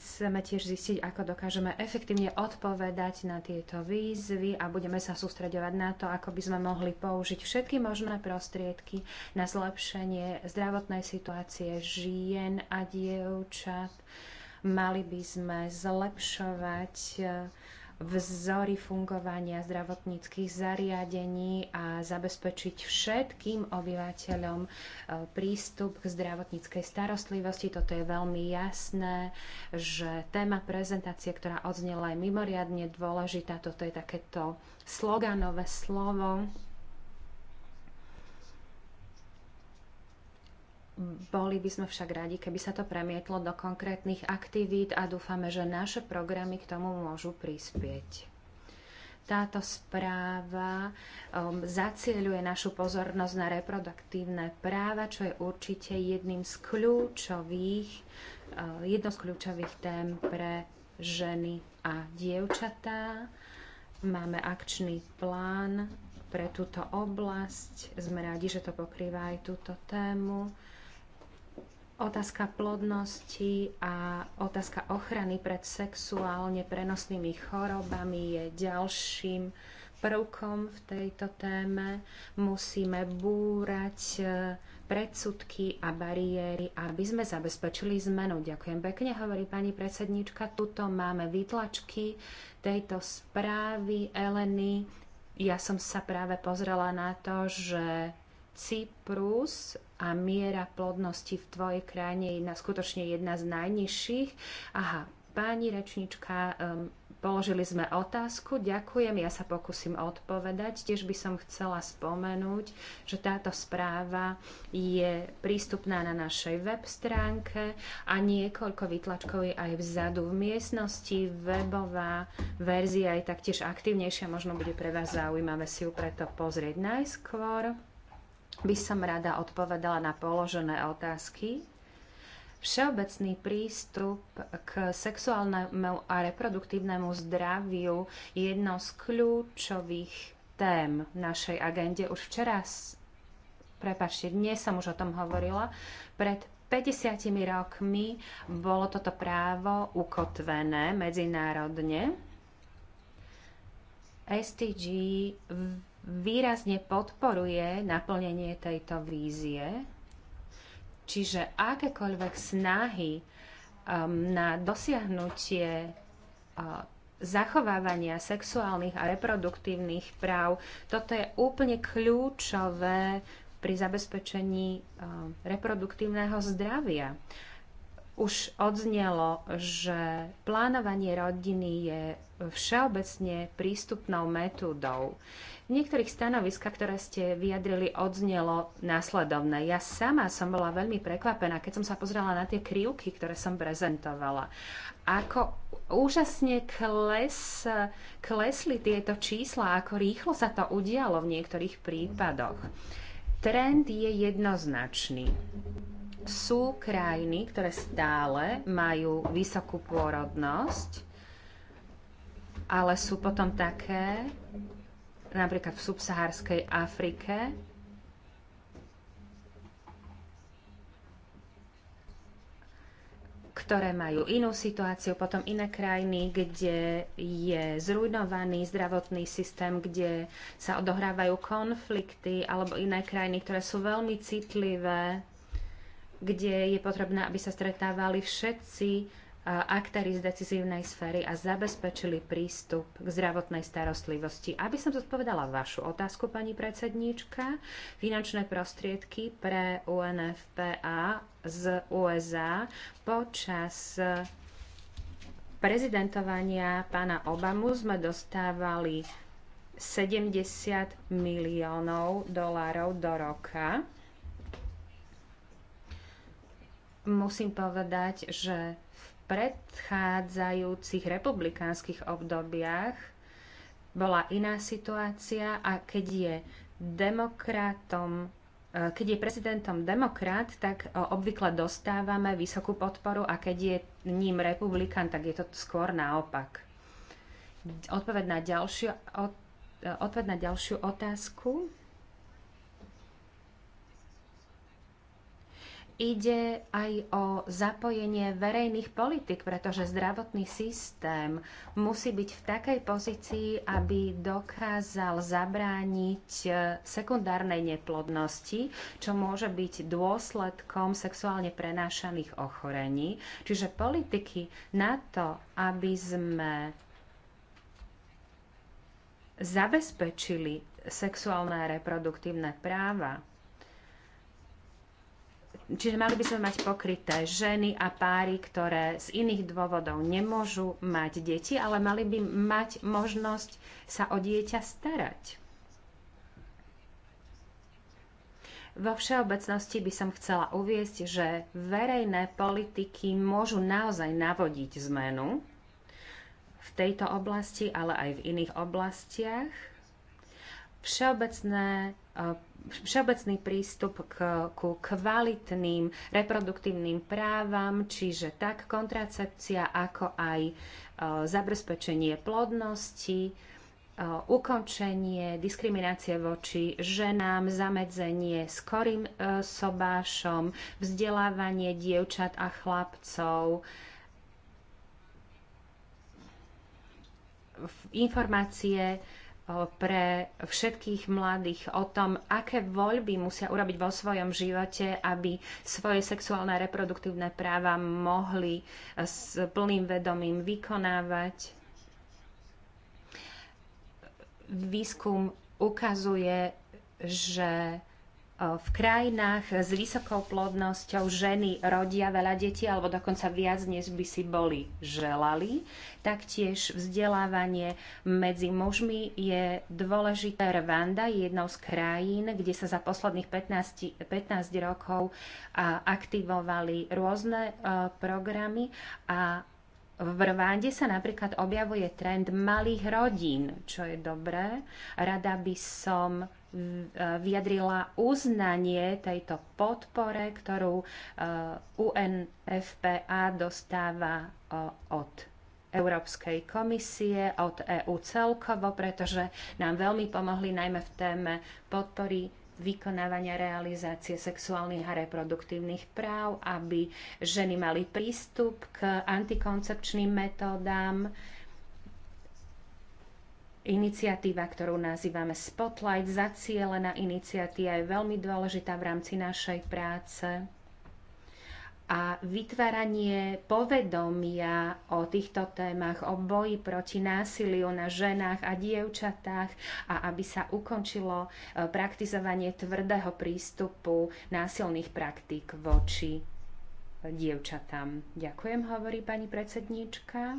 chceme tiež zistiť, ako dokážeme efektívne odpovedať na tieto výzvy a budeme sa sústreďovať na to, ako by sme mohli použiť všetky možné prostriedky na zlepšenie zdravotnej situácie žien a dievčat. Mali by sme zlepšovať eh, vzory fungovania zdravotníckých zariadení a zabezpečiť všetkým obyvateľom e, prístup k zdravotníckej starostlivosti. Toto je veľmi jasné, že téma prezentácie, ktorá odznela, je mimoriadne dôležitá. Toto je takéto sloganové slovo Boli by sme však radi, keby sa to premietlo do konkrétnych aktivít a dúfame, že naše programy k tomu môžu prispieť. Táto správa um, zacieľuje našu pozornosť na reproduktívne práva, čo je určite jedným z kľúčových, uh, jedno z kľúčových tém pre ženy a dievčatá. Máme akčný plán pre túto oblasť. Sme radi, že to pokrýva aj túto tému. Otázka plodnosti a otázka ochrany pred sexuálne prenosnými chorobami je ďalším prvkom v tejto téme. Musíme búrať eh, predsudky a bariéry, aby sme zabezpečili zmenu. Ďakujem pekne, hovorí pani predsednička. Tuto máme vytlačky tejto správy Eleny. Ja som sa práve pozrela na to, že Cyprus a miera plodnosti v tvojej krajine je na skutočne jedna z najnižších. Aha, pani rečnička, um, položili sme otázku, ďakujem, ja sa pokúsim odpovedať. Tiež by som chcela spomenúť, že táto správa je prístupná na našej web stránke a niekoľko vytlačkov je aj vzadu v miestnosti. Webová verzia je taktiež aktívnejšia, možno bude pre vás zaujímavé si ju preto pozrieť najskôr by som rada odpovedala na položené otázky. Všeobecný prístup k sexuálnemu a reproduktívnemu zdraviu je jednou z kľúčových tém našej agende. Už včera, prepáčte, dnes som už o tom hovorila, pred 50 rokmi bolo toto právo ukotvené medzinárodne. STG výrazne podporuje naplnenie tejto vízie, čiže akékoľvek snahy um, na dosiahnutie uh, zachovávania sexuálnych a reproduktívnych práv, toto je úplne kľúčové pri zabezpečení uh, reproduktívneho zdravia už odznelo, že plánovanie rodiny je všeobecne prístupnou metódou. V niektorých stanoviskách, ktoré ste vyjadrili, odznelo následovné. Ja sama som bola veľmi prekvapená, keď som sa pozrela na tie krivky, ktoré som prezentovala. Ako úžasne kles, klesli tieto čísla, ako rýchlo sa to udialo v niektorých prípadoch. Trend je jednoznačný sú krajiny, ktoré stále majú vysokú pôrodnosť, ale sú potom také, napríklad v subsahárskej Afrike, ktoré majú inú situáciu, potom iné krajiny, kde je zrujnovaný zdravotný systém, kde sa odohrávajú konflikty, alebo iné krajiny, ktoré sú veľmi citlivé kde je potrebné, aby sa stretávali všetci e, aktéry z decizívnej sféry a zabezpečili prístup k zdravotnej starostlivosti. Aby som zodpovedala vašu otázku, pani predsedníčka, finančné prostriedky pre UNFPA z USA počas e, prezidentovania pána Obamu sme dostávali 70 miliónov dolárov do roka musím povedať, že v predchádzajúcich republikánskych obdobiach bola iná situácia a keď je demokratom e, keď je prezidentom demokrat, tak e, obvykle dostávame vysokú podporu a keď je ním republikán, tak je to skôr naopak. Odpoved na ďalšiu, od, e, odpoved na ďalšiu otázku. ide aj o zapojenie verejných politik, pretože zdravotný systém musí byť v takej pozícii, aby dokázal zabrániť e, sekundárnej neplodnosti, čo môže byť dôsledkom sexuálne prenášaných ochorení. Čiže politiky na to, aby sme zabezpečili sexuálne a reproduktívne práva Čiže mali by sme mať pokryté ženy a páry, ktoré z iných dôvodov nemôžu mať deti, ale mali by mať možnosť sa o dieťa starať. Vo všeobecnosti by som chcela uviesť, že verejné politiky môžu naozaj navodiť zmenu v tejto oblasti, ale aj v iných oblastiach všeobecné e, všeobecný prístup k, ku kvalitným reproduktívnym právam, čiže tak kontracepcia, ako aj e, zabezpečenie plodnosti, e, ukončenie diskriminácie voči ženám, zamedzenie skorým e, sobášom, vzdelávanie dievčat a chlapcov, informácie pre všetkých mladých o tom, aké voľby musia urobiť vo svojom živote, aby svoje sexuálne a reproduktívne práva mohli e, s plným vedomím vykonávať. Výskum ukazuje, že E, v krajinách s vysokou plodnosťou ženy rodia veľa detí alebo dokonca viac, než by si boli želali. Taktiež vzdelávanie medzi mužmi je dôležité. Rwanda je jednou z krajín, kde sa za posledných 15, 15 rokov aktivovali rôzne e, programy a v Rwande sa napríklad objavuje trend malých rodín, čo je dobré. Rada by som e, vyjadrila uznanie tejto podpore, ktorú e, UNFPA dostáva e, od Európskej komisie, od EÚ celkovo, pretože nám veľmi pomohli najmä v téme podpory vykonávania realizácie sexuálnych a reproduktívnych práv, aby ženy mali prístup k antikoncepčným metódám. Iniciatíva, ktorú nazývame Spotlight, zacielená iniciatíva je veľmi dôležitá v rámci našej práce a vytváranie povedomia o týchto témach, o boji proti násiliu na ženách a dievčatách a aby sa ukončilo e, praktizovanie tvrdého prístupu násilných praktík voči dievčatám. Ďakujem, hovorí pani predsedníčka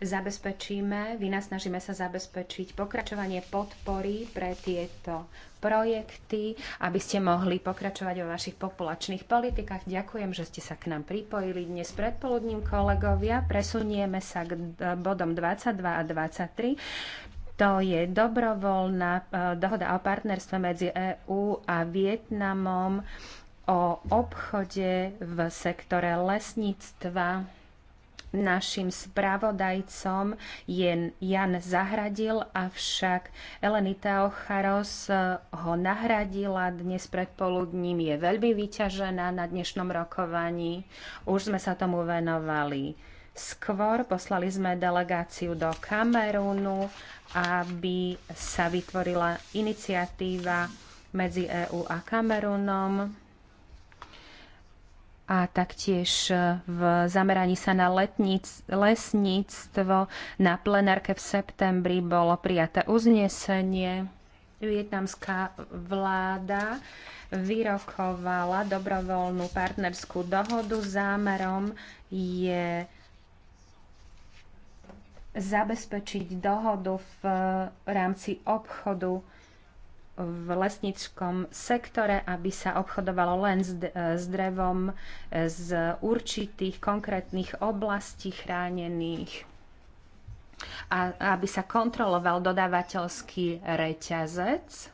zabezpečíme, vynasnažíme sa zabezpečiť pokračovanie podpory pre tieto projekty, aby ste mohli pokračovať vo vašich populačných politikách. Ďakujem, že ste sa k nám pripojili dnes predpoludním, kolegovia. Presunieme sa k bodom 22 a 23. To je dobrovoľná eh, dohoda o partnerstve medzi EÚ a Vietnamom o obchode v sektore lesníctva. Našim spravodajcom je Jan Zahradil, avšak Elenita Ocharos eh, ho nahradila. Dnes predpoludním je veľmi vyťažená na dnešnom rokovaní. Už sme sa tomu venovali. Skôr poslali sme delegáciu do Kamerúnu, aby sa vytvorila iniciatíva medzi EÚ a Kamerunom a taktiež e, v zameraní sa na letníc, lesníctvo. Na plenárke v septembri bolo prijaté uznesenie. Vietnamská vláda vyrokovala dobrovoľnú partnerskú dohodu. Zámerom je zabezpečiť dohodu v e, rámci obchodu v lesníckom sektore, aby sa obchodovalo len s, e, s drevom e, z určitých konkrétnych oblastí chránených a aby sa kontroloval dodávateľský reťazec.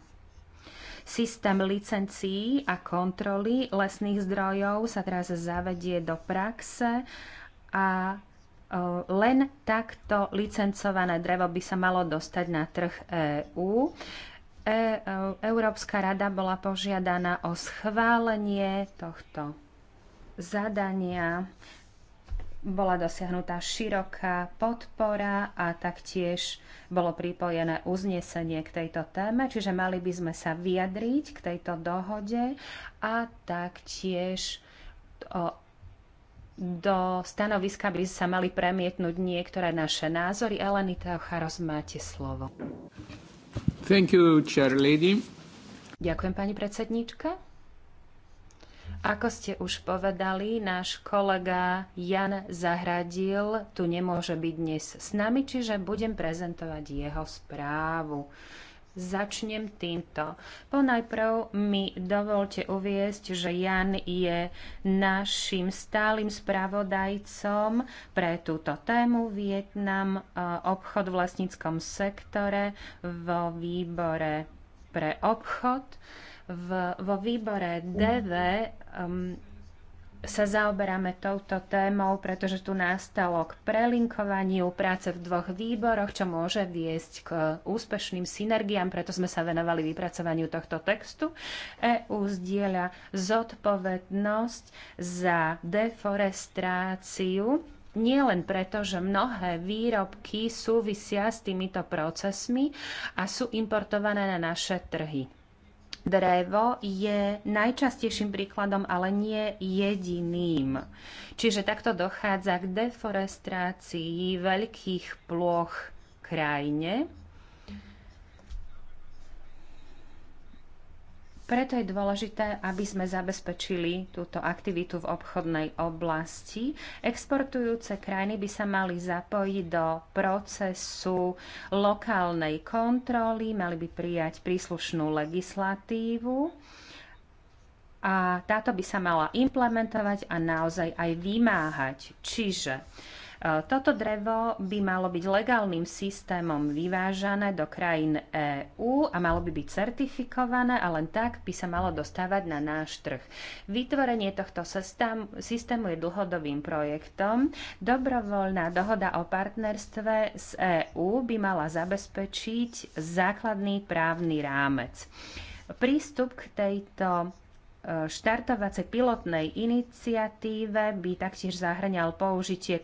Systém licencií a kontroly lesných zdrojov sa teraz zavedie do praxe a e, len takto licencované drevo by sa malo dostať na trh EÚ. E, e, Európska rada bola požiadaná o schválenie tohto zadania. Bola dosiahnutá široká podpora a taktiež bolo pripojené uznesenie k tejto téme, čiže mali by sme sa vyjadriť k tejto dohode a taktiež o do stanoviska by sa mali premietnúť niektoré naše názory. Eleny Teocharos, máte slovo. Thank you, chair lady. Ďakujem, pani predsedníčka. Ako ste už povedali, náš kolega Jan Zahradil tu nemôže byť dnes s nami, čiže budem prezentovať jeho správu. Začnem týmto. Ponajprv mi dovolte uviesť, že Jan je našim stálym spravodajcom pre túto tému Vietnam, e, obchod v lesníckom sektore vo výbore pre obchod. V, vo výbore DV um, sa zaoberáme touto témou, pretože tu nastalo k prelinkovaniu práce v dvoch výboroch, čo môže viesť k úspešným synergiám, preto sme sa venovali vypracovaniu tohto textu. EU zdieľa zodpovednosť za deforestráciu nie len preto, že mnohé výrobky súvisia s týmito procesmi a sú importované na naše trhy. Drevo je najčastejším príkladom, ale nie jediným. Čiže takto dochádza k deforestácii veľkých ploch krajine Preto je dôležité, aby sme zabezpečili túto aktivitu v obchodnej oblasti. Exportujúce krajiny by sa mali zapojiť do procesu lokálnej kontroly, mali by prijať príslušnú legislatívu a táto by sa mala implementovať a naozaj aj vymáhať. Čiže E, toto drevo by malo byť legálnym systémom vyvážané do krajín EÚ a malo by byť certifikované a len tak by sa malo dostávať na náš trh. Vytvorenie tohto systému je dlhodobým projektom. Dobrovoľná dohoda o partnerstve z EÚ by mala zabezpečiť základný právny rámec. Prístup k tejto štartovacej pilotnej iniciatíve by taktiež zahrňal použitie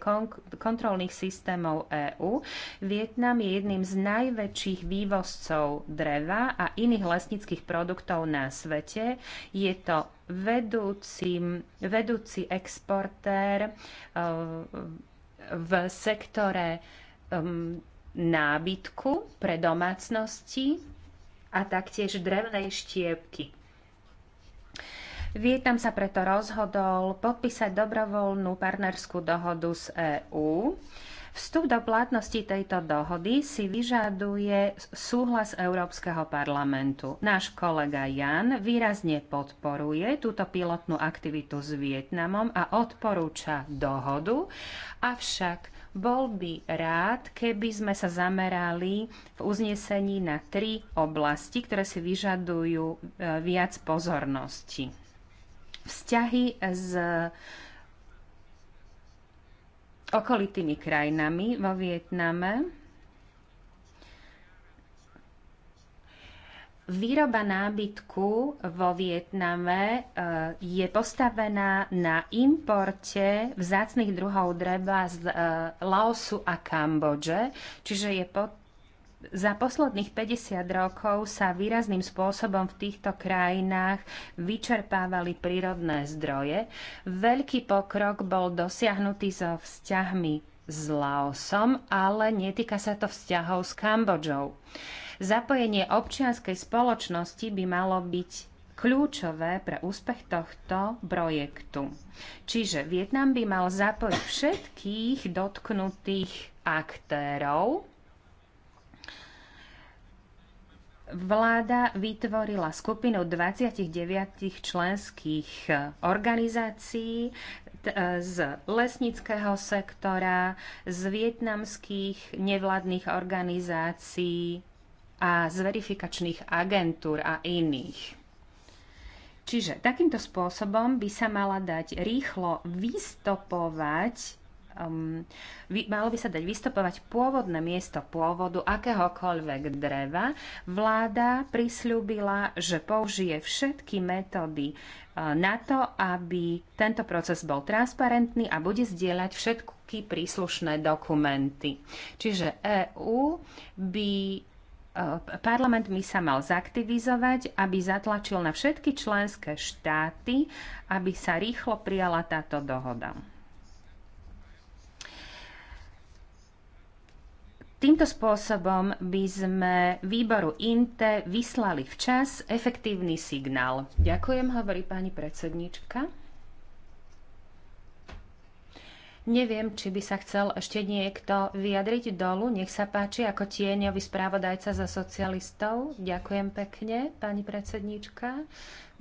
kontrolných systémov EÚ. Vietnam je jedným z najväčších vývozcov dreva a iných lesnických produktov na svete. Je to vedúci, vedúci exportér eh, v sektore ehm, nábytku pre domácnosti a taktiež drevnej štiepky. Vietnam sa preto rozhodol podpísať dobrovoľnú partnerskú dohodu s EÚ. Vstup do platnosti tejto dohody si vyžaduje súhlas Európskeho parlamentu. Náš kolega Jan výrazne podporuje túto pilotnú aktivitu s Vietnamom a odporúča dohodu, avšak bol by rád, keby sme sa zamerali v uznesení na tri oblasti, ktoré si vyžadujú e, viac pozornosti vzťahy s okolitými krajinami vo Vietname. Výroba nábytku vo Vietname eh, je postavená na importe vzácnych druhov dreva z eh, Laosu a Kambodže, čiže je pod za posledných 50 rokov sa výrazným spôsobom v týchto krajinách vyčerpávali prírodné zdroje. Veľký pokrok bol dosiahnutý so vzťahmi s Laosom, ale netýka sa to vzťahov s Kambodžou. Zapojenie občianskej spoločnosti by malo byť kľúčové pre úspech tohto projektu. Čiže Vietnam by mal zapojiť všetkých dotknutých aktérov vláda vytvorila skupinu 29 členských eh, organizácií eh, z lesnického sektora, z vietnamských nevládnych organizácií a z verifikačných agentúr a iných. Čiže takýmto spôsobom by sa mala dať rýchlo vystopovať um, vy, malo by sa dať vystopovať pôvodné miesto pôvodu akéhokoľvek dreva. Vláda prislúbila, že použije všetky metódy eh, na to, aby tento proces bol transparentný a bude zdieľať všetky príslušné dokumenty. Čiže EÚ by eh, parlament by sa mal zaktivizovať, aby zatlačil na všetky členské štáty, aby sa rýchlo prijala táto dohoda. Týmto spôsobom by sme výboru INTE vyslali včas efektívny signál. Ďakujem, hovorí pani predsednička. Neviem, či by sa chcel ešte niekto vyjadriť dolu. Nech sa páči, ako tieňový správodajca za socialistov. Ďakujem pekne, pani predsedníčka.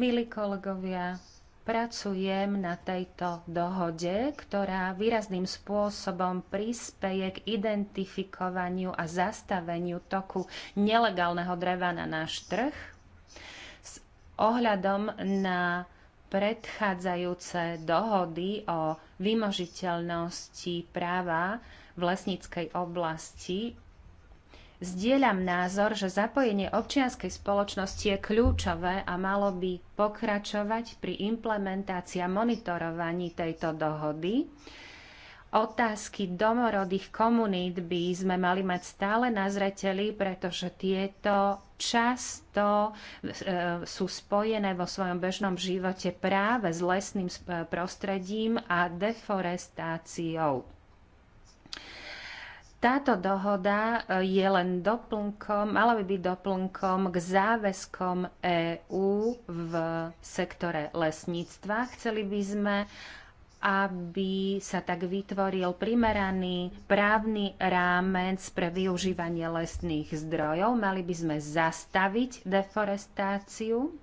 Milí kolegovia, pracujem na tejto dohode, ktorá výrazným spôsobom prispeje k identifikovaniu a zastaveniu toku nelegálneho dreva na náš trh s ohľadom na predchádzajúce dohody o vymožiteľnosti práva v lesníckej oblasti Zdieľam názor, že zapojenie občianskej spoločnosti je kľúčové a malo by pokračovať pri implementácii a monitorovaní tejto dohody. Otázky domorodých komunít by sme mali mať stále na zreteli, pretože tieto často e, sú spojené vo svojom bežnom živote práve s lesným prostredím a deforestáciou. Táto dohoda e, je len doplnkom, mala by byť doplnkom k záväzkom EÚ v sektore lesníctva. Chceli by sme, aby sa tak vytvoril primeraný právny rámec pre využívanie lesných zdrojov. Mali by sme zastaviť deforestáciu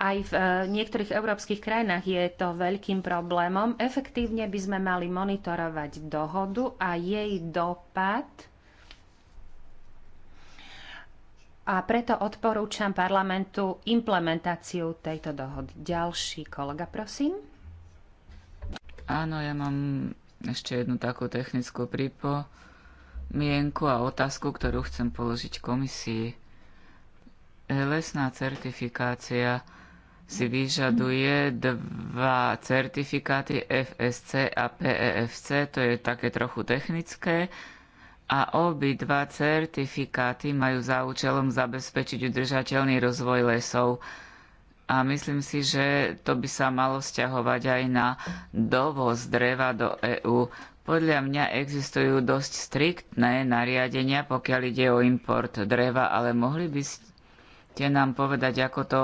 aj v e, niektorých európskych krajinách je to veľkým problémom. Efektívne by sme mali monitorovať dohodu a jej dopad. A preto odporúčam parlamentu implementáciu tejto dohody. Ďalší kolega, prosím. Áno, ja mám ešte jednu takú technickú pripomienku a otázku, ktorú chcem položiť komisii. Lesná certifikácia si vyžaduje dva certifikáty FSC a PEFC, to je také trochu technické, a obidva certifikáty majú za účelom zabezpečiť udržateľný rozvoj lesov. A myslím si, že to by sa malo vzťahovať aj na dovoz dreva do EÚ. Podľa mňa existujú dosť striktné nariadenia, pokiaľ ide o import dreva, ale mohli by ste nám povedať, ako to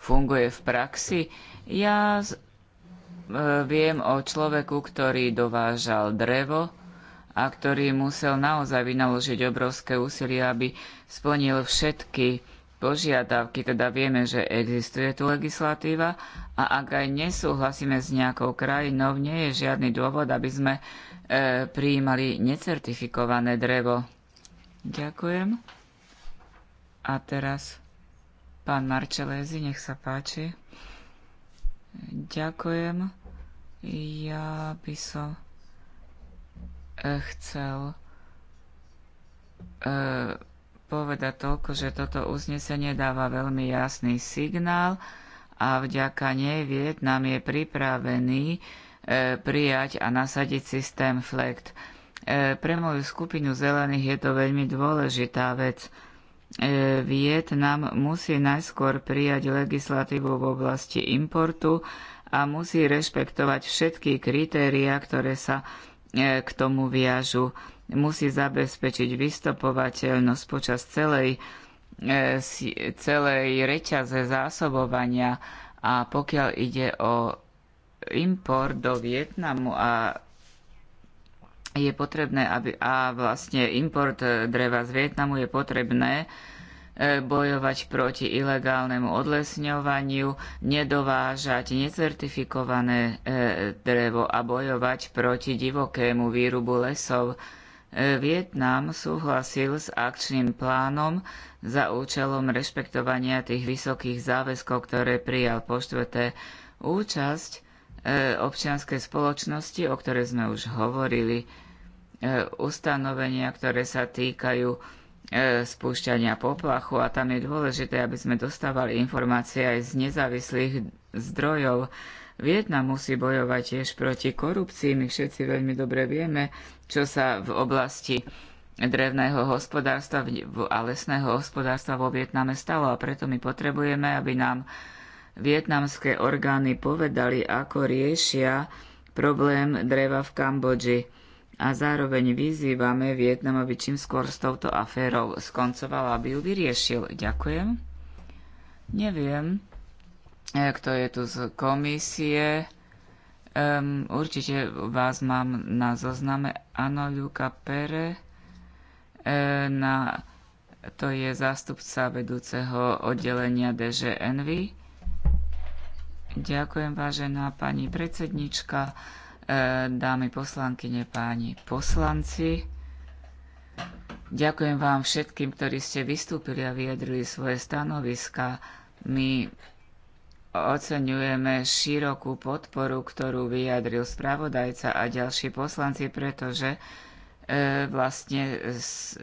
funguje v praxi. Ja e, viem o človeku, ktorý dovážal drevo a ktorý musel naozaj vynaložiť obrovské úsilie, aby splnil všetky požiadavky. Teda vieme, že existuje tu legislatíva a ak aj nesúhlasíme s nejakou krajinou, nie je žiadny dôvod, aby sme e, prijímali necertifikované drevo. Ďakujem. A teraz Pán Marčelézy, nech sa páči. Ďakujem. Ja by som e, chcel e, povedať toľko, že toto uznesenie dáva veľmi jasný signál a vďaka nej Vietnam je pripravený e, prijať a nasadiť systém FLECT. Pre moju skupinu zelených je to veľmi dôležitá vec. E, Vietnam musí najskôr prijať legislatívu v oblasti importu a musí rešpektovať všetky kritériá, ktoré sa e, k tomu viažu. Musí zabezpečiť vystopovateľnosť počas celej, e, celej reťaze zásobovania a pokiaľ ide o import do Vietnamu a je potrebné, aby, a vlastne import e, dreva z Vietnamu je potrebné e, bojovať proti ilegálnemu odlesňovaniu, nedovážať necertifikované e, drevo a bojovať proti divokému výrubu lesov. Vietnam súhlasil s akčným plánom za účelom rešpektovania tých vysokých záväzkov, ktoré prijal po štvrté účasť občianskej spoločnosti, o ktorej sme už hovorili. E, ustanovenia, ktoré sa týkajú e, spúšťania poplachu a tam je dôležité, aby sme dostávali informácie aj z nezávislých zdrojov. Vietnam musí bojovať tiež proti korupcii. My všetci veľmi dobre vieme, čo sa v oblasti drevného hospodárstva a lesného hospodárstva vo Vietname stalo a preto my potrebujeme, aby nám vietnamské orgány povedali, ako riešia problém dreva v Kambodži a zároveň vyzývame Vietnam, aby čím skôr s touto aférou skoncoval, aby ju vyriešil. Ďakujem. Neviem, e, kto je tu z komisie. Um, určite vás mám na zozname. Áno, Luka Pere. E, na, to je zástupca vedúceho oddelenia DŽNV. Ďakujem, vážená pani predsednička. E, dámy poslankyne, páni poslanci. Ďakujem vám všetkým, ktorí ste vystúpili a vyjadrili svoje stanoviska. My oceňujeme širokú podporu, ktorú vyjadril spravodajca a ďalší poslanci, pretože e, vlastne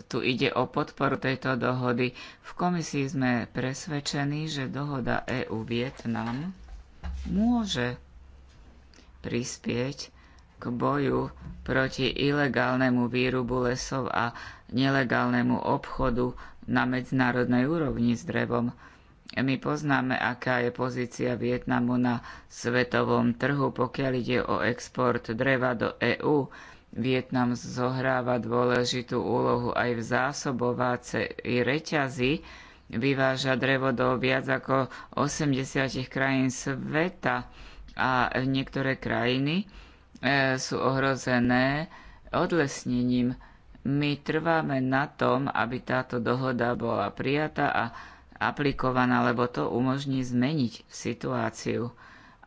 tu ide o podporu tejto dohody. V komisii sme presvedčení, že dohoda EU-Vietnam môže prispieť k boju proti ilegálnemu výrubu lesov a nelegálnemu obchodu na medzinárodnej úrovni s drevom. My poznáme, aká je pozícia Vietnamu na svetovom trhu, pokiaľ ide o export dreva do EÚ. Vietnam zohráva dôležitú úlohu aj v zásobovacej reťazi, vyváža drevo do viac ako 80 krajín sveta a niektoré krajiny E, sú ohrozené odlesnením. My trváme na tom, aby táto dohoda bola prijatá a aplikovaná, lebo to umožní zmeniť situáciu.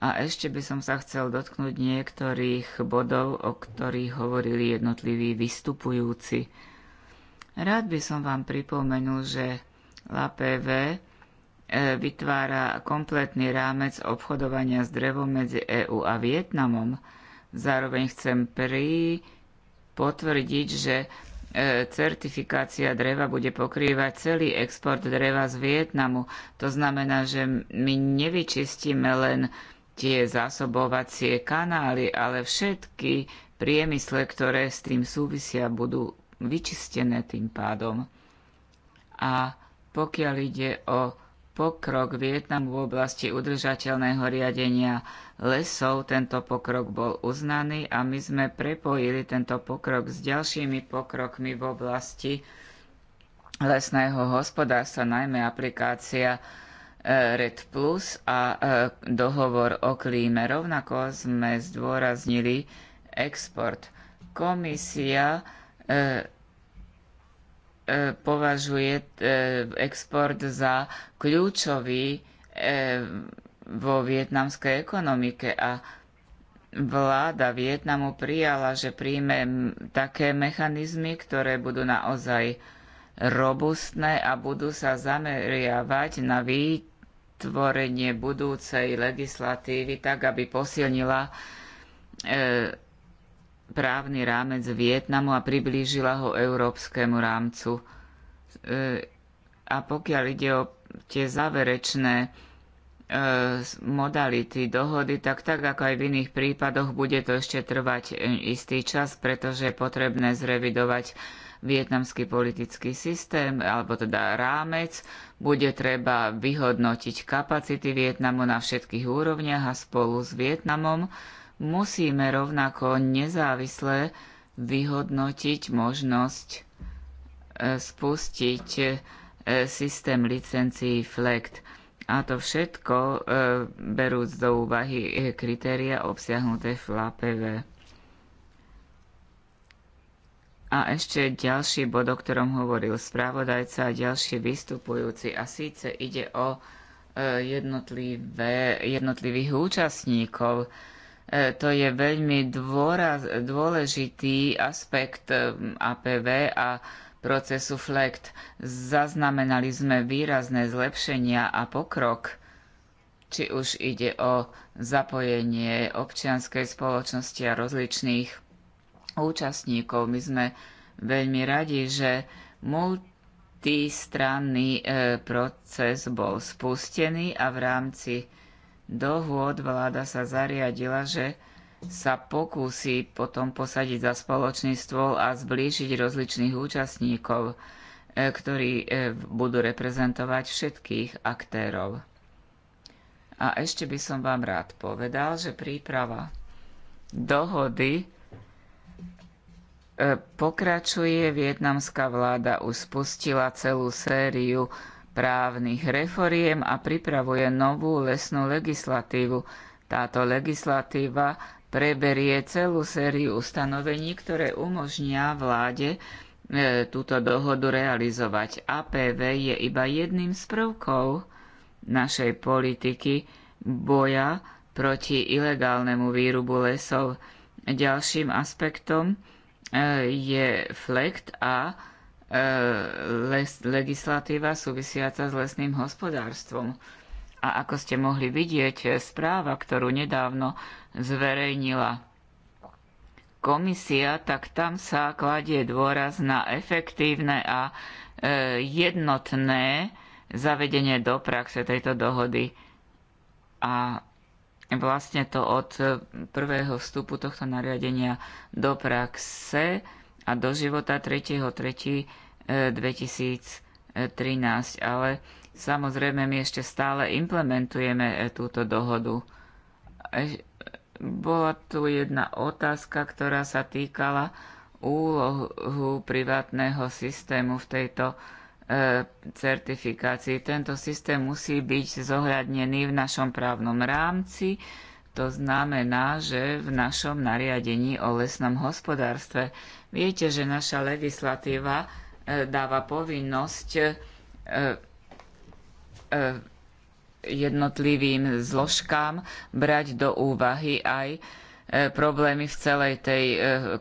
A ešte by som sa chcel dotknúť niektorých bodov, o ktorých hovorili jednotliví vystupujúci. Rád by som vám pripomenul, že LAPV e, vytvára kompletný rámec obchodovania s drevom medzi EÚ a Vietnamom. Zároveň chcem pri potvrdiť, že e, certifikácia dreva bude pokrývať celý export dreva z Vietnamu. To znamená, že my nevyčistíme len tie zásobovacie kanály, ale všetky priemysle, ktoré s tým súvisia, budú vyčistené tým pádom. A pokiaľ ide o pokrok Vietnamu v oblasti udržateľného riadenia lesov. Tento pokrok bol uznaný a my sme prepojili tento pokrok s ďalšími pokrokmi v oblasti lesného hospodárstva, najmä aplikácia e, RED Plus a e, dohovor o klíme. Rovnako sme zdôraznili export. Komisia e, E, považuje e, export za kľúčový e, vo vietnamskej ekonomike a vláda Vietnamu prijala, že príjme také mechanizmy, ktoré budú naozaj robustné a budú sa zameriavať na vytvorenie budúcej legislatívy tak, aby posilnila právny rámec Vietnamu a priblížila ho európskemu rámcu. E, a pokiaľ ide o tie záverečné e, modality dohody, tak tak ako aj v iných prípadoch bude to ešte trvať e, istý čas, pretože je potrebné zrevidovať vietnamský politický systém, alebo teda rámec. Bude treba vyhodnotiť kapacity Vietnamu na všetkých úrovniach a spolu s Vietnamom musíme rovnako nezávisle vyhodnotiť možnosť e, spustiť e, systém licencií FLECT. A to všetko e, berúc do úvahy kritéria obsiahnuté v LAPV. A ešte ďalší bod, o ktorom hovoril správodajca a ďalší vystupujúci. A síce ide o jednotlivých účastníkov. E, to je veľmi dôraz, dôležitý aspekt e, APV a procesu FLECT. Zaznamenali sme výrazné zlepšenia a pokrok, či už ide o zapojenie občianskej spoločnosti a rozličných účastníkov. My sme veľmi radi, že multistranný e, proces bol spustený a v rámci dohôd vláda sa zariadila, že sa pokúsi potom posadiť za spoločný stôl a zblížiť rozličných účastníkov, e, ktorí e, budú reprezentovať všetkých aktérov. A ešte by som vám rád povedal, že príprava dohody e, pokračuje. Vietnamská vláda už spustila celú sériu právnych reforiem a pripravuje novú lesnú legislatívu. Táto legislatíva preberie celú sériu ustanovení, ktoré umožnia vláde e, túto dohodu realizovať. APV je iba jedným z prvkov našej politiky boja proti ilegálnemu výrubu lesov. Ďalším aspektom e, je FLECT a E, les, legislatíva súvisiaca s lesným hospodárstvom. A ako ste mohli vidieť, e, správa, ktorú nedávno zverejnila komisia, tak tam sa kladie dôraz na efektívne a e, jednotné zavedenie do praxe tejto dohody. A vlastne to od prvého vstupu tohto nariadenia do praxe a do života 3.3.2013. E, Ale samozrejme my ešte stále implementujeme e, túto dohodu. E, bola tu jedna otázka, ktorá sa týkala úlohu privátneho systému v tejto e, certifikácii. Tento systém musí byť zohľadnený v našom právnom rámci to znamená, že v našom nariadení o lesnom hospodárstve viete, že naša legislatíva e, dáva povinnosť e, e, jednotlivým zložkám brať do úvahy aj problémy v celej tej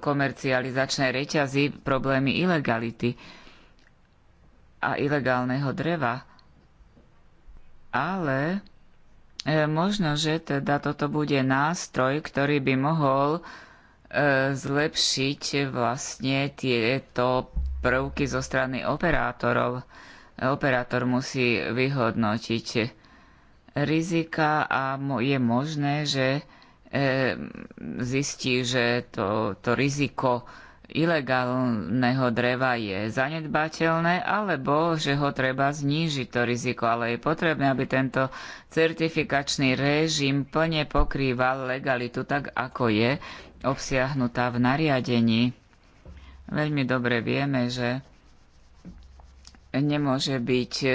komercializačnej reťazi, problémy ilegality a ilegálneho dreva. Ale E, možno, že teda toto bude nástroj, ktorý by mohol e, zlepšiť vlastne tieto prvky zo strany operátorov. Operátor musí vyhodnotiť rizika a je možné, že e, zistí, že to, to riziko ilegálneho dreva je zanedbateľné, alebo že ho treba znížiť to riziko, ale je potrebné, aby tento certifikačný režim plne pokrýval legalitu tak, ako je obsiahnutá v nariadení. Veľmi dobre vieme, že nemôže byť e,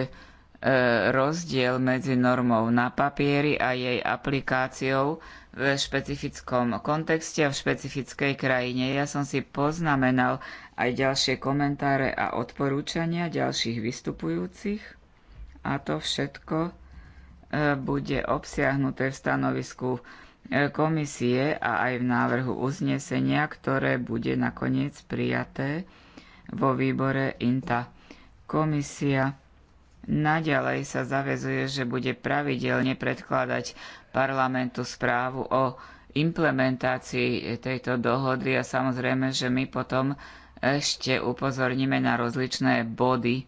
rozdiel medzi normou na papieri a jej aplikáciou, v špecifickom kontexte a v špecifickej krajine. Ja som si poznamenal aj ďalšie komentáre a odporúčania ďalších vystupujúcich a to všetko e, bude obsiahnuté v stanovisku e, komisie a aj v návrhu uznesenia, ktoré bude nakoniec prijaté vo výbore INTA. Komisia Naďalej sa zavezuje, že bude pravidelne predkladať parlamentu správu o implementácii tejto dohody a samozrejme, že my potom ešte upozorníme na rozličné body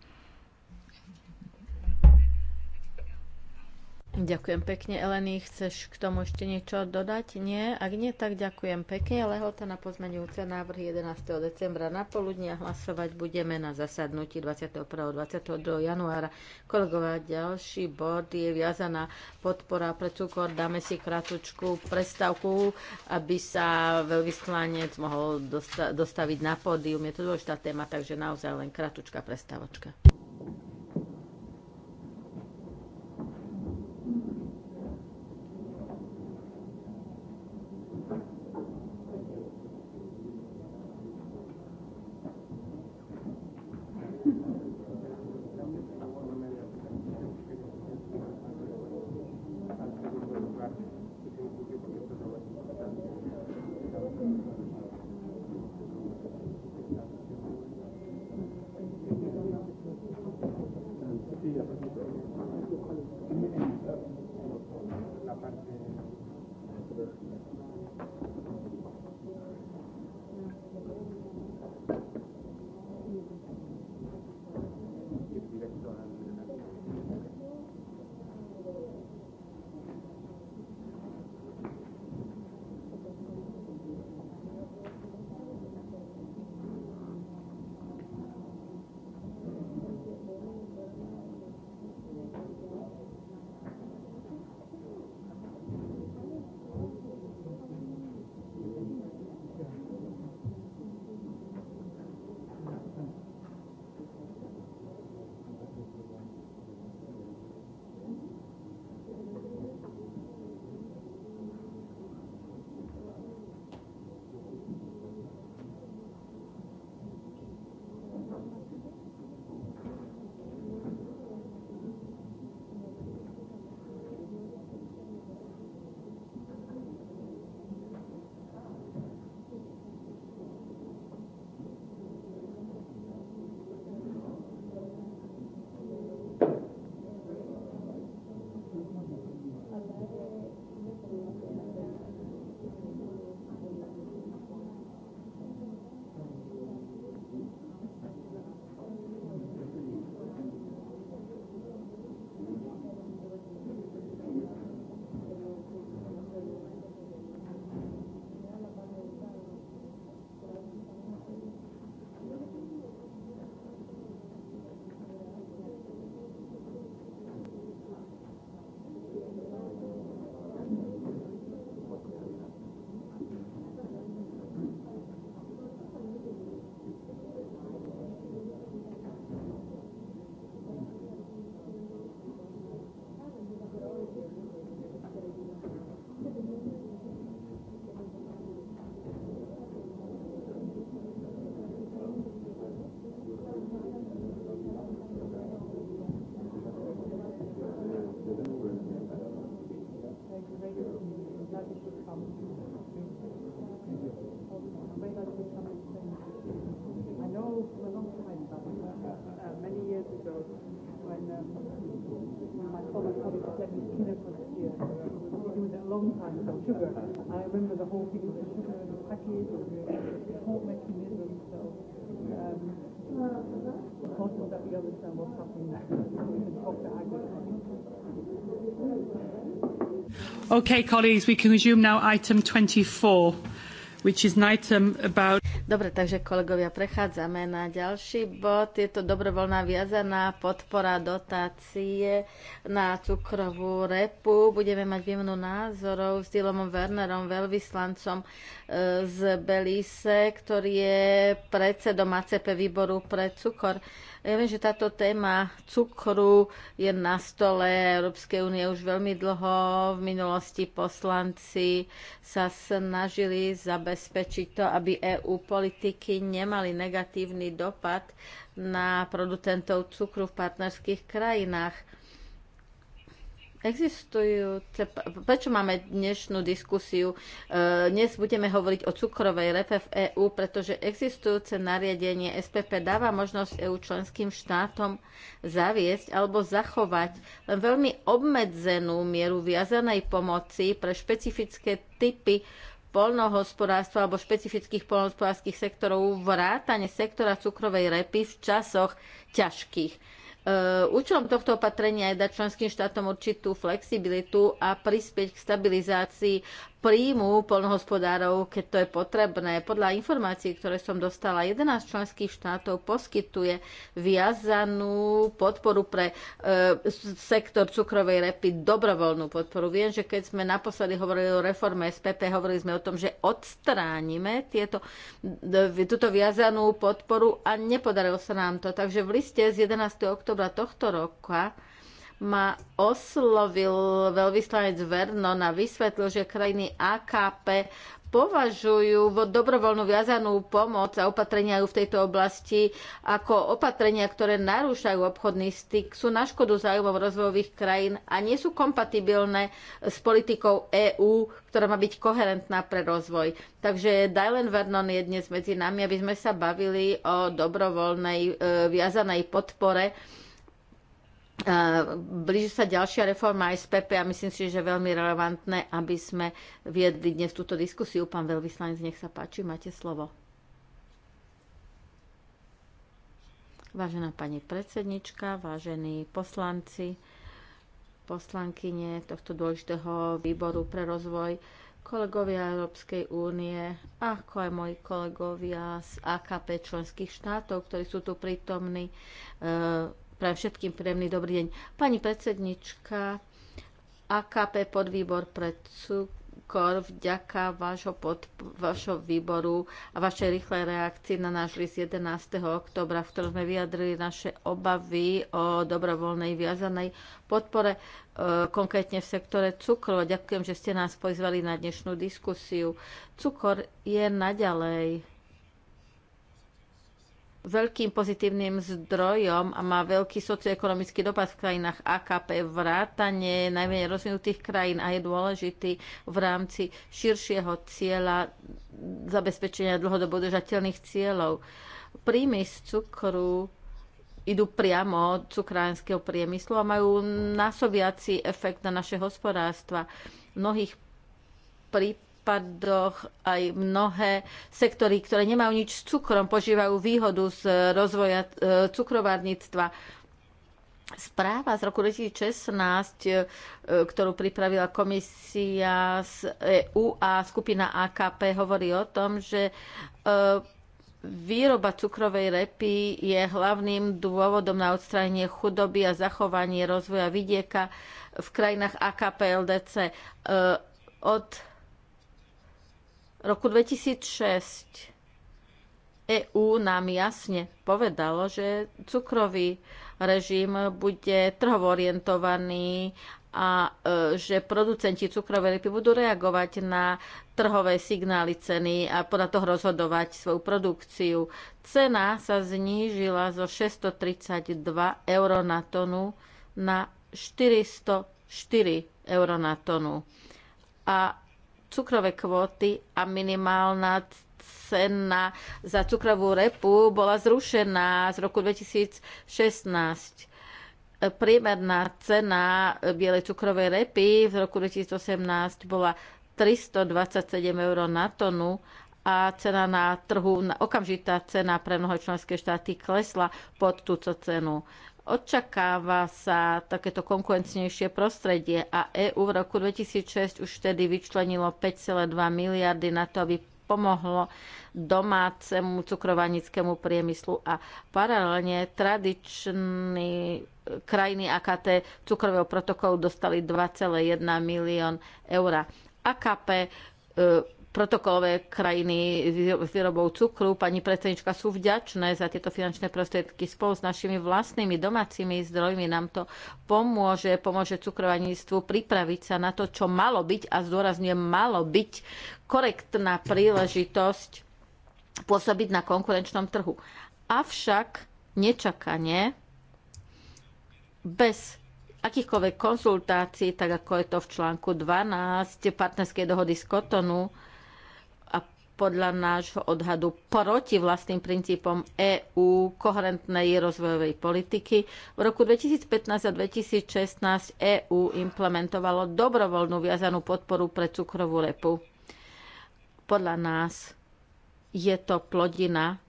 Ďakujem pekne, Eleny. Chceš k tomu ešte niečo dodať? Nie? Ak nie, tak ďakujem pekne. Lehota na pozmenujúce návrhy 11. decembra na poludne a hlasovať budeme na zasadnutí 21. 22. januára. Kolegová, ďalší bod je viazaná podpora pre cukor. Dáme si kratučku prestavku, aby sa veľvyslanec mohol dosta- dostaviť na pódium. Je to dôležitá téma, takže naozaj len kratučka prestavočka. the whole mechanism. So um, that we understand what's happening. Okay, colleagues, we can resume now item 24 which is an item um, about... Dobre, takže kolegovia, prechádzame na ďalší bod. Je to dobrovoľná viazaná podpora dotácie na cukrovú repu. Budeme mať výmenu názorov s Dylomom Wernerom, veľvyslancom e, z Belise, ktorý je predsedom ACP výboru pre cukor. Ja viem, že táto téma cukru je na stole Európskej únie už veľmi dlho. V minulosti poslanci sa snažili zabezpečiť zabezpečiť to, aby EU politiky nemali negatívny dopad na producentov cukru v partnerských krajinách. Existujúce, prečo máme dnešnú diskusiu? E, dnes budeme hovoriť o cukrovej repe v EÚ, pretože existujúce nariadenie SPP dáva možnosť EÚ členským štátom zaviesť alebo zachovať len veľmi obmedzenú mieru viazanej pomoci pre špecifické typy polnohospodárstva alebo špecifických polnohospodárských sektorov vrátane sektora cukrovej repy v časoch ťažkých. E, účelom tohto opatrenia je dať členským štátom určitú flexibilitu a prispieť k stabilizácii príjmu polnohospodárov, keď to je potrebné. Podľa informácií, ktoré som dostala, 11 členských štátov poskytuje viazanú podporu pre e, sektor cukrovej repy, dobrovoľnú podporu. Viem, že keď sme naposledy hovorili o reforme SPP, hovorili sme o tom, že odstránime tieto, túto viazanú podporu a nepodarilo sa nám to. Takže v liste z 11. oktobra tohto roka ma oslovil veľvyslanec Vernon a vysvetlil, že krajiny AKP považujú dobrovoľnú viazanú pomoc a opatrenia v tejto oblasti ako opatrenia, ktoré narúšajú obchodný styk, sú na škodu zájmov rozvojových krajín a nie sú kompatibilné s politikou EÚ, ktorá má byť koherentná pre rozvoj. Takže Dylan Vernon je dnes medzi nami, aby sme sa bavili o dobrovoľnej e, viazanej podpore Eh, blíži sa ďalšia reforma SPP a myslím si, že je veľmi relevantné, aby sme viedli dnes túto diskusiu. Pán veľvyslanec, nech sa páči, máte slovo. Vážená pani predsednička, vážení poslanci, poslankyne tohto dôležitého výboru pre rozvoj, kolegovia Európskej únie, ako aj moji kolegovia z AKP členských štátov, ktorí sú tu prítomní, eh, Prajem všetkým príjemný dobrý deň. Pani predsednička, AKP podvýbor pre cukor vďaka vášho, pod, vášho výboru a vašej rýchlej reakcii na náš list 11. oktobra, v ktorom sme vyjadrili naše obavy o dobrovoľnej viazanej podpore, e, konkrétne v sektore cukru. ďakujem, že ste nás pozvali na dnešnú diskusiu. Cukor je naďalej veľkým pozitívnym zdrojom a má veľký socioekonomický dopad v krajinách AKP vrátane najmenej rozvinutých krajín a je dôležitý v rámci širšieho cieľa zabezpečenia dlhodobo držateľných cieľov. Príjmy z cukru idú priamo od cukránskeho priemyslu a majú násobiaci efekt na naše hospodárstva. V mnohých prípadoch odpadoch aj mnohé sektory, ktoré nemajú nič s cukrom, požívajú výhodu z rozvoja e, cukrovárnictva. Správa z roku 2016, e, ktorú pripravila komisia z EU a skupina AKP, hovorí o tom, že e, Výroba cukrovej repy je hlavným dôvodom na odstránenie chudoby a zachovanie rozvoja vidieka v krajinách AKP LDC. Od roku 2006 EÚ nám jasne povedalo, že cukrový režim bude trhovo orientovaný a e, že producenti cukrovej lipy budú reagovať na trhové signály ceny a podľa toho rozhodovať svoju produkciu. Cena sa znížila zo 632 eur na tonu na 404 eur na tonu. A cukrové kvóty a minimálna cena za cukrovú repu bola zrušená z roku 2016 priemerná cena bielej cukrovej repy v roku 2018 bola 327 eur na tonu a cena na trhu, okamžitá cena pre mnohé členské štáty klesla pod túto cenu. Očakáva sa takéto konkurencnejšie prostredie a EÚ v roku 2006 už vtedy vyčlenilo 5,2 miliardy na to, aby pomohlo domácemu cukrovanickému priemyslu a paralelne tradičný krajiny AKT cukrového protokolu dostali 2,1 milión eur. AKP e, protokolové krajiny s výrobou cukru. Pani predsednička, sú vďačné za tieto finančné prostriedky spolu s našimi vlastnými domácimi zdrojmi. Nám to pomôže, pomôže cukrovaníctvu pripraviť sa na to, čo malo byť a zdôrazňujem, malo byť korektná príležitosť pôsobiť na konkurenčnom trhu. Avšak nečakanie bez akýchkoľvek konzultácií, tak ako je to v článku 12 partnerskej dohody z Kotonu, podľa nášho odhadu proti vlastným princípom EÚ koherentnej rozvojovej politiky. V roku 2015 a 2016 EÚ implementovalo dobrovoľnú viazanú podporu pre cukrovú repu. Podľa nás je to plodina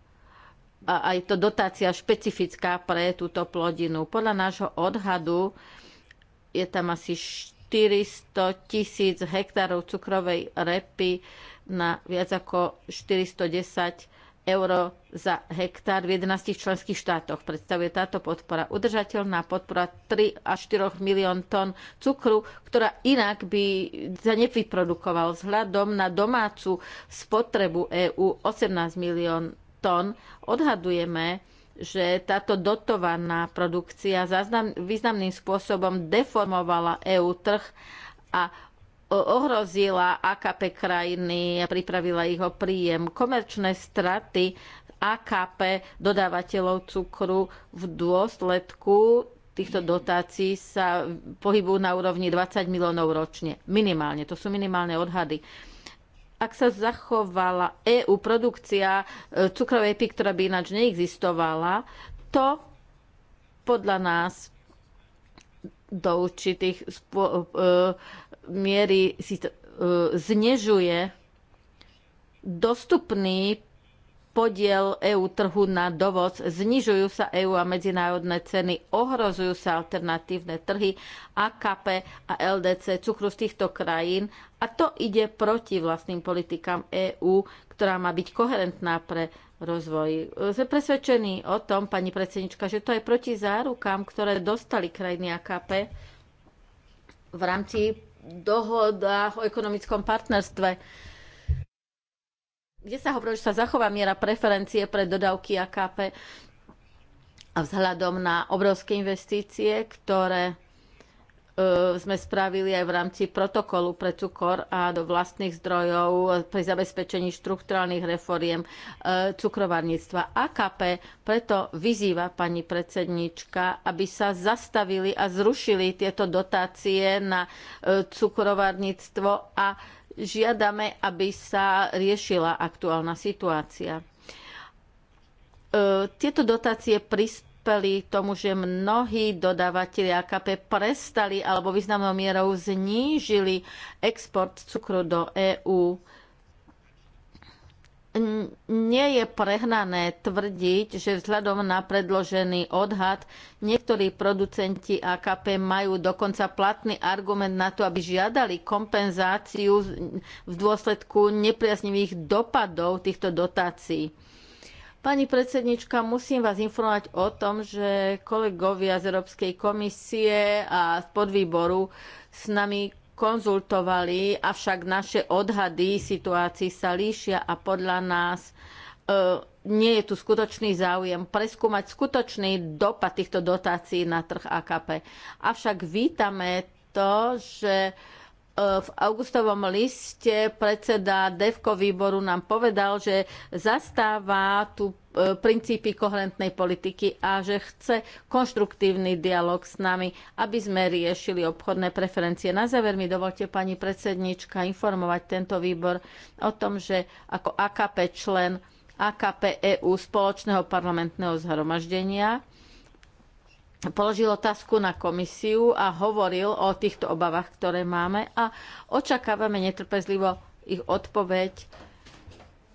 a je to dotácia špecifická pre túto plodinu. Podľa nášho odhadu je tam asi 400 tisíc hektárov cukrovej repy na viac ako 410 eur za hektár v 11 členských štátoch. Predstavuje táto podpora udržateľná podpora 3 až 4 milión tón cukru, ktorá inak by sa nevyprodukoval vzhľadom na domácu spotrebu EÚ 18 milión tón. Odhadujeme, že táto dotovaná produkcia významným spôsobom deformovala EÚ trh a ohrozila AKP krajiny a pripravila ich o príjem. Komerčné straty AKP dodávateľov cukru v dôsledku týchto dotácií sa pohybujú na úrovni 20 miliónov ročne. Minimálne, to sú minimálne odhady. Ak sa zachovala EU produkcia e, cukrovej py, ktorá by ináč neexistovala, to podľa nás do určitých spo- e, miery si e, znežuje dostupný podiel EU trhu na dovoz, znižujú sa EU a medzinárodné ceny, ohrozujú sa alternatívne trhy AKP a LDC cukru z týchto krajín a to ide proti vlastným politikám EÚ, ktorá má byť koherentná pre rozvoj. Sme presvedčení o tom, pani predsednička, že to je proti zárukám, ktoré dostali krajiny AKP v rámci dohod o ekonomickom partnerstve kde sa hovorí, že sa zachová miera preferencie pre dodávky AKP a vzhľadom na obrovské investície, ktoré e, sme spravili aj v rámci protokolu pre cukor a do vlastných zdrojov pri zabezpečení štruktúrálnych reforiem e, cukrovarníctva. AKP preto vyzýva pani predsednička, aby sa zastavili a zrušili tieto dotácie na e, cukrovarníctvo a žiadame, aby sa riešila aktuálna situácia. E, tieto dotácie prispeli tomu, že mnohí dodávateľi AKP prestali alebo významnou mierou znížili export cukru do EÚ nie je prehnané tvrdiť, že vzhľadom na predložený odhad niektorí producenti AKP majú dokonca platný argument na to, aby žiadali kompenzáciu v dôsledku nepriaznivých dopadov týchto dotácií. Pani predsednička, musím vás informovať o tom, že kolegovia z Európskej komisie a z podvýboru s nami konzultovali, avšak naše odhady situácií sa líšia a podľa nás e, nie je tu skutočný záujem preskúmať skutočný dopad týchto dotácií na trh AKP. Avšak vítame to, že e, v augustovom liste predseda DEVKO výboru nám povedal, že zastáva tú E, princípy koherentnej politiky a že chce konštruktívny dialog s nami, aby sme riešili obchodné preferencie. Na záver mi dovolte, pani predsednička, informovať tento výbor o tom, že ako AKP člen AKP EU spoločného parlamentného zhromaždenia položil otázku na komisiu a hovoril o týchto obavách, ktoré máme a očakávame netrpezlivo ich odpoveď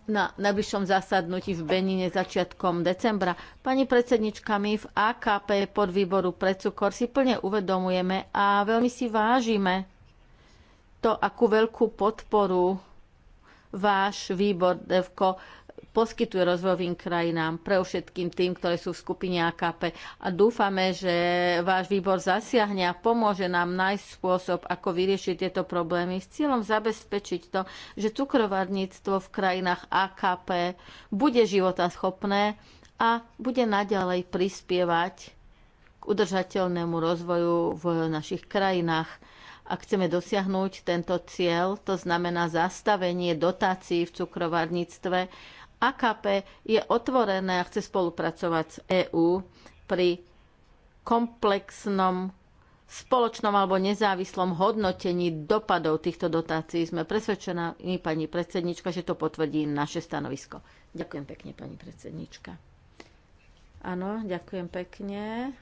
na najbližšom zasadnutí v Benine začiatkom decembra. Pani predsednička, my v AKP výboru pre cukor si plne uvedomujeme a veľmi si vážime to, akú veľkú podporu váš výbor DEVKO poskytuje rozvojovým krajinám, pre všetkým tým, ktoré sú v skupine AKP. A dúfame, že váš výbor zasiahne a pomôže nám nájsť spôsob, ako vyriešiť tieto problémy s cieľom zabezpečiť to, že cukrovarníctvo v krajinách AKP bude životaschopné a bude naďalej prispievať k udržateľnému rozvoju v našich krajinách. Ak chceme dosiahnuť tento cieľ, to znamená zastavenie dotácií v cukrovarníctve, AKP je otvorené a chce spolupracovať s EÚ pri komplexnom spoločnom alebo nezávislom hodnotení dopadov týchto dotácií. Sme presvedčená, pani predsednička, že to potvrdí naše stanovisko. Ďakujem pekne, pani predsednička. Áno, ďakujem pekne.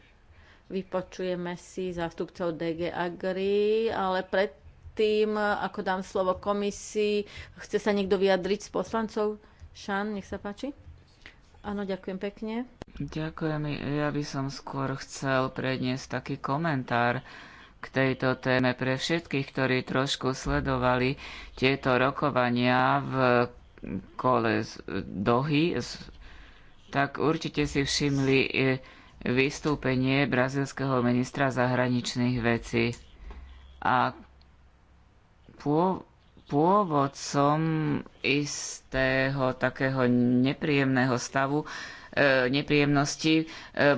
Vypočujeme si zástupcov DG Agri, ale predtým, ako dám slovo komisii, chce sa niekto vyjadriť z poslancov? Šan, nech sa páči. Áno, ďakujem pekne. Ďakujem. Ja by som skôr chcel predniesť taký komentár k tejto téme pre všetkých, ktorí trošku sledovali tieto rokovania v kole z Dohy, tak určite si všimli e, vystúpenie brazilského ministra zahraničných vecí. A pô pôvodcom istého takého nepríjemného stavu, e, nepríjemnosti e,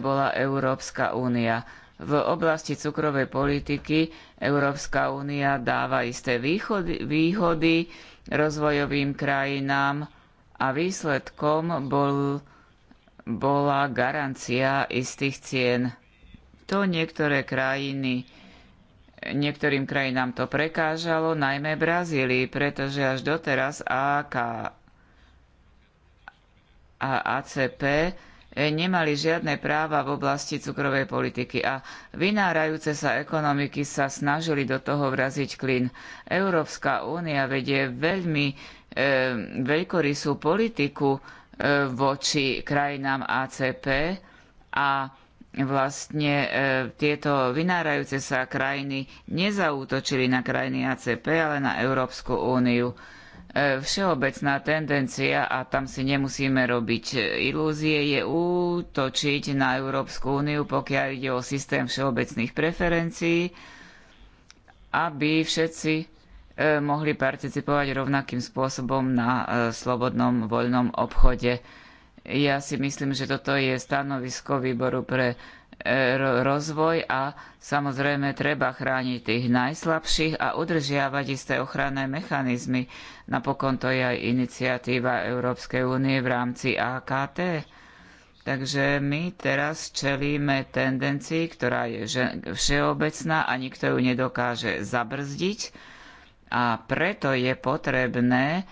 bola Európska únia. V oblasti cukrovej politiky Európska únia dáva isté východy, výhody rozvojovým krajinám a výsledkom bol, bola garancia istých cien. To niektoré krajiny Niektorým krajinám to prekážalo, najmä Brazílii, pretože až doteraz AK a ACP e, nemali žiadne práva v oblasti cukrovej politiky a vynárajúce sa ekonomiky sa snažili do toho vraziť klin. Európska únia vedie veľmi e, veľkorysú politiku e, voči krajinám ACP a vlastne e, tieto vynárajúce sa krajiny nezaútočili na krajiny ACP, ale na Európsku úniu. E, všeobecná tendencia, a tam si nemusíme robiť e, ilúzie, je útočiť na Európsku úniu, pokiaľ ide o systém všeobecných preferencií, aby všetci e, mohli participovať rovnakým spôsobom na e, slobodnom voľnom obchode. Ja si myslím, že toto je stanovisko výboru pre e, rozvoj a samozrejme treba chrániť tých najslabších a udržiavať isté ochranné mechanizmy. Napokon to je aj iniciatíva Európskej únie v rámci AKT. Takže my teraz čelíme tendencii, ktorá je všeobecná a nikto ju nedokáže zabrzdiť a preto je potrebné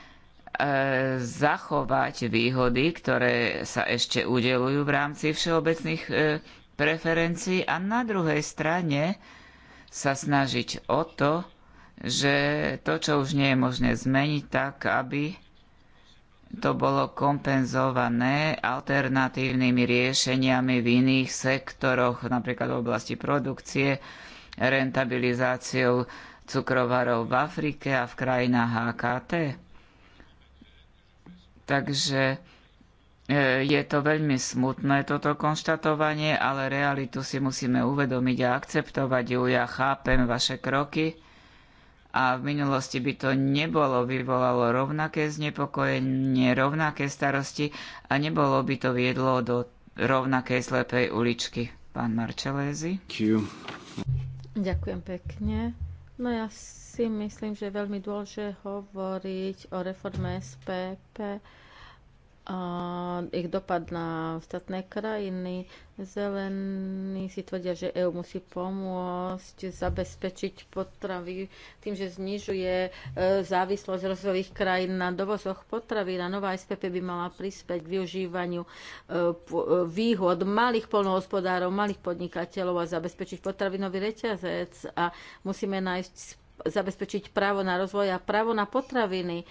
E, zachovať výhody, ktoré sa ešte udelujú v rámci všeobecných e, preferencií a na druhej strane sa snažiť o to, že to, čo už nie je možné zmeniť, tak aby to bolo kompenzované alternatívnymi riešeniami v iných sektoroch, napríklad v oblasti produkcie, rentabilizáciou cukrovarov v Afrike a v krajinách HKT. Takže e, je to veľmi smutné toto konštatovanie, ale realitu si musíme uvedomiť a akceptovať ju. Ja chápem vaše kroky a v minulosti by to nebolo vyvolalo rovnaké znepokojenie, rovnaké starosti a nebolo by to viedlo do rovnakej slepej uličky. Pán Marčelézy. Ďakujem pekne. No ja si myslím, že je veľmi dôležité hovoriť o reforme SPP, a ich dopad na ostatné krajiny. Zelení si tvrdia, že EU musí pomôcť zabezpečiť potravy tým, že znižuje e, závislosť rozvojových krajín na dovozoch potravy. a nová SPP by mala prispäť k využívaniu e, e, výhod malých polnohospodárov, malých podnikateľov a zabezpečiť potravinový reťazec a musíme nájsť zabezpečiť právo na rozvoj a právo na potraviny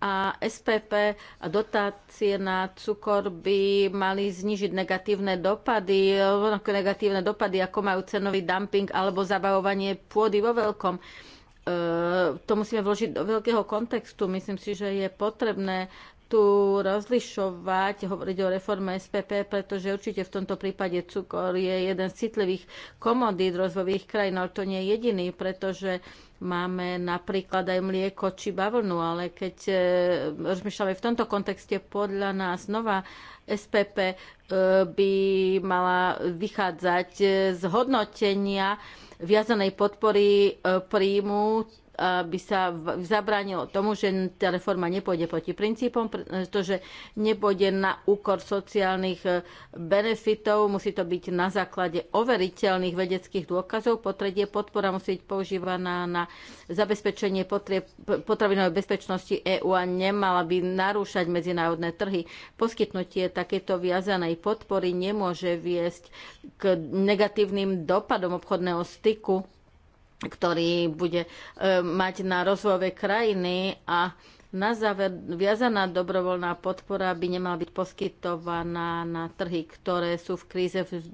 a SPP a dotácie na cukor by mali znižiť negatívne dopady, rovnako negatívne dopady, ako majú cenový dumping alebo zabavovanie pôdy vo veľkom. E, to musíme vložiť do veľkého kontextu. Myslím si, že je potrebné tu rozlišovať, hovoriť o reforme SPP, pretože určite v tomto prípade cukor je jeden z citlivých komodít rozvojových krajín, ale to nie je jediný, pretože máme napríklad aj mlieko či bavlnu, ale keď e, rozmýšľame v tomto kontexte, podľa nás nová SPP e, by mala vychádzať e, z hodnotenia viazanej podpory e, príjmu aby sa zabránilo tomu, že tá reforma nepôjde proti princípom, pretože eh, nepôjde na úkor sociálnych eh, benefitov, musí to byť na základe overiteľných vedeckých dôkazov, potredie podpora musí byť používaná na zabezpečenie potravinovej bezpečnosti EÚ a nemala by narúšať medzinárodné trhy. Poskytnutie takéto viazanej podpory nemôže viesť k negatívnym dopadom obchodného styku ktorý bude e, mať na rozvojové krajiny a na záver, viazaná dobrovoľná podpora by nemala byť poskytovaná na trhy, ktoré sú v kríze v,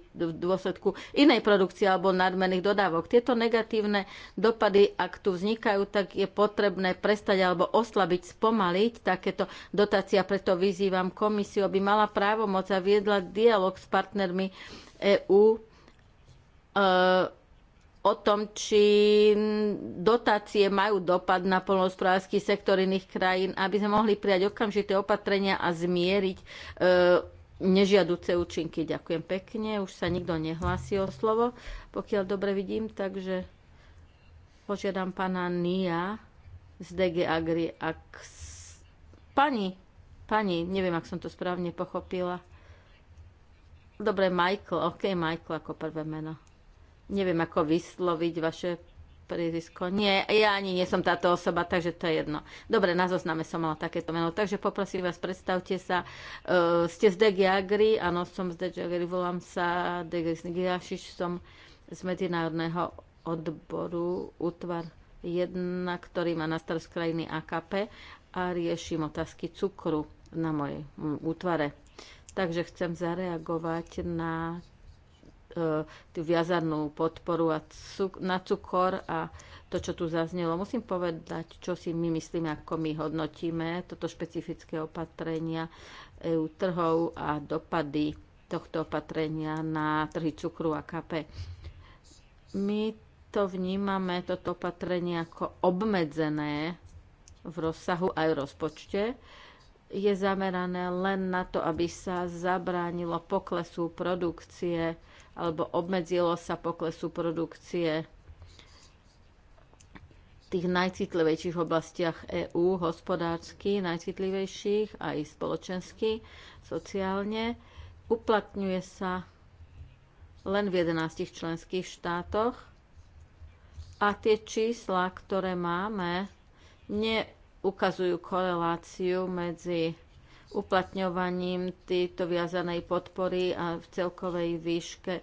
v dôsledku inej produkcie alebo nadmerných dodávok. Tieto negatívne dopady, ak tu vznikajú, tak je potrebné prestať alebo oslabiť, spomaliť takéto dotácia. Preto vyzývam komisiu, aby mala právomoc a viedla dialog s partnermi EÚ. E, e o tom, či dotácie majú dopad na polnohospodársky sektor iných krajín, aby sme mohli prijať okamžité opatrenia a zmieriť e, nežiaduce účinky. Ďakujem pekne. Už sa nikto nehlási o slovo, pokiaľ dobre vidím, takže požiadam pána Nia z DG Agri, ak... Pani, pani, neviem, ak som to správne pochopila. Dobre, Michael, OK, Michael ako prvé meno. Neviem, ako vysloviť vaše prízisko. Nie, ja ani nie som táto osoba, takže to je jedno. Dobre, na zozname som mala takéto meno. Takže poprosím vás, predstavte sa. Uh, ste z Degiagri, áno, som z Degiagri, volám sa DG som z medzinárodného odboru útvar 1, ktorý má na starost krajiny AKP a riešim otázky cukru na mojej útvare. Takže chcem zareagovať na E, tú viazarnú podporu a cuk- na cukor a to, čo tu zaznelo. Musím povedať, čo si my myslíme, ako my hodnotíme toto špecifické opatrenia EU trhov a dopady tohto opatrenia na trhy cukru a kape. My to vnímame, toto opatrenie, ako obmedzené v rozsahu aj v rozpočte je zamerané len na to, aby sa zabránilo poklesu produkcie alebo obmedzilo sa poklesu produkcie tých najcitlivejších oblastiach EÚ, hospodársky, najcitlivejších, aj spoločensky, sociálne. Uplatňuje sa len v 11 členských štátoch a tie čísla, ktoré máme, neukazujú koreláciu medzi uplatňovaním tejto viazanej podpory a v celkovej výške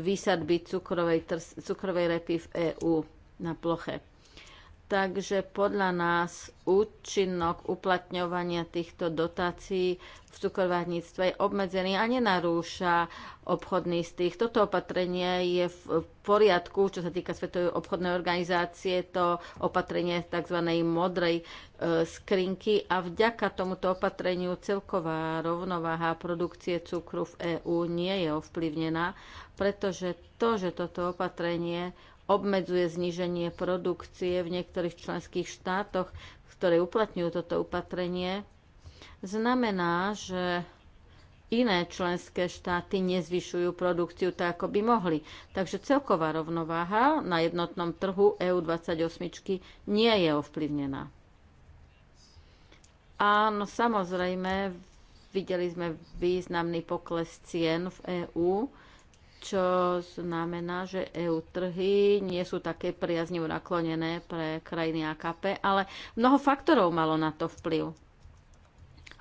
výsadby cukrovej, cukrovej repy v EÚ na ploche. Takže podľa nás účinok uplatňovania týchto dotácií v cukrovárnictve je obmedzený a nenarúša obchodný tých. Toto opatrenie je v poriadku, čo sa týka Svetovej obchodnej organizácie, to opatrenie tzv. modrej e, skrinky a vďaka tomuto opatreniu celková rovnováha produkcie cukru v EÚ nie je ovplyvnená, pretože to, že toto opatrenie obmedzuje zníženie produkcie v niektorých členských štátoch, ktoré uplatňujú toto opatrenie, znamená, že iné členské štáty nezvyšujú produkciu tak, ako by mohli. Takže celková rovnováha na jednotnom trhu EU28 nie je ovplyvnená. Áno, samozrejme, videli sme významný pokles cien v EÚ čo znamená, že EU trhy nie sú také priaznivo naklonené pre krajiny AKP, ale mnoho faktorov malo na to vplyv.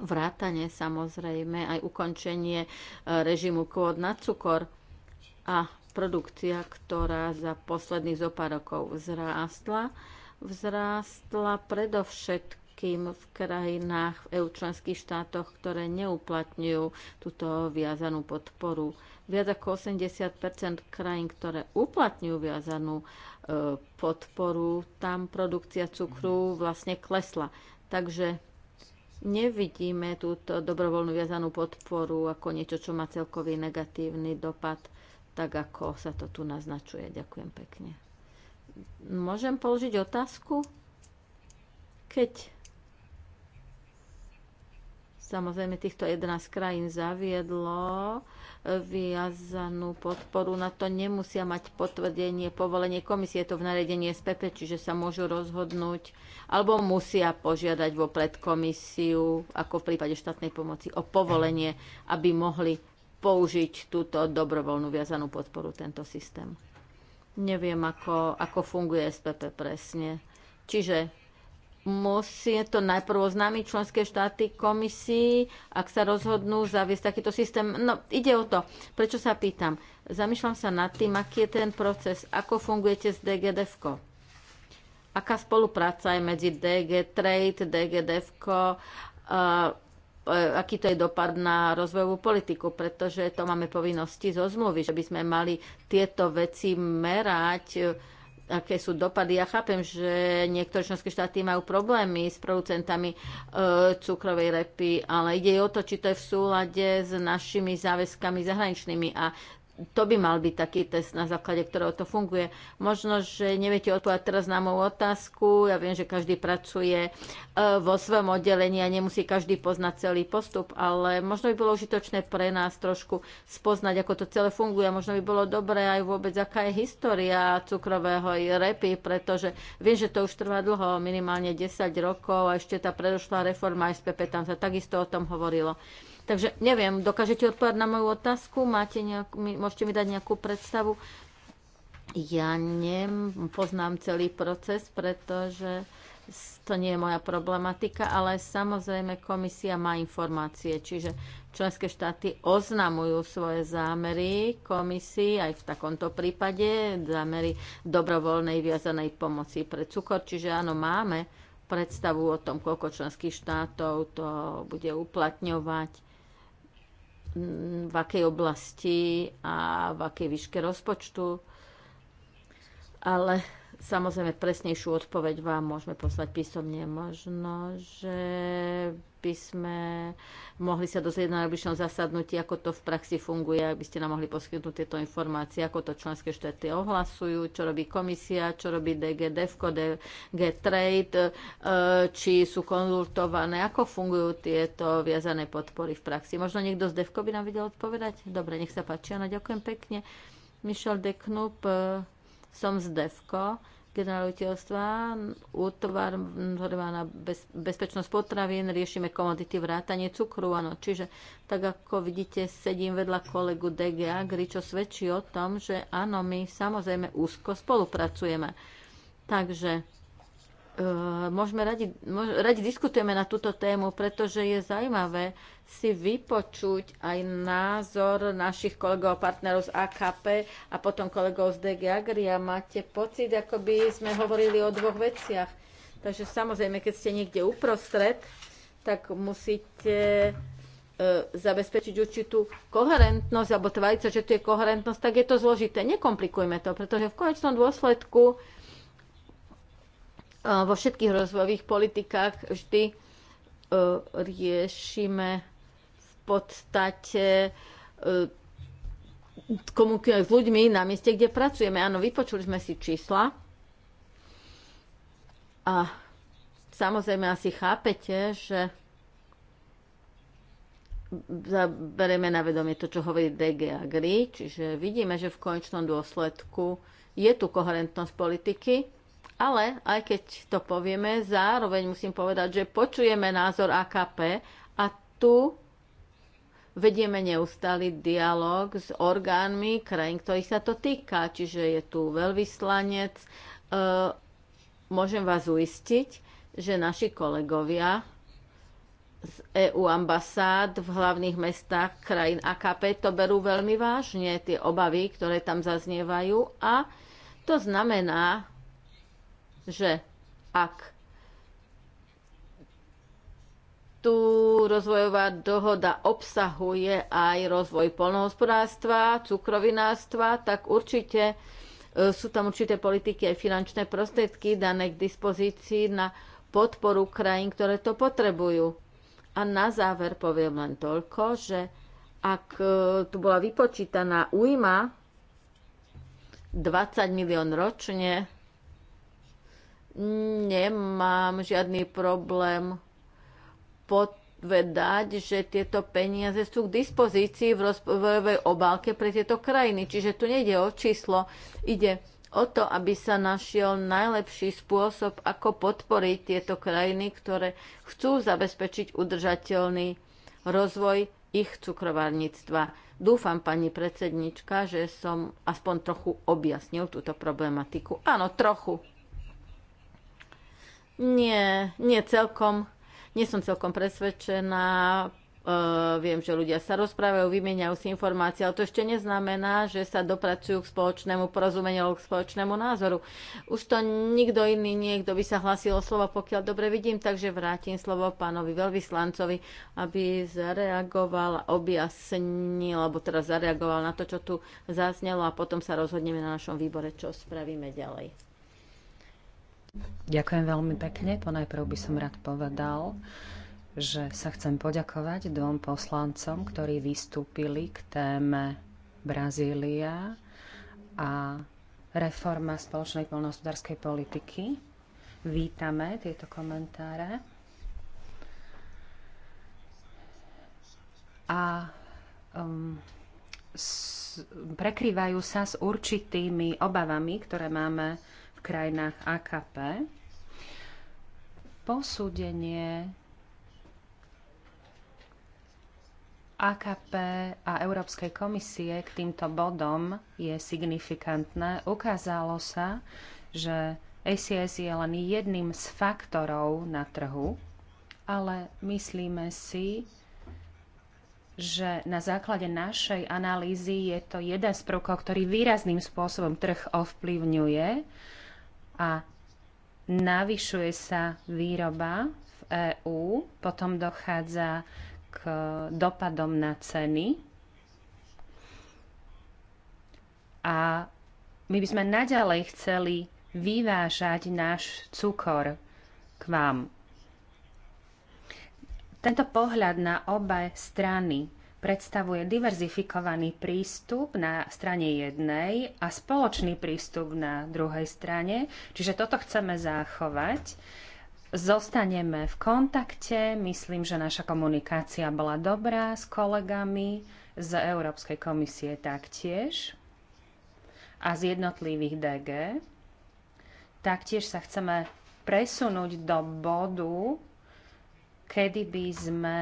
Vrátanie samozrejme, aj ukončenie e, režimu kvót na cukor a produkcia, ktorá za posledných zo pár rokov vzrástla, vzrástla predovšetkým v krajinách v EU členských štátoch, ktoré neuplatňujú túto viazanú podporu Viac ako 80 krajín, ktoré uplatňujú viazanú e, podporu, tam produkcia cukru vlastne klesla. Takže nevidíme túto dobrovoľnú viazanú podporu ako niečo, čo má celkový negatívny dopad, tak ako sa to tu naznačuje. Ďakujem pekne. Môžem položiť otázku? Keď samozrejme týchto 11 krajín zaviedlo viazanú podporu. Na to nemusia mať potvrdenie, povolenie komisie, je to v nariadení SPP, čiže sa môžu rozhodnúť, alebo musia požiadať vopred komisiu, ako v prípade štátnej pomoci, o povolenie, aby mohli použiť túto dobrovoľnú viazanú podporu, tento systém. Neviem, ako, ako funguje SPP presne. Čiže musí to najprv oznámiť členské štáty komisii, ak sa rozhodnú zaviesť takýto systém. No, ide o to. Prečo sa pýtam? Zamýšľam sa nad tým, aký je ten proces, ako fungujete s DGDF. -ko? Aká spolupráca je medzi DG Trade, DGDF, e, aký to je dopad na rozvojovú politiku, pretože to máme povinnosti zo zmluvy, že by sme mali tieto veci merať e, aké sú dopady. Ja chápem, že niektoré členské štáty majú problémy s producentami e, cukrovej repy, ale ide o to, či to je v súlade s našimi záväzkami zahraničnými. A to by mal byť taký test, na základe ktorého to funguje. Možno, že neviete odpovedať teraz na moju otázku. Ja viem, že každý pracuje e, vo svojom oddelení a nemusí každý poznať celý postup, ale možno by bolo užitočné pre nás trošku spoznať, ako to celé funguje. Možno by bolo dobré aj vôbec, aká je história cukrového repy, pretože viem, že to už trvá dlho, minimálne 10 rokov a ešte tá predošlá reforma SPP, tam sa takisto o tom hovorilo. Takže neviem, dokážete odpovedať na moju otázku? Máte nejakú, môžete mi dať nejakú predstavu? Ja nepoznám celý proces, pretože to nie je moja problematika, ale samozrejme komisia má informácie, čiže členské štáty oznamujú svoje zámery komisii aj v takomto prípade, zámery dobrovoľnej viazanej pomoci pre cukor, čiže áno, máme predstavu o tom, koľko členských štátov to bude uplatňovať Mm, v akej oblasti a v akej výške rozpočtu. Ale samozrejme presnejšiu odpoveď vám môžeme poslať písomne. Možno, že by sme mohli sa dozrieť na najbližšom zasadnutí, ako to v praxi funguje, aby ste nám mohli poskytnúť tieto informácie, ako to členské štáty ohlasujú, čo robí komisia, čo robí DG DEFCO, DG Trade, e, či sú konzultované, ako fungujú tieto viazané podpory v praxi. Možno niekto z DEFCO by nám vedel odpovedať? Dobre, nech sa páči. Áno, ďakujem pekne. Michel Deknup, e, som z DEFCO generaliteľstva, útvar na bez, bezpečnosť potravín, riešime komodity vrátanie cukru, Ano. Čiže tak ako vidíte, sedím vedľa kolegu DGA, kde čo svedčí o tom, že áno, my samozrejme úzko spolupracujeme. Takže Eh, môžeme radi, môž, radi diskutujeme na túto tému, pretože je zaujímavé si vypočuť aj názor našich kolegov a partnerov z AKP a potom kolegov z DG Agri a máte pocit, ako by sme hovorili o dvoch veciach. Takže samozrejme, keď ste niekde uprostred, tak musíte e, zabezpečiť určitú koherentnosť alebo tvariť sa, že tu je koherentnosť, tak je to zložité. Nekomplikujme to, pretože v konečnom dôsledku e, vo všetkých rozvojových politikách vždy e, riešime v podstate e, komunikujeme s ľuďmi na mieste, kde pracujeme. Áno, vypočuli sme si čísla a samozrejme asi chápete, že zabereme na vedomie to, čo hovorí DG GRI, čiže vidíme, že v konečnom dôsledku je tu koherentnosť politiky, ale aj keď to povieme, zároveň musím povedať, že počujeme názor AKP a tu vedieme neustály dialog s orgánmi krajín, ktorých sa to týka. Čiže je tu veľvyslanec. E, môžem vás uistiť, že naši kolegovia z EU ambasád v hlavných mestách krajín AKP to berú veľmi vážne, tie obavy, ktoré tam zaznievajú a to znamená, že ak tu rozvojová dohoda obsahuje aj rozvoj polnohospodárstva, cukrovinárstva, tak určite e, sú tam určité politiky aj finančné prostriedky dané k dispozícii na podporu krajín, ktoré to potrebujú. A na záver poviem len toľko, že ak e, tu bola vypočítaná újma 20 milión ročne nemám žiadny problém povedať, že tieto peniaze sú k dispozícii v rozvojovej obálke pre tieto krajiny. Čiže tu nejde o číslo, ide o to, aby sa našiel najlepší spôsob, ako podporiť tieto krajiny, ktoré chcú zabezpečiť udržateľný rozvoj ich cukrovarníctva. Dúfam, pani predsednička, že som aspoň trochu objasnil túto problematiku. Áno, trochu. Nie, nie celkom. Nie som celkom presvedčená. E, viem, že ľudia sa rozprávajú, vymieňajú si informácie, ale to ešte neznamená, že sa dopracujú k spoločnému porozumeniu, k spoločnému názoru. Už to nikto iný, niekto by sa hlasil o slovo, pokiaľ dobre vidím, takže vrátim slovo pánovi veľvyslancovi, aby zareagoval, objasnil, alebo teraz zareagoval na to, čo tu zaznelo a potom sa rozhodneme na našom výbore, čo spravíme ďalej. Ďakujem veľmi pekne. Ponajprv by som rád povedal, že sa chcem poďakovať dvom poslancom, ktorí vystúpili k téme Brazília a reforma spoločnej poľnohospodárskej politiky. Vítame tieto komentáre. A um, s, prekrývajú sa s určitými obavami, ktoré máme krajinách AKP. Posúdenie AKP a Európskej komisie k týmto bodom je signifikantné. Ukázalo sa, že ACS je len jedným z faktorov na trhu, ale myslíme si, že na základe našej analýzy je to jeden z prvkov, ktorý výrazným spôsobom trh ovplyvňuje a navyšuje sa výroba v EÚ, potom dochádza k dopadom na ceny a my by sme naďalej chceli vyvážať náš cukor k vám. Tento pohľad na obe strany predstavuje diverzifikovaný prístup na strane jednej a spoločný prístup na druhej strane. Čiže toto chceme zachovať. Zostaneme v kontakte. Myslím, že naša komunikácia bola dobrá s kolegami z Európskej komisie taktiež a z jednotlivých DG. Taktiež sa chceme presunúť do bodu, kedy by sme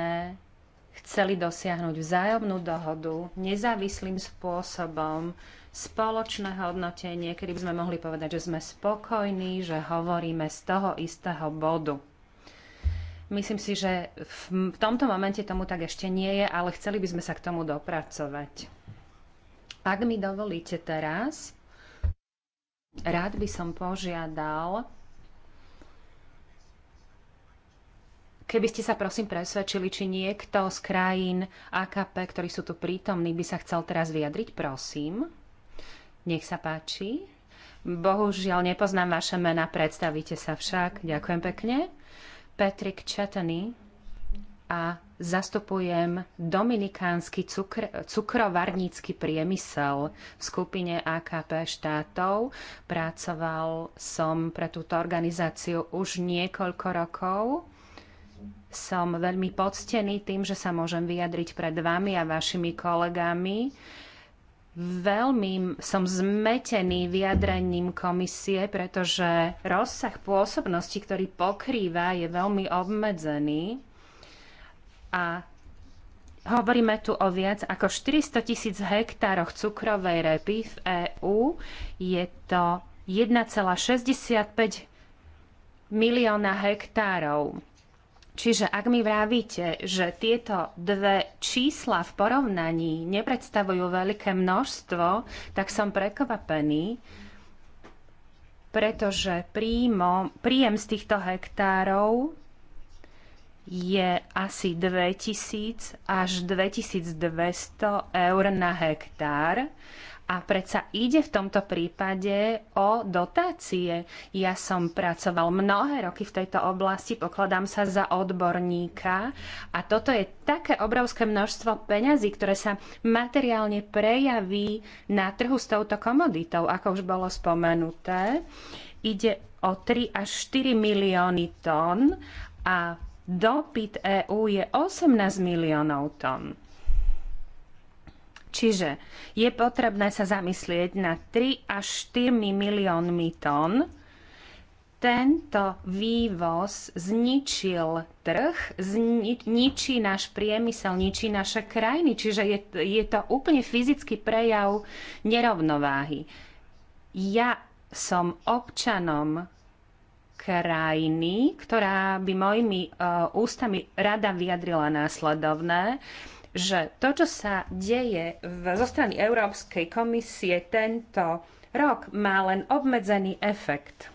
chceli dosiahnuť vzájomnú dohodu nezávislým spôsobom, spoločné hodnotenie, kedy by sme mohli povedať, že sme spokojní, že hovoríme z toho istého bodu. Myslím si, že v tomto momente tomu tak ešte nie je, ale chceli by sme sa k tomu dopracovať. Ak mi dovolíte teraz, rád by som požiadal Keby ste sa prosím presvedčili, či niekto z krajín AKP, ktorí sú tu prítomní, by sa chcel teraz vyjadriť, prosím. Nech sa páči. Bohužiaľ nepoznám vaše mena, predstavíte sa však. Ďakujem pekne. Patrick Chatany a zastupujem dominikánsky cukr- cukrovarnícky priemysel v skupine AKP štátov. Pracoval som pre túto organizáciu už niekoľko rokov som veľmi poctený tým, že sa môžem vyjadriť pred vami a vašimi kolegami. Veľmi som zmetený vyjadrením komisie, pretože rozsah pôsobnosti, ktorý pokrýva, je veľmi obmedzený. A Hovoríme tu o viac ako 400 tisíc hektároch cukrovej repy v EÚ. Je to 1,65 milióna hektárov. Čiže ak mi vravíte, že tieto dve čísla v porovnaní nepredstavujú veľké množstvo, tak som prekvapený, pretože príjmo, príjem z týchto hektárov je asi 2000 až 2200 eur na hektár a predsa ide v tomto prípade o dotácie. Ja som pracoval mnohé roky v tejto oblasti, pokladám sa za odborníka a toto je také obrovské množstvo peňazí, ktoré sa materiálne prejaví na trhu s touto komoditou, ako už bolo spomenuté. Ide o 3 až 4 milióny tón a dopyt EÚ je 18 miliónov tón. Čiže je potrebné sa zamyslieť nad 3 až 4 miliónmi tón. Tento vývoz zničil trh, zničí náš priemysel, ničí naše krajiny. Čiže je, je to úplne fyzický prejav nerovnováhy. Ja som občanom krajiny, ktorá by mojimi uh, ústami rada vyjadrila následovné. Uh, že to, čo sa deje v, zo strany Európskej komisie tento rok, má len obmedzený efekt.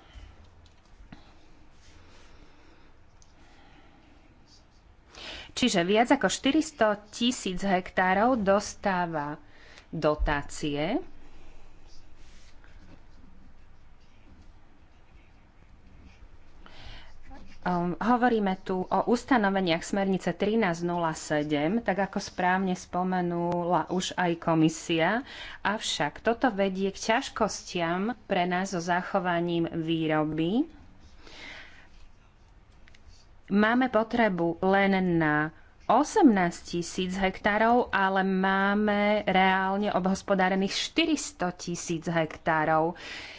Čiže viac ako 400 tisíc hektárov dostáva dotácie Ehm, hovoríme tu o ustanoveniach smernice 1307, tak ako správne spomenula už aj komisia. Avšak toto vedie k ťažkostiam pre nás so zachovaním výroby. Máme potrebu len na 18 tisíc hektárov, ale máme reálne obhospodárených 400 tisíc hektárov.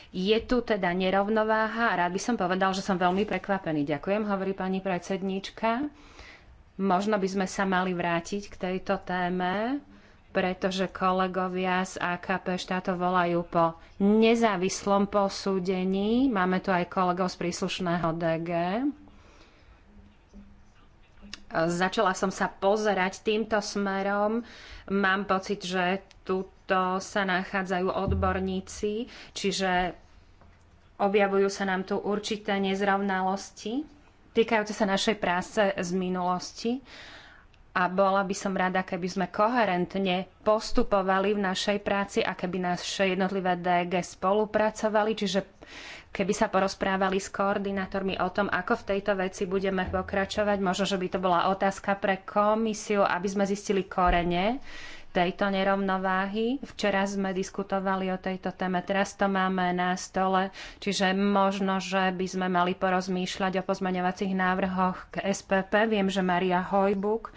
Je tu teda nerovnováha a rád by som povedal, že som veľmi prekvapený. Ďakujem, hovorí pani predsedníčka. Možno by sme sa mali vrátiť k tejto téme, pretože kolegovia z AKP štáto volajú po nezávislom posúdení. Máme tu aj kolegov z príslušného DG. Začala som sa pozerať týmto smerom. Mám pocit, že tu to sa nachádzajú odborníci, čiže objavujú sa nám tu určité nezrovnalosti týkajúce sa našej práce z minulosti a bola by som rada, keby sme koherentne postupovali v našej práci a keby naše jednotlivé DG spolupracovali, čiže keby sa porozprávali s koordinátormi o tom, ako v tejto veci budeme pokračovať. Možno, že by to bola otázka pre komisiu, aby sme zistili korene tejto nerovnováhy. Včera sme diskutovali o tejto téme, teraz to máme na stole, čiže možno, že by sme mali porozmýšľať o pozmeňovacích návrhoch k SPP. Viem, že Maria Hojbuk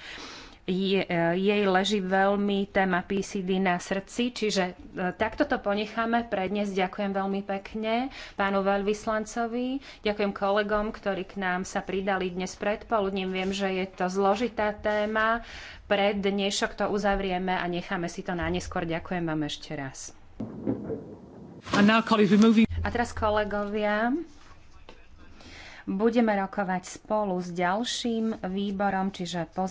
je, e, jej leží veľmi téma PCD na srdci, čiže e, takto to ponecháme pre dnes. Ďakujem veľmi pekne pánu veľvyslancovi, ďakujem kolegom, ktorí k nám sa pridali dnes predpoludním. Viem, že je to zložitá téma. Pre dnešok to uzavrieme a necháme si to na neskôr. Ďakujem vám ešte raz. A teraz kolegovia, budeme rokovať spolu s ďalším výborom, čiže pozývam